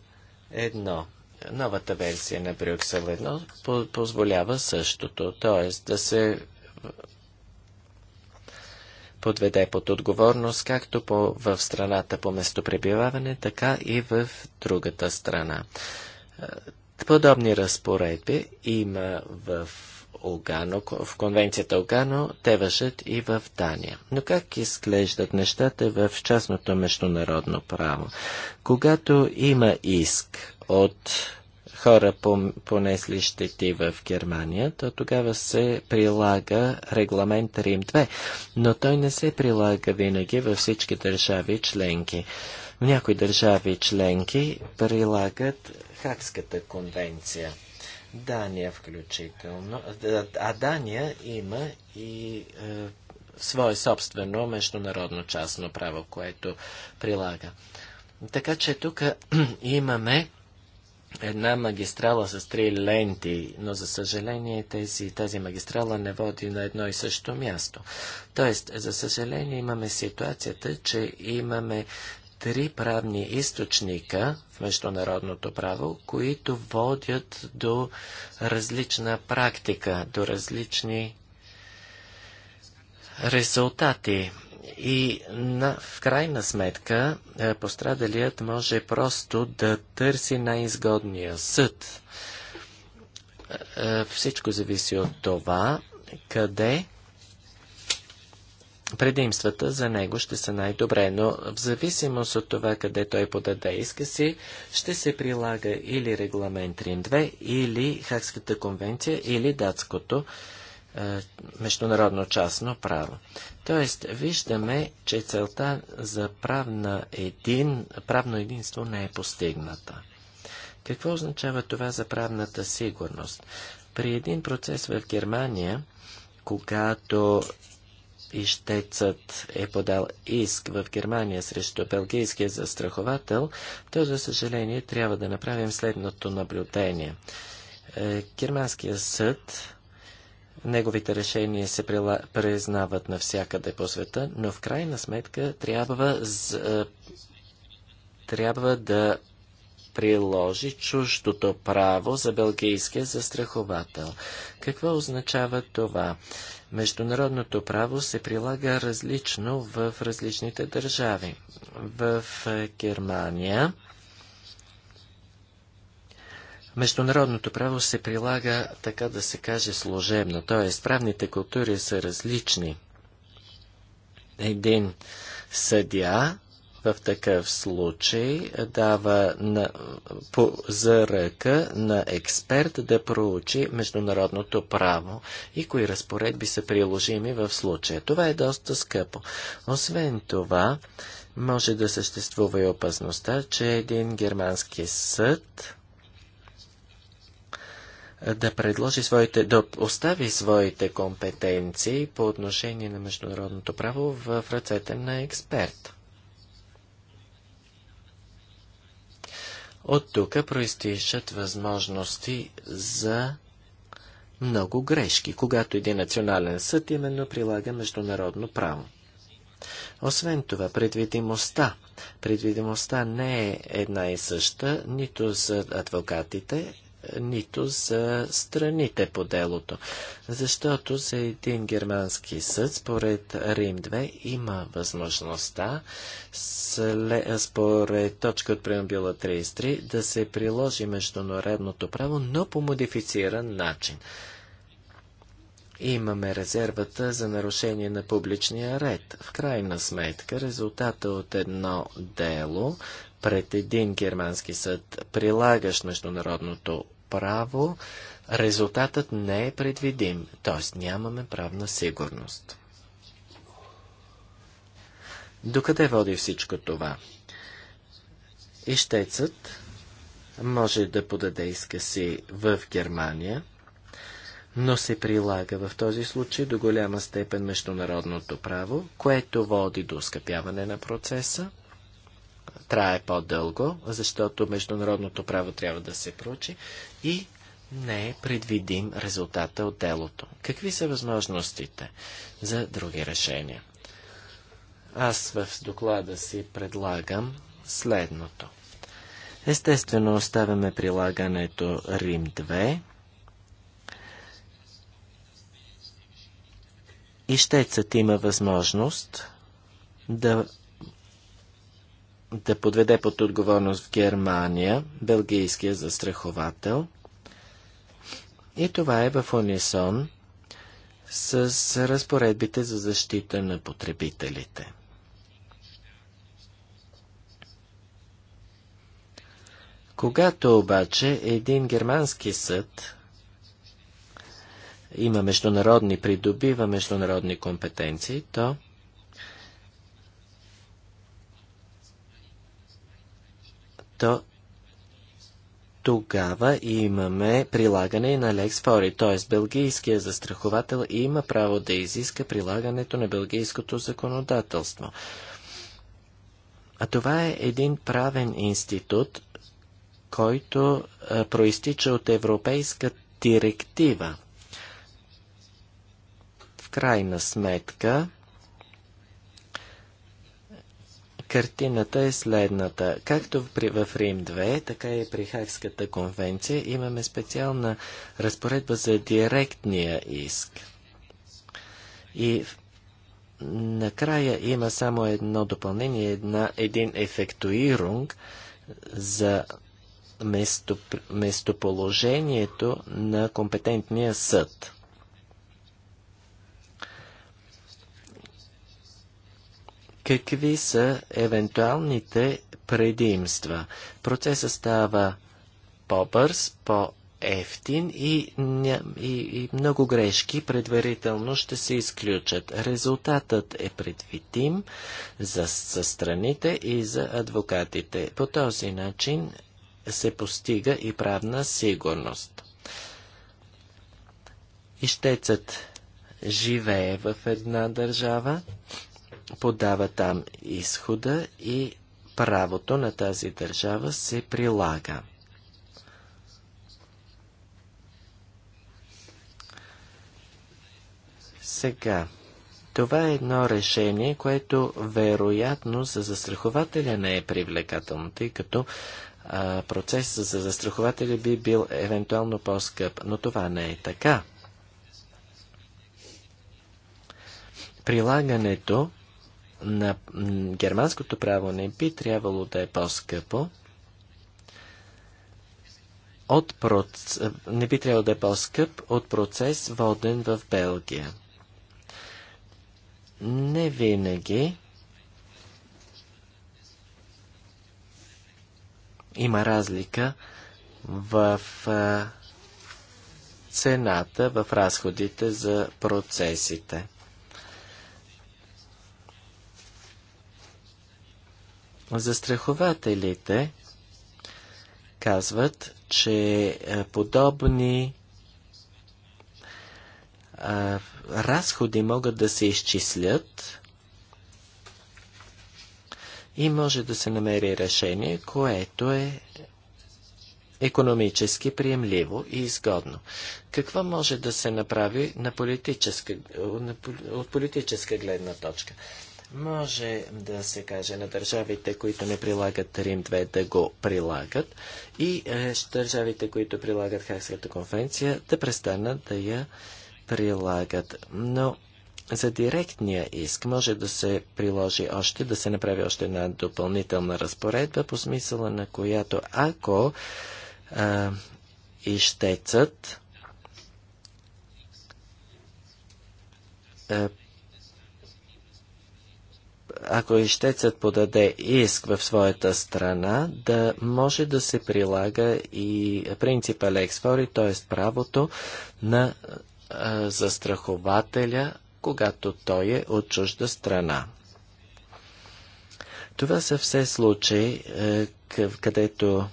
1. Новата версия на Брюксел 1 позволява същото, т.е. да се подведе под отговорност както по, в страната по местопребиваване, така и в другата страна. Е, подобни разпоредби има в Огано, в конвенцията Огано, те въжат и в Дания. Но как изглеждат нещата в частното международно право? Когато има иск от хора понесли щети в Германия, то тогава се прилага регламент Рим 2, но той не се прилага винаги във всички държави членки. В някои държави членки прилагат Хакската конвенция. Дания включително. А Дания има и е, свое собствено международно частно право, което прилага. Така че тук имаме една магистрала с три ленти, но за съжаление тези, тази магистрала не води на едно и също място. Тоест, за съжаление имаме ситуацията, че имаме три правни източника в международното право, които водят до различна практика, до различни резултати. И на, в крайна сметка е, пострадалият може просто да търси най-изгодния съд. Е, е, всичко зависи от това къде предимствата за него ще са най-добре, но в зависимост от това къде той подаде иска си, ще се прилага или регламент Рим 2, или Хакската конвенция, или датското е, международно частно право. Тоест, виждаме, че целта за правна един, правно единство не е постигната. Какво означава това за правната сигурност? При един процес в Германия, когато ищецът е подал иск в Германия срещу белгийския застраховател, то, за съжаление, трябва да направим следното наблюдение. Е, германският съд Неговите решения се признават навсякъде по света, но в крайна сметка трябва, е, трябва да приложи чуждото право за белгийския застраховател. Какво означава това? Международното право се прилага различно в различните държави. В е, Германия Международното право се прилага, така да се каже, служебно, т.е. правните култури са различни. Един съдя в такъв случай дава на, по, за ръка на експерт да проучи международното право и кои разпоредби са приложими в случая. Това е доста скъпо. Освен това, може да съществува и опасността, че един германски съд да предложи своите, да остави своите компетенции по отношение на международното право в ръцете на експерт. От тук проистишат възможности за много грешки, когато един национален съд именно прилага международно право. Освен това, предвидимостта. Предвидимостта не е една и съща нито за адвокатите, нито за страните по делото. Защото за един германски съд, според Рим 2, има възможността, според точка от преамбюла 33, да се приложи международното право, но по модифициран начин. Имаме резервата за нарушение на публичния ред. В крайна сметка, резултата от едно дело пред един германски съд, прилагащ международното право, резултатът не е предвидим, т.е. нямаме правна сигурност. Докъде води всичко това? Ищецът може да подаде иска си в Германия, но се прилага в този случай до голяма степен международното право, което води до скъпяване на процеса трае по-дълго, защото международното право трябва да се проучи и не е предвидим резултата от делото. Какви са възможностите за други решения? Аз в доклада си предлагам следното. Естествено оставяме прилагането Рим 2 и щецът има възможност да да подведе под отговорност в Германия, белгийския застраховател. И това е в унисон с разпоредбите за защита на потребителите. Когато обаче един германски съд има международни, придобива международни компетенции, то то тогава имаме прилагане на Лекс Фори, т.е. бългийския застраховател има право да изиска прилагането на бългийското законодателство. А това е един правен институт, който а, проистича от европейска директива. В крайна сметка, Картината е следната. Както при, в Рим 2, така и при Хакската конвенция имаме специална разпоредба за директния иск. И накрая има само едно допълнение, една, един ефектуирунг за местоположението на компетентния съд. Какви са евентуалните предимства? Процесът става по-бърз, по-ефтин и, и, и много грешки предварително ще се изключат. Резултатът е предвидим за, за страните и за адвокатите. По този начин се постига и правна сигурност. Ищецът живее в една държава, подава там изхода и правото на тази държава се прилага. Сега, това е едно решение, което вероятно за застрахователя не е привлекателно, тъй като а, процесът за застрахователя би бил евентуално по-скъп, но това не е така. Прилагането на германското право не би трябвало да е по-скъпо, от проц... не би трябвало да е по-скъп от процес воден в Белгия. Не винаги има разлика в цената, в разходите за процесите. Застрахователите казват, че е, подобни разходи могат да се изчислят и може да се намери решение, което е економически приемливо и изгодно. Какво може да се направи на политическа, от политическа гледна точка? Може да се каже на държавите, които не прилагат Рим 2 да го прилагат и е, държавите, които прилагат Хагската конвенция да престанат да я прилагат. Но за директния иск може да се приложи още, да се направи още една допълнителна разпоредба, по смисъла на която ако а, е, ищецът а, е, ако ищецът подаде иск в своята страна, да може да се прилага и принципа лексфори, т.е. правото на а, застрахователя, когато той е от чужда страна. Това са все случаи, където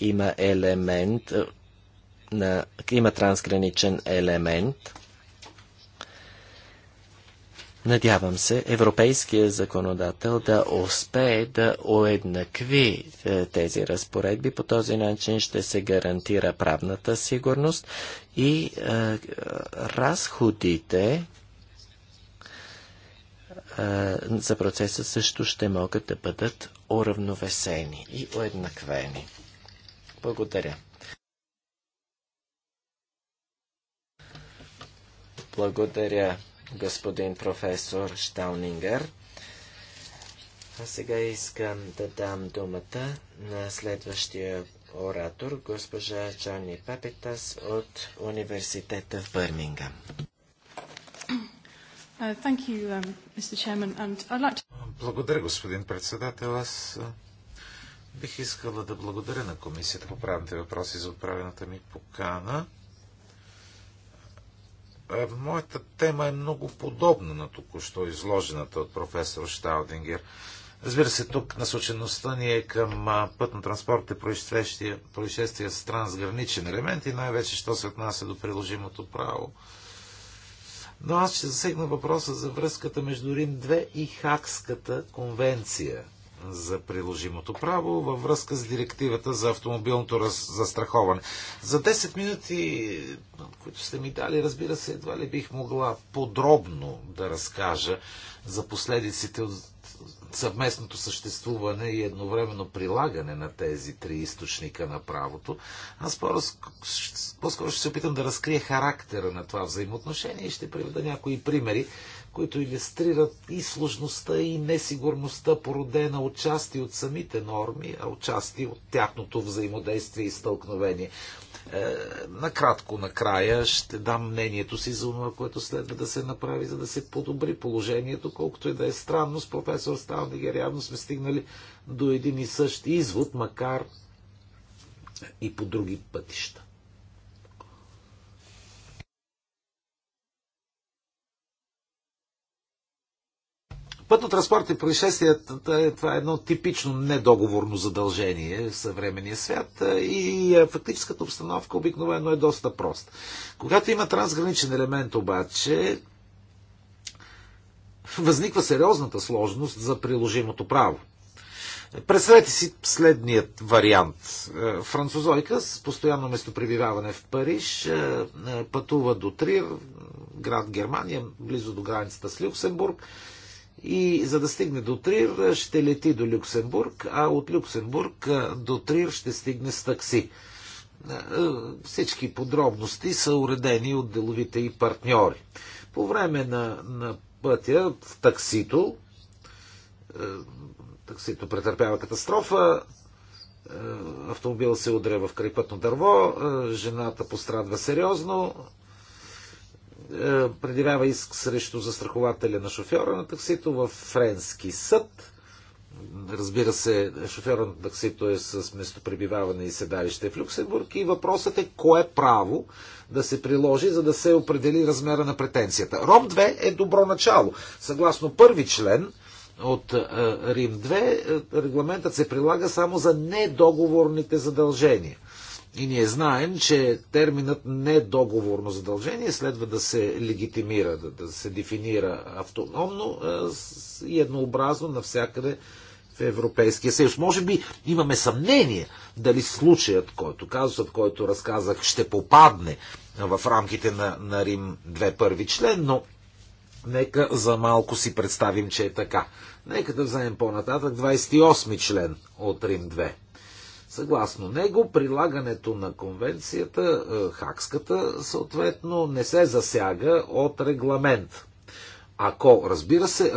има елемент, на, има трансграничен елемент – Надявам се, европейския законодател да успее да уеднакви е, тези разпоредби. По този начин ще се гарантира правната сигурност и е, разходите е, за процеса също ще могат да бъдат уравновесени и уеднаквени. Благодаря. Благодаря господин професор Штаунингер. А сега искам да дам думата на следващия оратор, госпожа Джани Папитас от университета в Бърмингам. Uh, um, благодаря, господин председател. Аз бих искала да благодаря на Комисията по правните въпроси за отправената ми покана. Е, моята тема е много подобна на току-що изложената от професор Штаудингер. Разбира се, тук насочеността ни е към пътно-транспортните происшествия, происшествия с трансграничен елемент и най-вече, що се отнася до приложимото право. Но аз ще засегна въпроса за връзката между Рим 2 и Хакската конвенция – за приложимото право във връзка с директивата за автомобилното раз... застраховане. За 10 минути, които сте ми дали, разбира се, едва ли бих могла подробно да разкажа за последиците от съвместното съществуване и едновременно прилагане на тези три източника на правото. Аз по-скоро ще се опитам да разкрия характера на това взаимоотношение и ще приведа някои примери които иллюстрират и сложността, и несигурността, породена от части от самите норми, а от части от тяхното взаимодействие и стълкновение. Е, накратко, накрая, ще дам мнението си за това, което следва да се направи, за да се подобри положението, колкото и да е странно. С професор Сталнигер явно сме стигнали до един и същ извод, макар и по други пътища. пътно транспорт и происшествията, е, това е едно типично недоговорно задължение в съвременния свят и фактическата обстановка обикновено е доста проста. Когато има трансграничен елемент обаче, възниква сериозната сложност за приложимото право. Представете си следният вариант. Е, французойка с постоянно местопребиваване в Париж е, пътува до Трир, град Германия, близо до границата с Люксембург и за да стигне до Трир ще лети до Люксембург, а от Люксембург до Трир ще стигне с такси. Всички подробности са уредени от деловите и партньори. По време на, на пътя в таксито, таксито претърпява катастрофа, автомобил се удря в крайпътно дърво, жената пострадва сериозно, е, предявява иск срещу застрахователя на шофьора на таксито в френски съд. Разбира се, шофьора на таксито е с местопребиваване и седалище в Люксембург и въпросът е кое право да се приложи, за да се определи размера на претенцията. Ром 2 е добро начало. Съгласно първи член от е, Рим 2, е, регламентът се прилага само за недоговорните задължения. И ние знаем, че терминът не е договорно задължение следва да се легитимира, да, да се дефинира автономно и еднообразно навсякъде в Европейския съюз. Може би имаме съмнение дали случаят, който казусът, който разказах, ще попадне в рамките на, на Рим 2 първи член, но нека за малко си представим, че е така. Нека да вземем по-нататък 28 член от Рим 2. Съгласно него, прилагането на конвенцията, е, хакската, съответно, не се засяга от регламент. Ако, разбира се,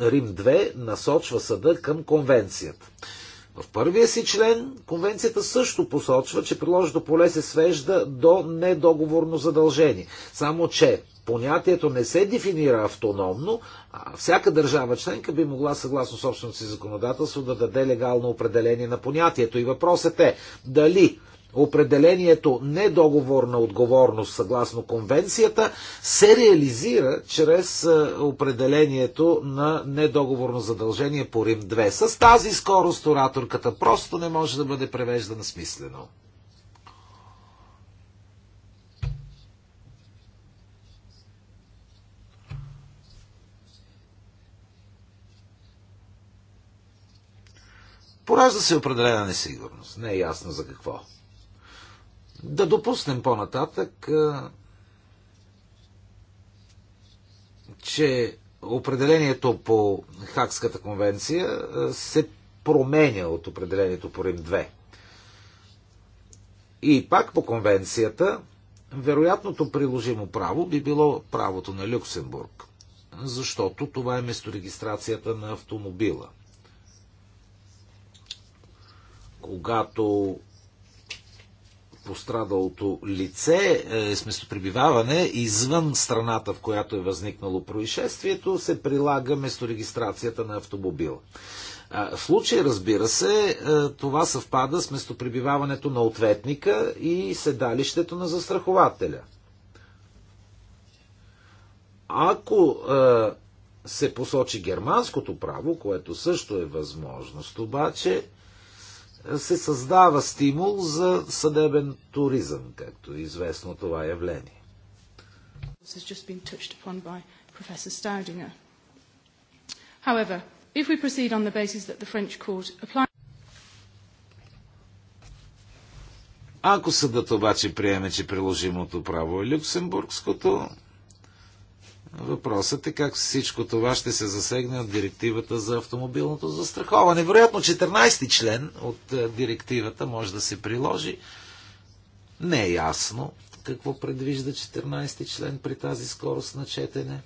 Рим 2 насочва съда към конвенцията. В първия си член конвенцията също посочва, че приложното поле се свежда до недоговорно задължение. Само, че понятието не се дефинира автономно, а всяка държава членка би могла съгласно собственото си законодателство да даде легално определение на понятието. И въпросът е дали определението недоговорна отговорност съгласно конвенцията се реализира чрез е, определението на недоговорно задължение по Рим 2. С тази скорост ораторката просто не може да бъде превеждана смислено. Поражда се определена несигурност. Не е ясно за какво да допуснем по-нататък, че определението по Хакската конвенция се променя от определението по Рим 2. И пак по конвенцията, вероятното приложимо право би било правото на Люксембург, защото това е месторегистрацията на автомобила. Когато пострадалото лице е, с местопребиваване извън страната, в която е възникнало происшествието, се прилага месторегистрацията на автомобила. В случай, разбира се, е, това съвпада с местопребиваването на ответника и седалището на застрахователя. Ако е, се посочи германското право, което също е възможност, обаче, се създава стимул за съдебен туризъм, както е известно това явление. Ако съдът обаче приеме, че приложимото право е люксембургското, Въпросът е как всичко това ще се засегне от директивата за автомобилното застраховане. Вероятно 14-ти член от е, директивата може да се приложи. Не е ясно какво предвижда 14-ти член при тази скорост на четене.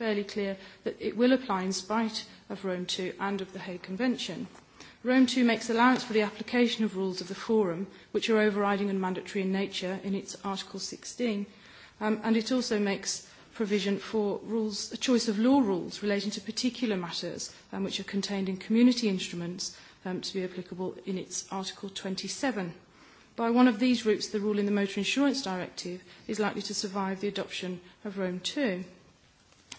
Fairly clear that it will apply in spite of Rome 2 and of the Hague Convention. Rome II makes allowance for the application of rules of the Forum, which are overriding and mandatory in nature in its Article 16, um, and it also makes provision for rules, a choice of law rules relating to particular matters um, which are contained in community instruments um, to be applicable in its Article 27. By one of these routes, the rule in the Motor Insurance Directive is likely to survive the adoption of Rome II.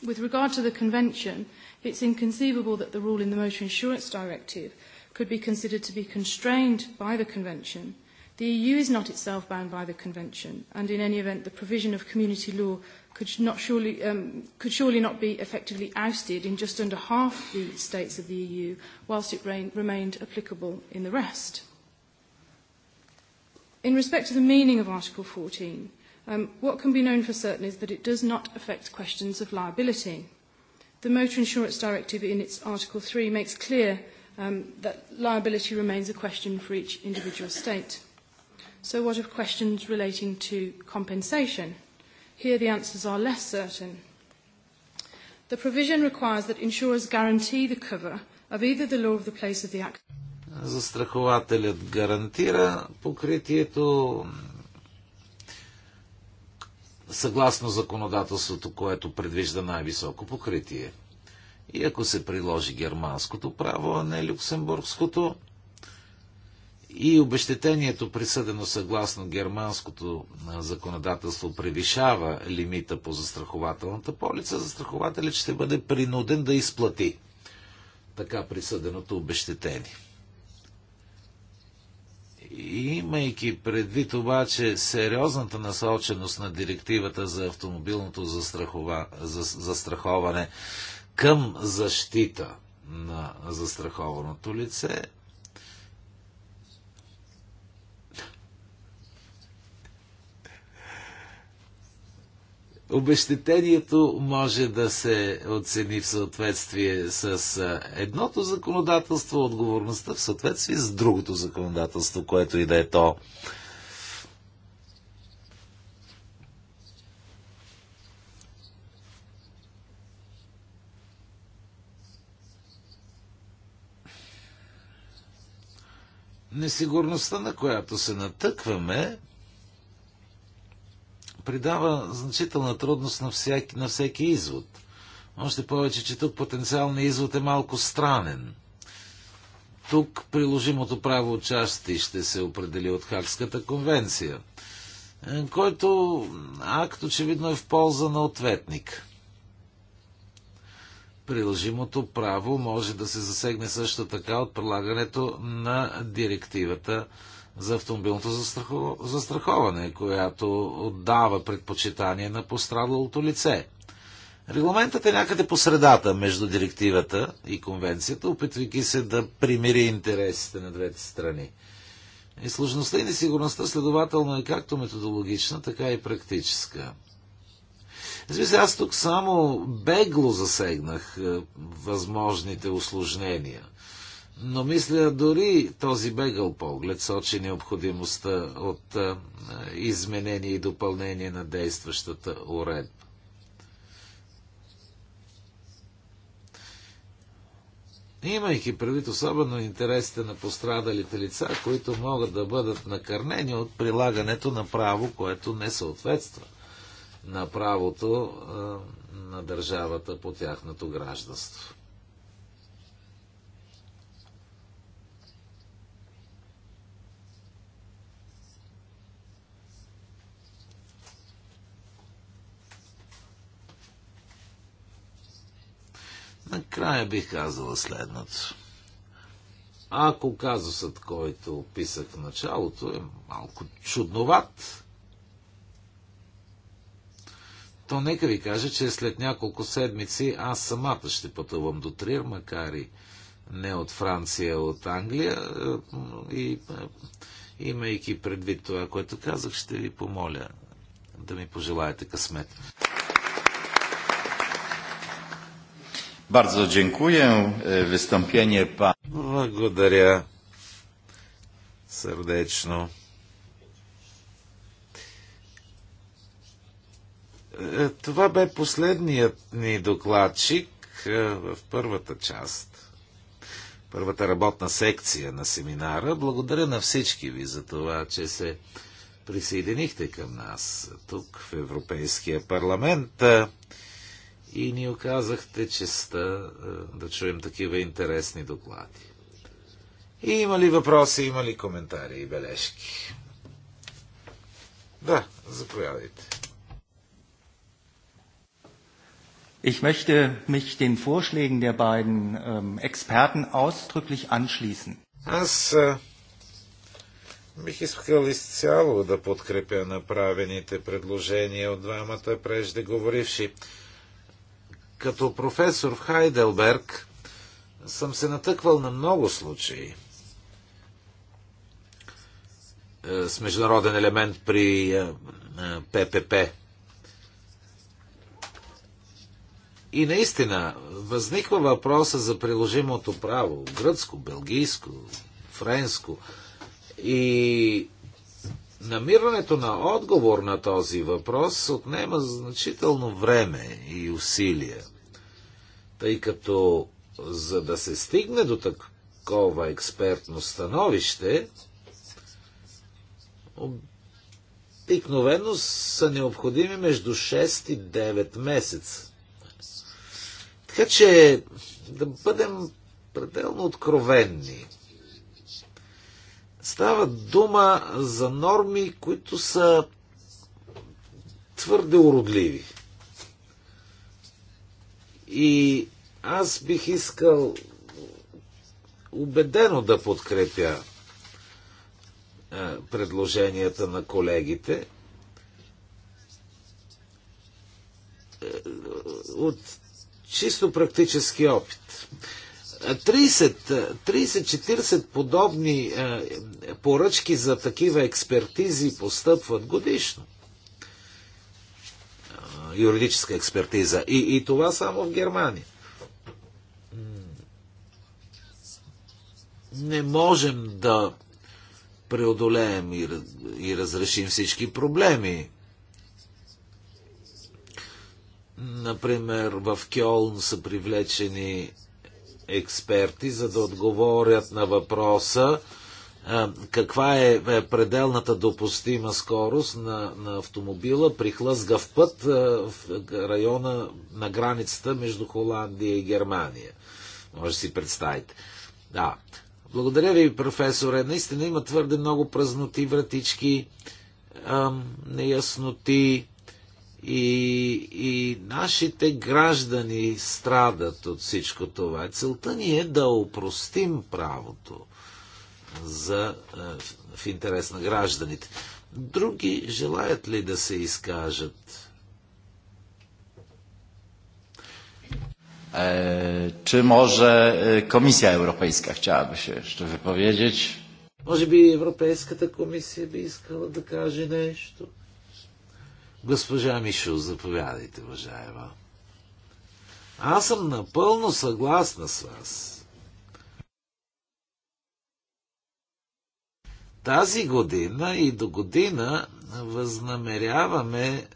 With regard to the Convention, it's inconceivable that the rule in the Motor Insurance Directive could be considered to be constrained by the Convention, the EU is not itself bound by the Convention, and in any event, the provision of community law could, not surely, um, could surely not be effectively ousted in just under half the states of the EU, whilst it rain, remained applicable in the rest. In respect to the meaning of Article 14, um, what can be known for certain is that it does not affect questions of liability. The Motor Insurance Directive in its Article 3 makes clear um, that liability remains a question for each individual state. So what of questions relating to compensation? Here the answers are less certain. The provision requires that insurers guarantee the cover of either the law of the place of the act. Застрахователят гарантира покритието съгласно законодателството, което предвижда най-високо покритие. И ако се приложи германското право, а не люксембургското, и обещетението, присъдено съгласно германското законодателство, превишава лимита по застрахователната полица, застрахователят ще бъде принуден да изплати така присъденото обещетение. Имайки предвид обаче сериозната насоченост на директивата за автомобилното застрахова... за... застраховане към защита на застрахованото лице. Обещетението може да се оцени в съответствие с едното законодателство, отговорността в съответствие с другото законодателство, което и да е то. Несигурността, на която се натъкваме, придава значителна трудност на всеки, на всеки извод. Още повече, че тук потенциалният извод е малко странен. Тук приложимото право от части ще се определи от Хакската конвенция, който акт очевидно е в полза на ответник приложимото право може да се засегне също така от прилагането на директивата за автомобилното застраховане, която отдава предпочитание на пострадалото лице. Регламентът е някъде по средата между директивата и конвенцията, опитвайки се да примири интересите на двете страни. И сложността и несигурността следователно е както методологична, така и практическа. Зависи, аз тук само бегло засегнах е, възможните осложнения. Но мисля, дори този бегъл поглед сочи необходимостта от е, изменение и допълнение на действащата уредба. имайки предвид особено интересите на пострадалите лица, които могат да бъдат накърнени от прилагането на право, което не съответства на правото на държавата по тяхното гражданство. Накрая бих казала следното. Ако казусът, който описах в началото, е малко чудноват, то нека ви кажа, че след няколко седмици аз самата ще пътувам до Трир, макар и не от Франция, а от Англия. И имайки предвид това, което казах, ще ви помоля да ми пожелаете късмет. Bardzo dziękuję. Wystąpienie pan. Благодаря сърдечно. Е, това бе последният ни докладчик е, в първата част, първата работна секция на семинара. Благодаря на всички ви за това, че се присъединихте към нас тук в Европейския парламент е, и ни оказахте честа да чуем такива интересни доклади. И има ли въпроси, има ли коментари и бележки? Да, заповядайте. Ich möchte mich den Vorschlägen der beiden ähm, Experten ausdrücklich anschließen. Аз а, бих искал изцяло да подкрепя направените предложения от двамата преждеговоривши. Като професор в Хайделберг съм се натъквал на много случаи с международен елемент при ППП И наистина възниква въпроса за приложимото право гръцко, белгийско, френско и намирането на отговор на този въпрос отнема значително време и усилия, тъй като за да се стигне до такова експертно становище, обикновено са необходими между 6 и 9 месеца. Така че да бъдем пределно откровенни. Става дума за норми, които са твърде уродливи. И аз бих искал убедено да подкрепя е, предложенията на колегите. Е, от чисто практически опит. 30-40 подобни е, поръчки за такива експертизи постъпват годишно. Е, юридическа експертиза. И, и това само в Германия. Не можем да преодолеем и, и разрешим всички проблеми. Например, в Кьолн са привлечени експерти, за да отговорят на въпроса каква е, е пределната допустима скорост на, на автомобила при хлъзгав път в района на границата между Холандия и Германия. Може да си представите. Да. Благодаря ви, професоре. Наистина има твърде много празноти, вратички, неясноти. И, и нашите граждани страдат от всичко това. Целта ни е да опростим правото за, е, в интерес на гражданите. Други желаят ли да се изкажат? E, czy może е, Komisja Europejska chciałaby się jeszcze wypowiedzieć? Może by Europejska ta komisja by искала да каже нещо. Госпожа Мишо, заповядайте, уважаема. Аз съм напълно съгласна с вас. Тази година и до година възнамеряваме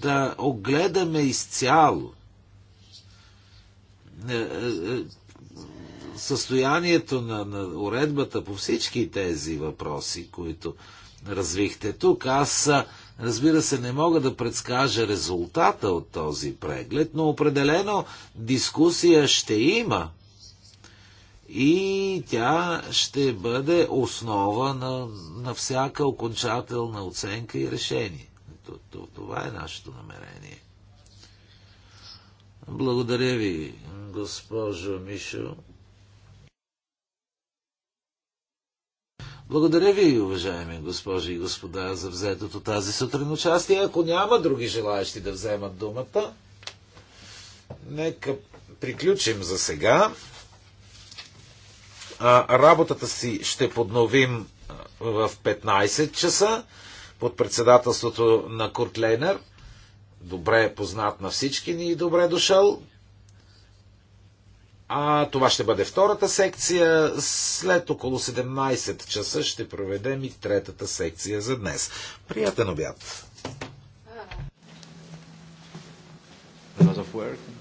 да огледаме изцяло е, е, е, състоянието на, на уредбата по всички тези въпроси, които развихте тук. Аз Разбира се, не мога да предскажа резултата от този преглед, но определено дискусия ще има и тя ще бъде основа на, на всяка окончателна оценка и решение. Това е нашето намерение. Благодаря ви, госпожо Мишо. Благодаря ви, уважаеми госпожи и господа, за взетото тази сутрин участие. Ако няма други желаящи да вземат думата, нека приключим за сега. А, работата си ще подновим в 15 часа под председателството на Курт Лейнер. Добре е познат на всички ни и добре е дошъл. А това ще бъде втората секция. След около 17 часа ще проведем и третата секция за днес. Приятен обяд! A lot of work.